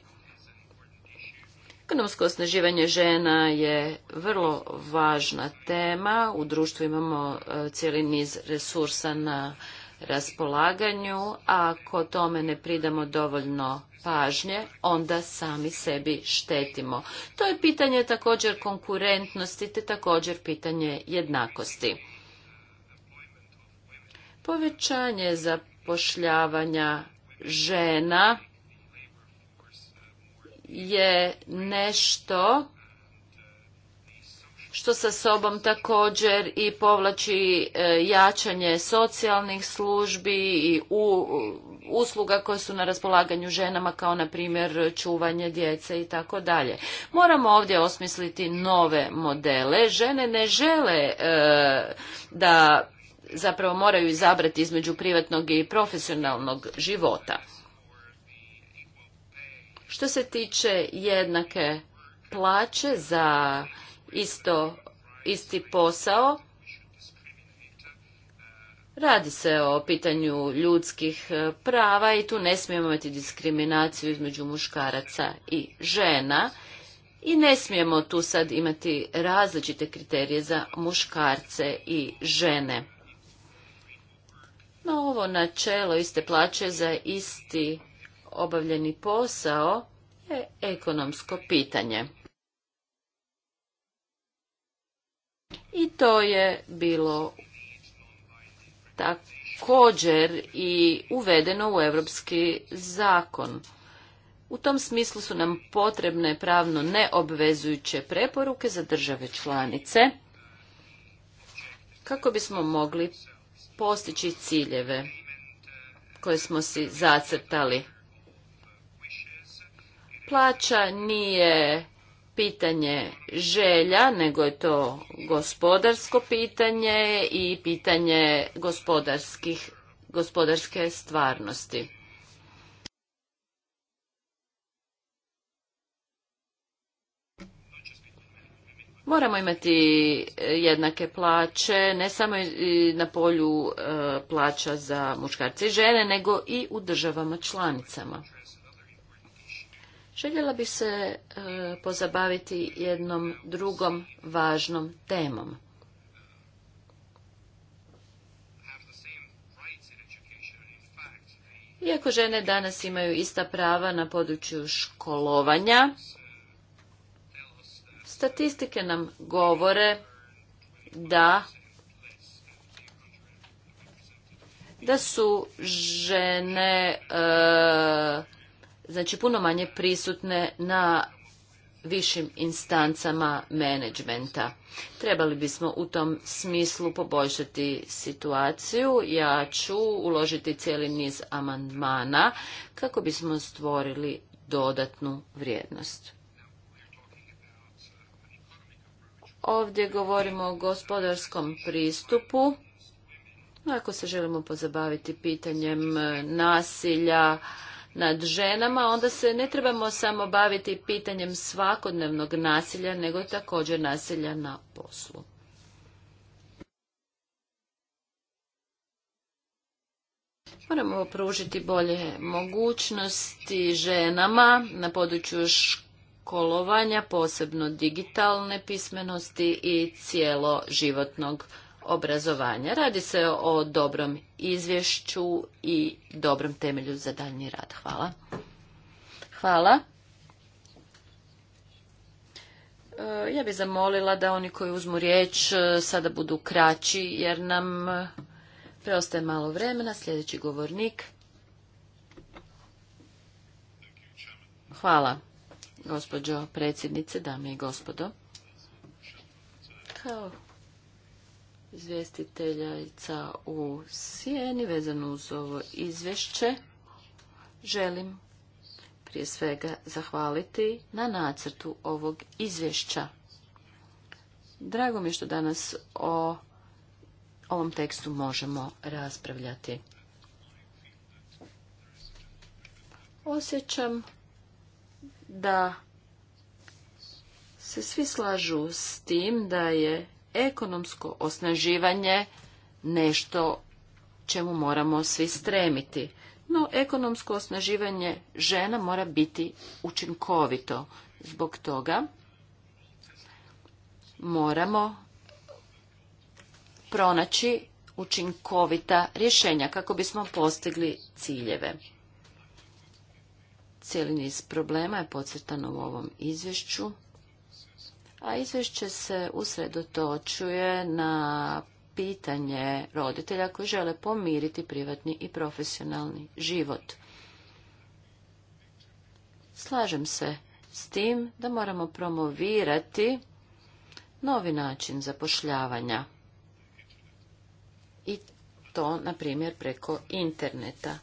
Ekonomsko osnaživanje žena je vrlo važna tema. U društvu imamo e, cijeli niz resursa na raspolaganju, a ako tome ne pridamo dovoljno pažnje, onda sami sebi štetimo. To je pitanje također konkurentnosti te također pitanje jednakosti. Povećanje zapošljavanja žena je nešto što sa sobom također i povlači e, jačanje socijalnih službi i usluga koje su na raspolaganju ženama kao na primjer čuvanje djece i tako dalje. Moramo ovdje osmisliti nove modele. Žene ne žele e, da zapravo moraju izabrati između privatnog i profesionalnog života. Što se tiče jednake plaće za isto, isti posao, Radi se o pitanju ljudskih e, prava i tu ne smijemo imati diskriminaciju između muškaraca i žena i ne smijemo tu sad imati različite kriterije za muškarce i žene. Na ovo načelo iste plaće za isti obavljeni posao je ekonomsko pitanje. I to je bilo također i uvedeno u europski zakon. U tom smislu su nam potrebne pravno neobvezujuće preporuke za države članice kako bismo mogli postići ciljeve koje smo si zacrtali Plaća nije pitanje želja, nego je to gospodarsko pitanje i pitanje gospodarskih, gospodarske stvarnosti. Moramo imati e, jednake plaće, ne samo na polju e, plaća za muškarce i žene, nego i u državama članicama. Željela bi se e, pozabaviti jednom drugom važnom temom. Iako žene danas imaju ista prava na području školovanja, statistike nam govore da da su žene e, znači puno manje prisutne na višim instancama menadžmenta. Trebali bismo u tom smislu poboljšati situaciju. Ja ću uložiti cijeli niz amandmana kako bismo stvorili dodatnu vrijednost. Ovdje govorimo o gospodarskom pristupu. Ako se želimo pozabaviti pitanjem nasilja, nad ženama, onda se ne trebamo samo baviti pitanjem svakodnevnog nasilja, nego i također nasilja na poslu. Moramo pružiti bolje mogućnosti ženama na području školovanja, posebno digitalne pismenosti i cijelo životnog obrazovanja. Radi se o dobrom izvješću i dobrom temelju za daljnji rad. Hvala. Hvala. E, ja bih zamolila da oni koji uzmu riječ e, sada budu kraći jer nam e, preostaje malo vremena. Sljedeći govornik. Hvala, gospođo predsjednice, dame i gospodo. Hvala izvjestiteljica u sjeni vezano uz ovo izvješće. Želim prije svega zahvaliti na nacrtu ovog izvješća. Drago mi je što danas o ovom tekstu možemo raspravljati. Osjećam da se svi slažu s tim da je ekonomsko osnaživanje nešto čemu moramo svi stremiti. No, ekonomsko osnaživanje žena mora biti učinkovito. Zbog toga moramo pronaći učinkovita rješenja kako bismo postigli ciljeve. Cijeli niz problema je podsjetano u ovom izvješću a izvješće se usredotočuje na pitanje roditelja koji žele pomiriti privatni i profesionalni život. Slažem se s tim da moramo promovirati novi način zapošljavanja i to, na primjer, preko interneta.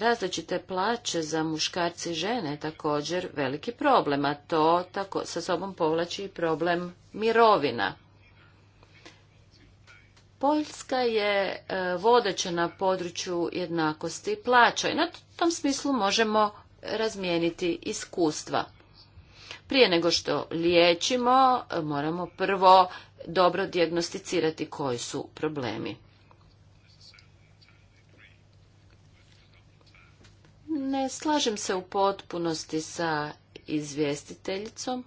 različite plaće za muškarce i žene također veliki problem, a to tako, sa sobom povlači i problem mirovina. Poljska je e, vodeća na području jednakosti plaća i na tom smislu možemo razmijeniti iskustva. Prije nego što liječimo, e, moramo prvo dobro dijagnosticirati koji su problemi. Ne slažem se u potpunosti sa izvjestiteljicom.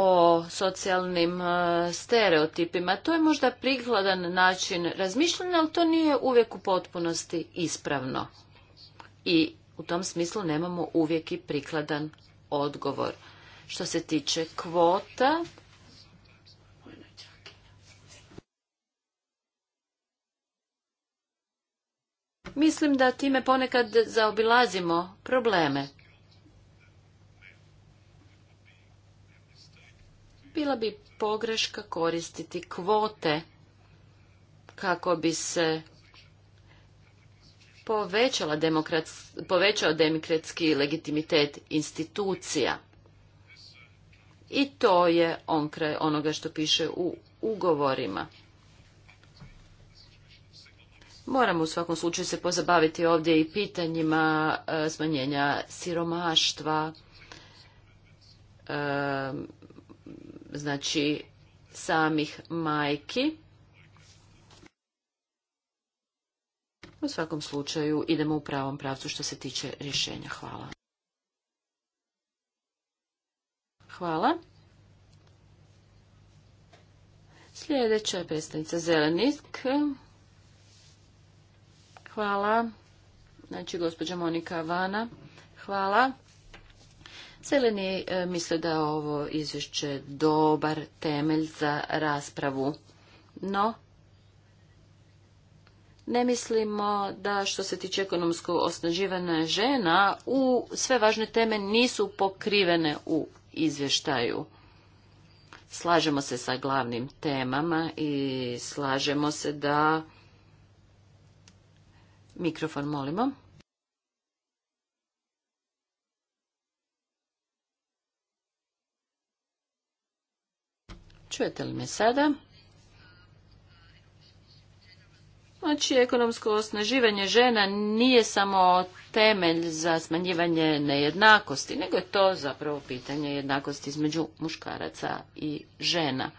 o socijalnim e, stereotipima. To je možda prikladan način razmišljanja, ali to nije uvijek u potpunosti ispravno. I u tom smislu nemamo uvijek i prikladan odgovor. Što se tiče kvota, Mislim da time ponekad zaobilazimo probleme. Bila bi pogreška koristiti kvote kako bi se povećao demokratski legitimitet institucija. I to je on kraj onoga što piše u ugovorima. Moramo u svakom slučaju se pozabaviti ovdje i pitanjima e, smanjenja siromaštva, e, znači samih majki. U svakom slučaju idemo u pravom pravcu što se tiče rješenja. Hvala. Hvala. Sljedeća je predstavnica Zelenik. Hvala. Znači, gospođa Monika Vana. Hvala. Zeleni e, misle da je ovo izvješće dobar temelj za raspravu, no ne mislimo da što se tiče ekonomskog osnaživanja žena u sve važne teme nisu pokrivene u izvještaju. Slažemo se sa glavnim temama i slažemo se da Mikrofon molimo. Čujete li me sada? Znači, ekonomsko osnaživanje žena nije samo temelj za smanjivanje nejednakosti, nego je to zapravo pitanje jednakosti između muškaraca i žena.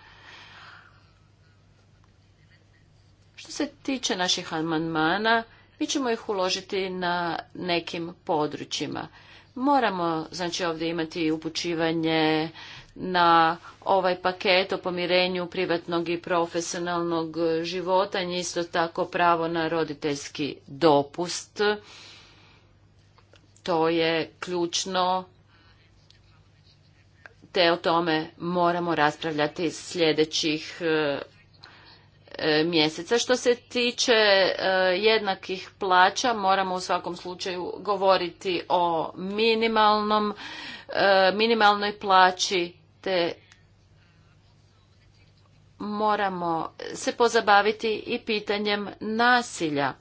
Što se tiče naših amandmana, mi ćemo ih uložiti na nekim područjima. Moramo znači ovdje imati upućivanje na ovaj paket o pomirenju privatnog i profesionalnog života, isto tako pravo na roditeljski dopust. To je ključno te o tome moramo raspravljati sljedećih E, mjeseca. Što se tiče e, jednakih plaća, moramo u svakom slučaju govoriti o minimalnom, e, minimalnoj plaći te moramo se pozabaviti i pitanjem nasilja.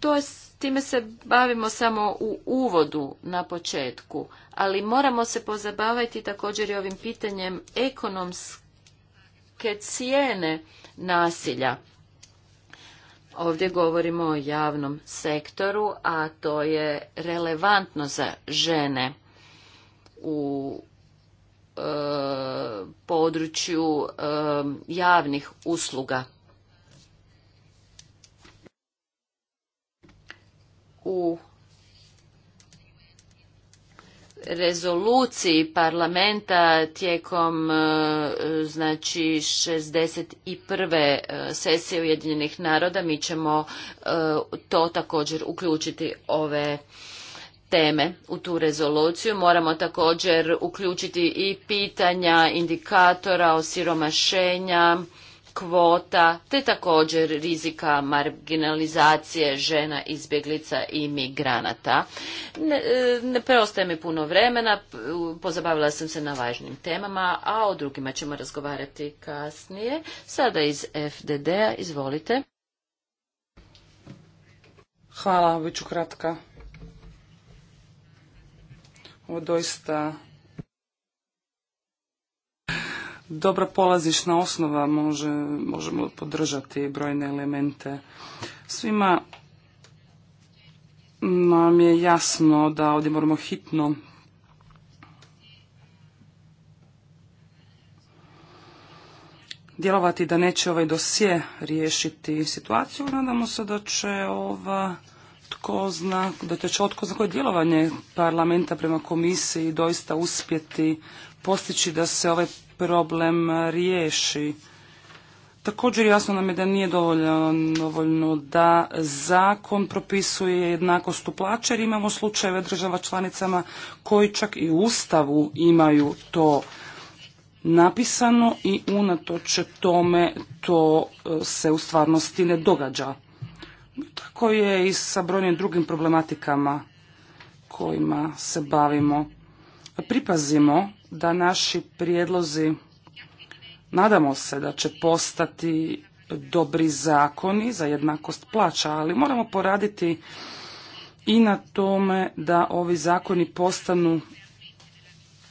To je time se bavimo samo u uvodu na početku, ali moramo se pozabaviti također i ovim pitanjem ekonomske visoke cijene nasilja. Ovdje govorimo o javnom sektoru, a to je relevantno za žene u e, području e, javnih usluga. U rezoluciji parlamenta tijekom e, znači 61. E, sesije Ujedinjenih naroda mi ćemo e, to također uključiti ove teme u tu rezoluciju. Moramo također uključiti i pitanja indikatora osiromašenja, kvota, te također rizika marginalizacije žena, izbjeglica i migranata. Ne, e, preostaje mi puno vremena, pozabavila sam se na važnim temama, a o drugima ćemo razgovarati kasnije. Sada iz FDD-a, izvolite. Hvala, bit ću kratka. Ovo doista dobra polazišna osnova može, možemo podržati brojne elemente. Svima nam je jasno da ovdje moramo hitno djelovati da neće ovaj dosje riješiti situaciju. Nadamo se da će ova tko zna, da će otko zna koje djelovanje parlamenta prema komisiji doista uspjeti postići da se ovaj problem riješi. Također jasno nam je da nije dovoljno, da zakon propisuje jednakost u plaće jer imamo slučajeve država članicama koji čak i u Ustavu imaju to napisano i unatoč tome to e, se u stvarnosti ne događa. Tako je i sa brojnim drugim problematikama kojima se bavimo. Pripazimo da naši prijedlozi nadamo se da će postati dobri zakoni za jednakost plaća, ali moramo poraditi i na tome da ovi zakoni postanu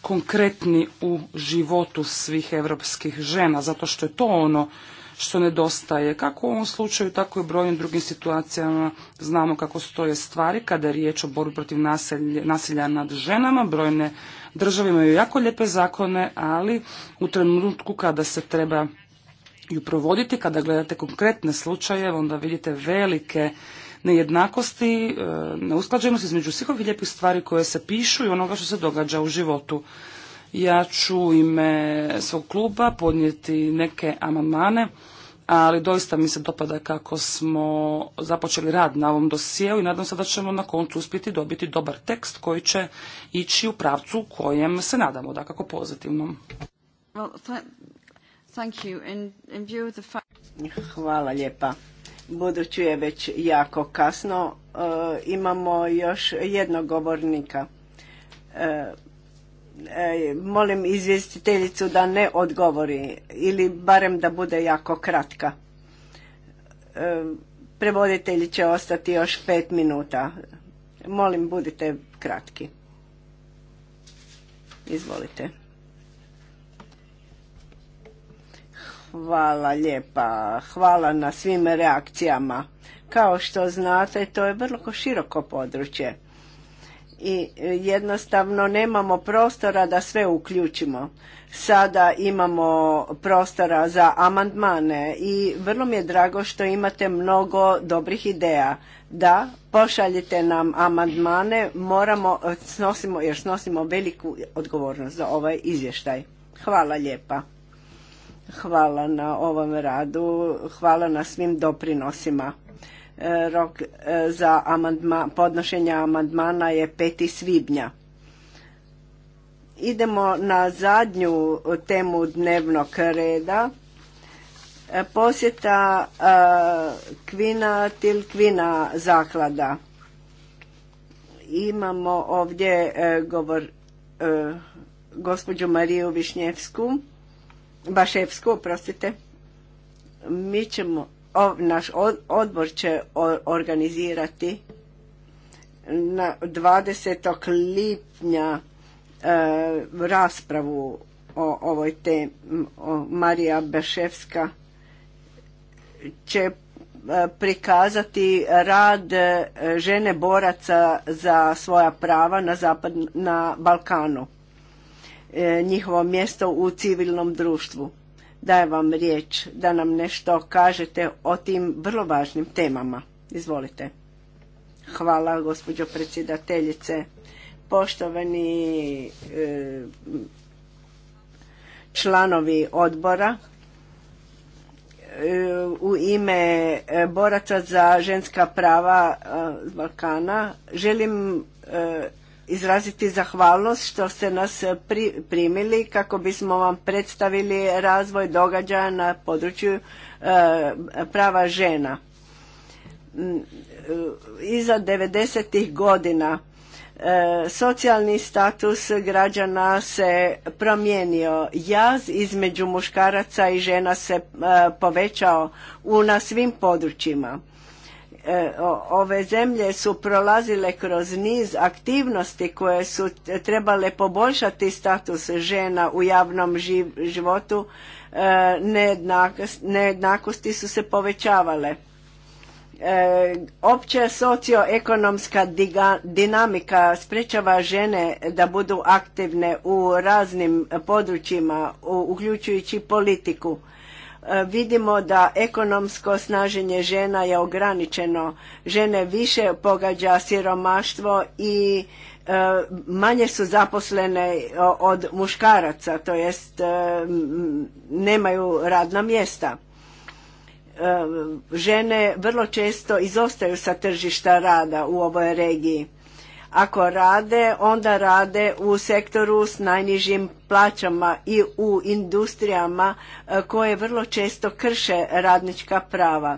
konkretni u životu svih europskih žena, zato što je to ono što nedostaje, kako u ovom slučaju, tako i u brojnim drugim situacijama. Znamo kako stoje stvari kada je riječ o borbi protiv nasilja, nasilja nad ženama, brojne države imaju jako lijepe zakone, ali u trenutku kada se treba ju provoditi, kada gledate konkretne slučajeve onda vidite velike nejednakosti, e, neusklađenost između svih ovih lijepih stvari koje se pišu i onoga što se događa u životu. Ja ću ime svog kluba podnijeti neke amandmane ali doista mi se dopada kako smo započeli rad na ovom dosijeu i nadam se da ćemo na koncu uspjeti dobiti dobar tekst koji će ići u pravcu kojem se nadamo, kako pozitivnom. Hvala lijepa. Budući je već jako kasno, e, imamo još jednog govornika. E, E, molim izvjestiteljicu da ne odgovori ili barem da bude jako kratka. E, prevoditelji će ostati još pet minuta. Molim, budite kratki. Izvolite. Hvala lijepa. Hvala na svim reakcijama. Kao što znate, to je vrlo široko područje i jednostavno nemamo prostora da sve uključimo. Sada imamo prostora za amandmane i vrlo mi je drago što imate mnogo dobrih ideja. Da, pošaljite nam amandmane, moramo, snosimo, jer snosimo veliku odgovornost za ovaj izvještaj. Hvala lijepa. Hvala na ovom radu, hvala na svim doprinosima E, rok e, za podnošenje amandmana je 5. svibnja. Idemo na zadnju temu dnevnog reda. E, posjeta Kvina til Kvina zaklada. Imamo ovdje govor gospođu Mariju Višnjevsku, Baševsku, oprostite. Mi ćemo naš odbor će organizirati na 20. lipnja e, raspravu o ovoj temi. Marija Beševska će e, prikazati rad e, žene boraca za svoja prava na, zapad, na Balkanu, njihovo mjesto u civilnom društvu dajem vam riječ da nam nešto kažete o tim vrlo važnim temama. Izvolite. Hvala gospođo predsjedateljice. Poštovani e, članovi odbora, e, u ime e, boraca za ženska prava Balkana želim izraziti zahvalnost što ste nas primili kako bismo vam predstavili razvoj događaja na području e, prava žena. Mm, e, iza 90. godina e, socijalni status građana se promijenio. Jaz između muškaraca i žena se povećao u na svim područjima E, ove zemlje su prolazile kroz niz aktivnosti koje su trebale poboljšati status žena u javnom životu, e, nejednakosti su se povećavale. E, opća socioekonomska dinamika sprečava žene da budu aktivne u raznim područjima, uključujući politiku E, vidimo da ekonomsko snaženje žena je ograničeno. Žene više pogađa siromaštvo i e, manje su zaposlene e, od muškaraca, to jest nemaju radna mjesta. Žene vrlo često izostaju sa tržišta rada u ovoj regiji. Ako rade, onda rade u sektoru s najnižim plaćama i u industrijama e, koje vrlo često krše radnička prava.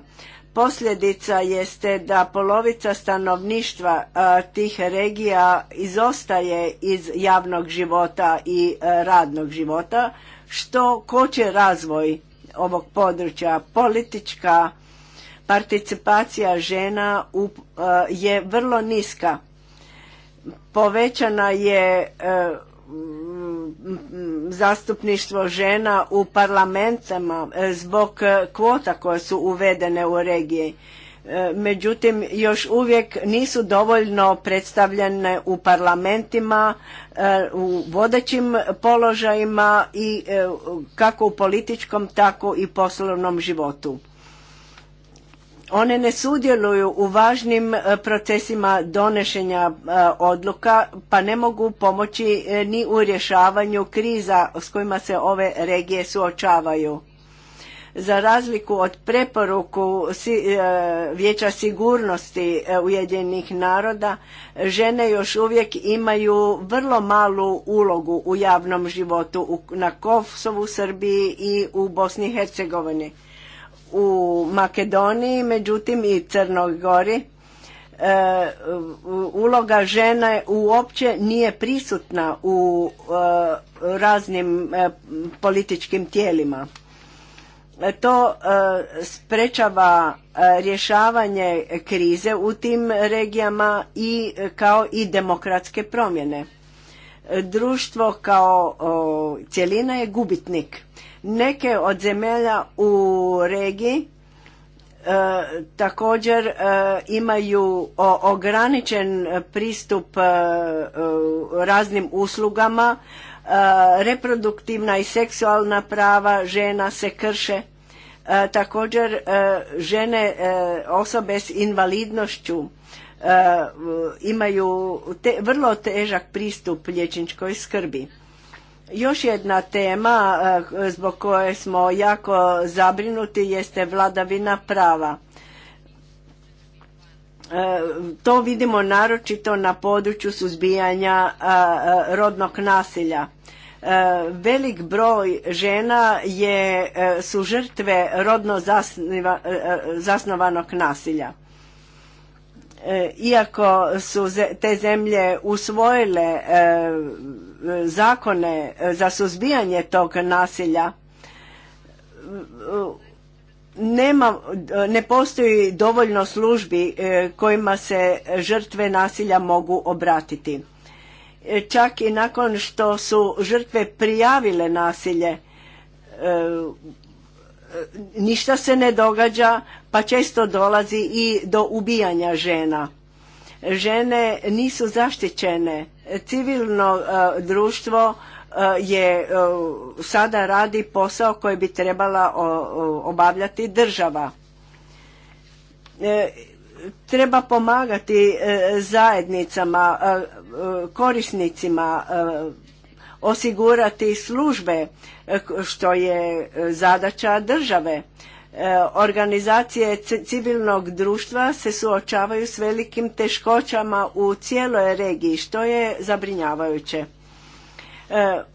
Posljedica jeste da polovica stanovništva e, tih regija izostaje iz javnog života i e, radnog života, što koče razvoj ovog područja. Politička participacija žena je vrlo niska povećana je e, zastupništvo žena u parlamentama e, zbog e, kvota koje su uvedene u regiji. Međutim, još uvijek nisu dovoljno predstavljene u parlamentima, u vodećim položajima i kako u političkom, tako i poslovnom životu. One ne sudjeluju u važnim e, procesima donošenja e, odluka pa ne mogu pomoći e, ni u rješavanju kriza s kojima se ove regije suočavaju. Za razliku od preporuku Vijeća sigurnosti Ujedinjenih naroda, žene još uvijek imaju vrlo malu ulogu u javnom životu na Kosovu, Srbiji i u Bosni i Hercegovini u Makedoniji, međutim i Crnoj Gori e, uloga žene uopće nije prisutna u e, raznim e, političkim tijelima. To sprečava rješavanje krize u tim regijama i kao i demokratske promjene. Društvo kao cjelina je gubitnik Neke od zemelja u regiji e, također e, imaju ograničen pristup e, raznim uslugama, reproduktivna i seksualna prava žena se krše. Također žene, osobe s invalidnošću imaju vrlo težak pristup liječničkoj skrbi još jedna tema eh, zbog koje smo jako zabrinuti jeste vladavina prava. Eh, to vidimo naročito na području suzbijanja eh, rodnog nasilja. Velik broj žena je, su žrtve rodno zasnovanog nasilja. Iako su te zemlje usvojile zakone e, za suzbijanje tog nasilja nema, ne postoji dovoljno službi e, kojima se žrtve nasilja mogu obratiti. E, čak i nakon što su žrtve prijavile nasilje, ništa se ne događa, pa često dolazi i do ubijanja žena. Žene nisu zaštićene. Civilno e, društvo e, je e, sada radi posao koji bi trebala obavljati država. Treba pomagati zajednicama, korisnicima, osigurati službe što je zadaća države E, organizacije civilnog društva se suočavaju s velikim teškoćama u cijeloj regiji, što je zabrinjavajuće. E,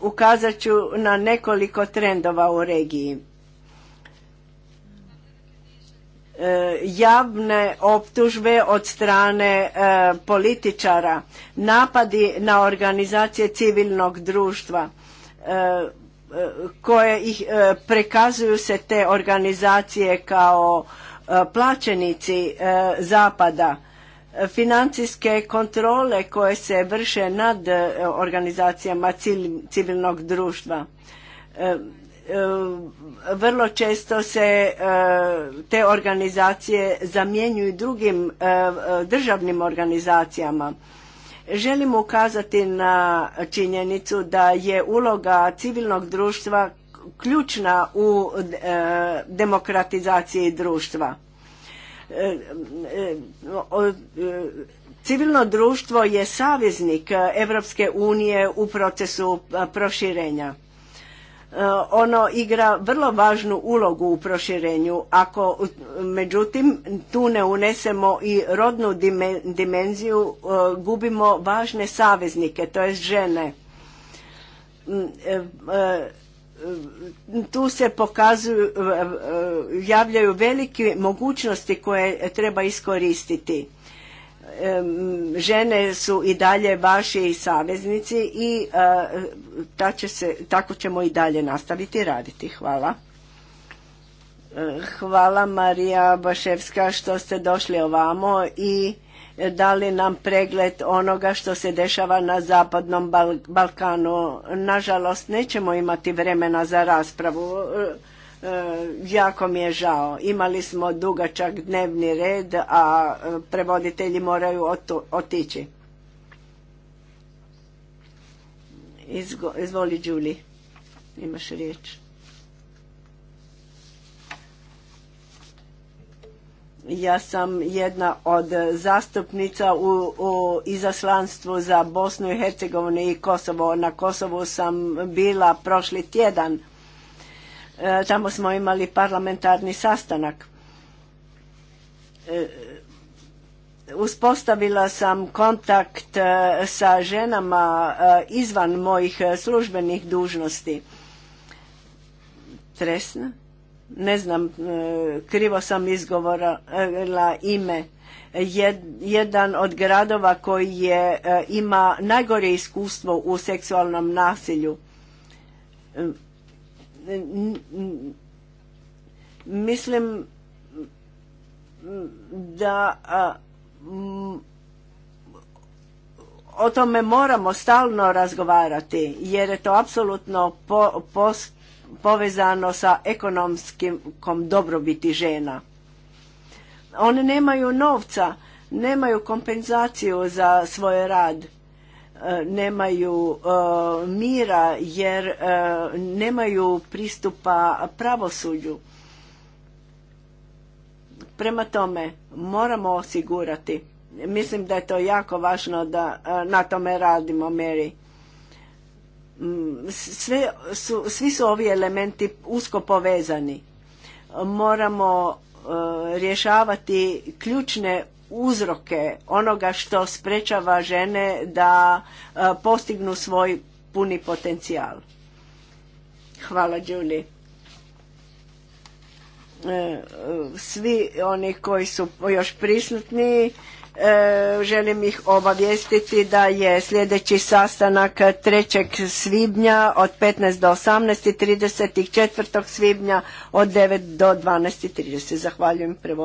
ukazat ću na nekoliko trendova u regiji. E, javne optužbe od strane političara, napadi na organizacije civilnog društva, koje ih e, prekazuju se te organizacije kao e, plaćenici e, zapada financijske kontrole koje se vrše nad organizacijama civilnog društva vrlo često se te organizacije zamjenjuju drugim državnim organizacijama Želim ukazati na činjenicu da je uloga civilnog društva ključna u e, demokratizaciji društva. E, e, civilno društvo je saveznik Europske unije u procesu proširenja. Eh, ono igra vrlo važnu ulogu u proširenju. Ako međutim tu ne unesemo i rodnu dimenziju, eh, gubimo važne saveznike, to jest žene. Mm, eh, tu se pokazuju, javljaju velike mogućnosti koje treba iskoristiti žene su i dalje vaši saveznici i e, tako ćemo i dalje nastaviti raditi. Hvala. E, hvala Marija Baševska što ste došli ovamo i dali nam pregled onoga što se dešava na Zapadnom Balkanu. Nažalost, nećemo imati vremena za raspravu. E, E, jako mi je žao. Imali smo dugačak dnevni red, a e, prevoditelji moraju otići. izvoli, Đuli, imaš riječ. Ja sam jedna od zastupnica u, u izaslanstvu za Bosnu i Hercegovinu i Kosovo. Na Kosovu sam bila prošli tjedan E, tamo smo imali parlamentarni sastanak. E, uspostavila sam kontakt e, sa ženama izvan mojih službenih dužnosti. Tresna? Ne znam, krivo sam izgovorila ime. Jedan od gradova koji ima najgore iskustvo u seksualnom nasilju Mislim da o tome moramo stalno razgovarati jer je to apsolutno povezano sa ekonomskim dobrobiti žena. One nemaju novca, nemaju kompenzaciju za svoj rad E, nemaju e, mira jer e, nemaju pristupa pravosuđu. Prema tome moramo osigurati. Mislim da je to jako važno da na tome radimo, Mary. Mm, sve su, svi su ovi elementi usko povezani. Moramo rješavati ključne uzroke onoga što sprečava žene da e, postignu svoj puni potencijal. Hvala Đuli. E, e, svi oni koji su još prisutni, želim ih obavijestiti da je sljedeći sastanak 3. svibnja od 15 do 18. i 4. svibnja od 9 do 12.30. Zahvaljujem prevod.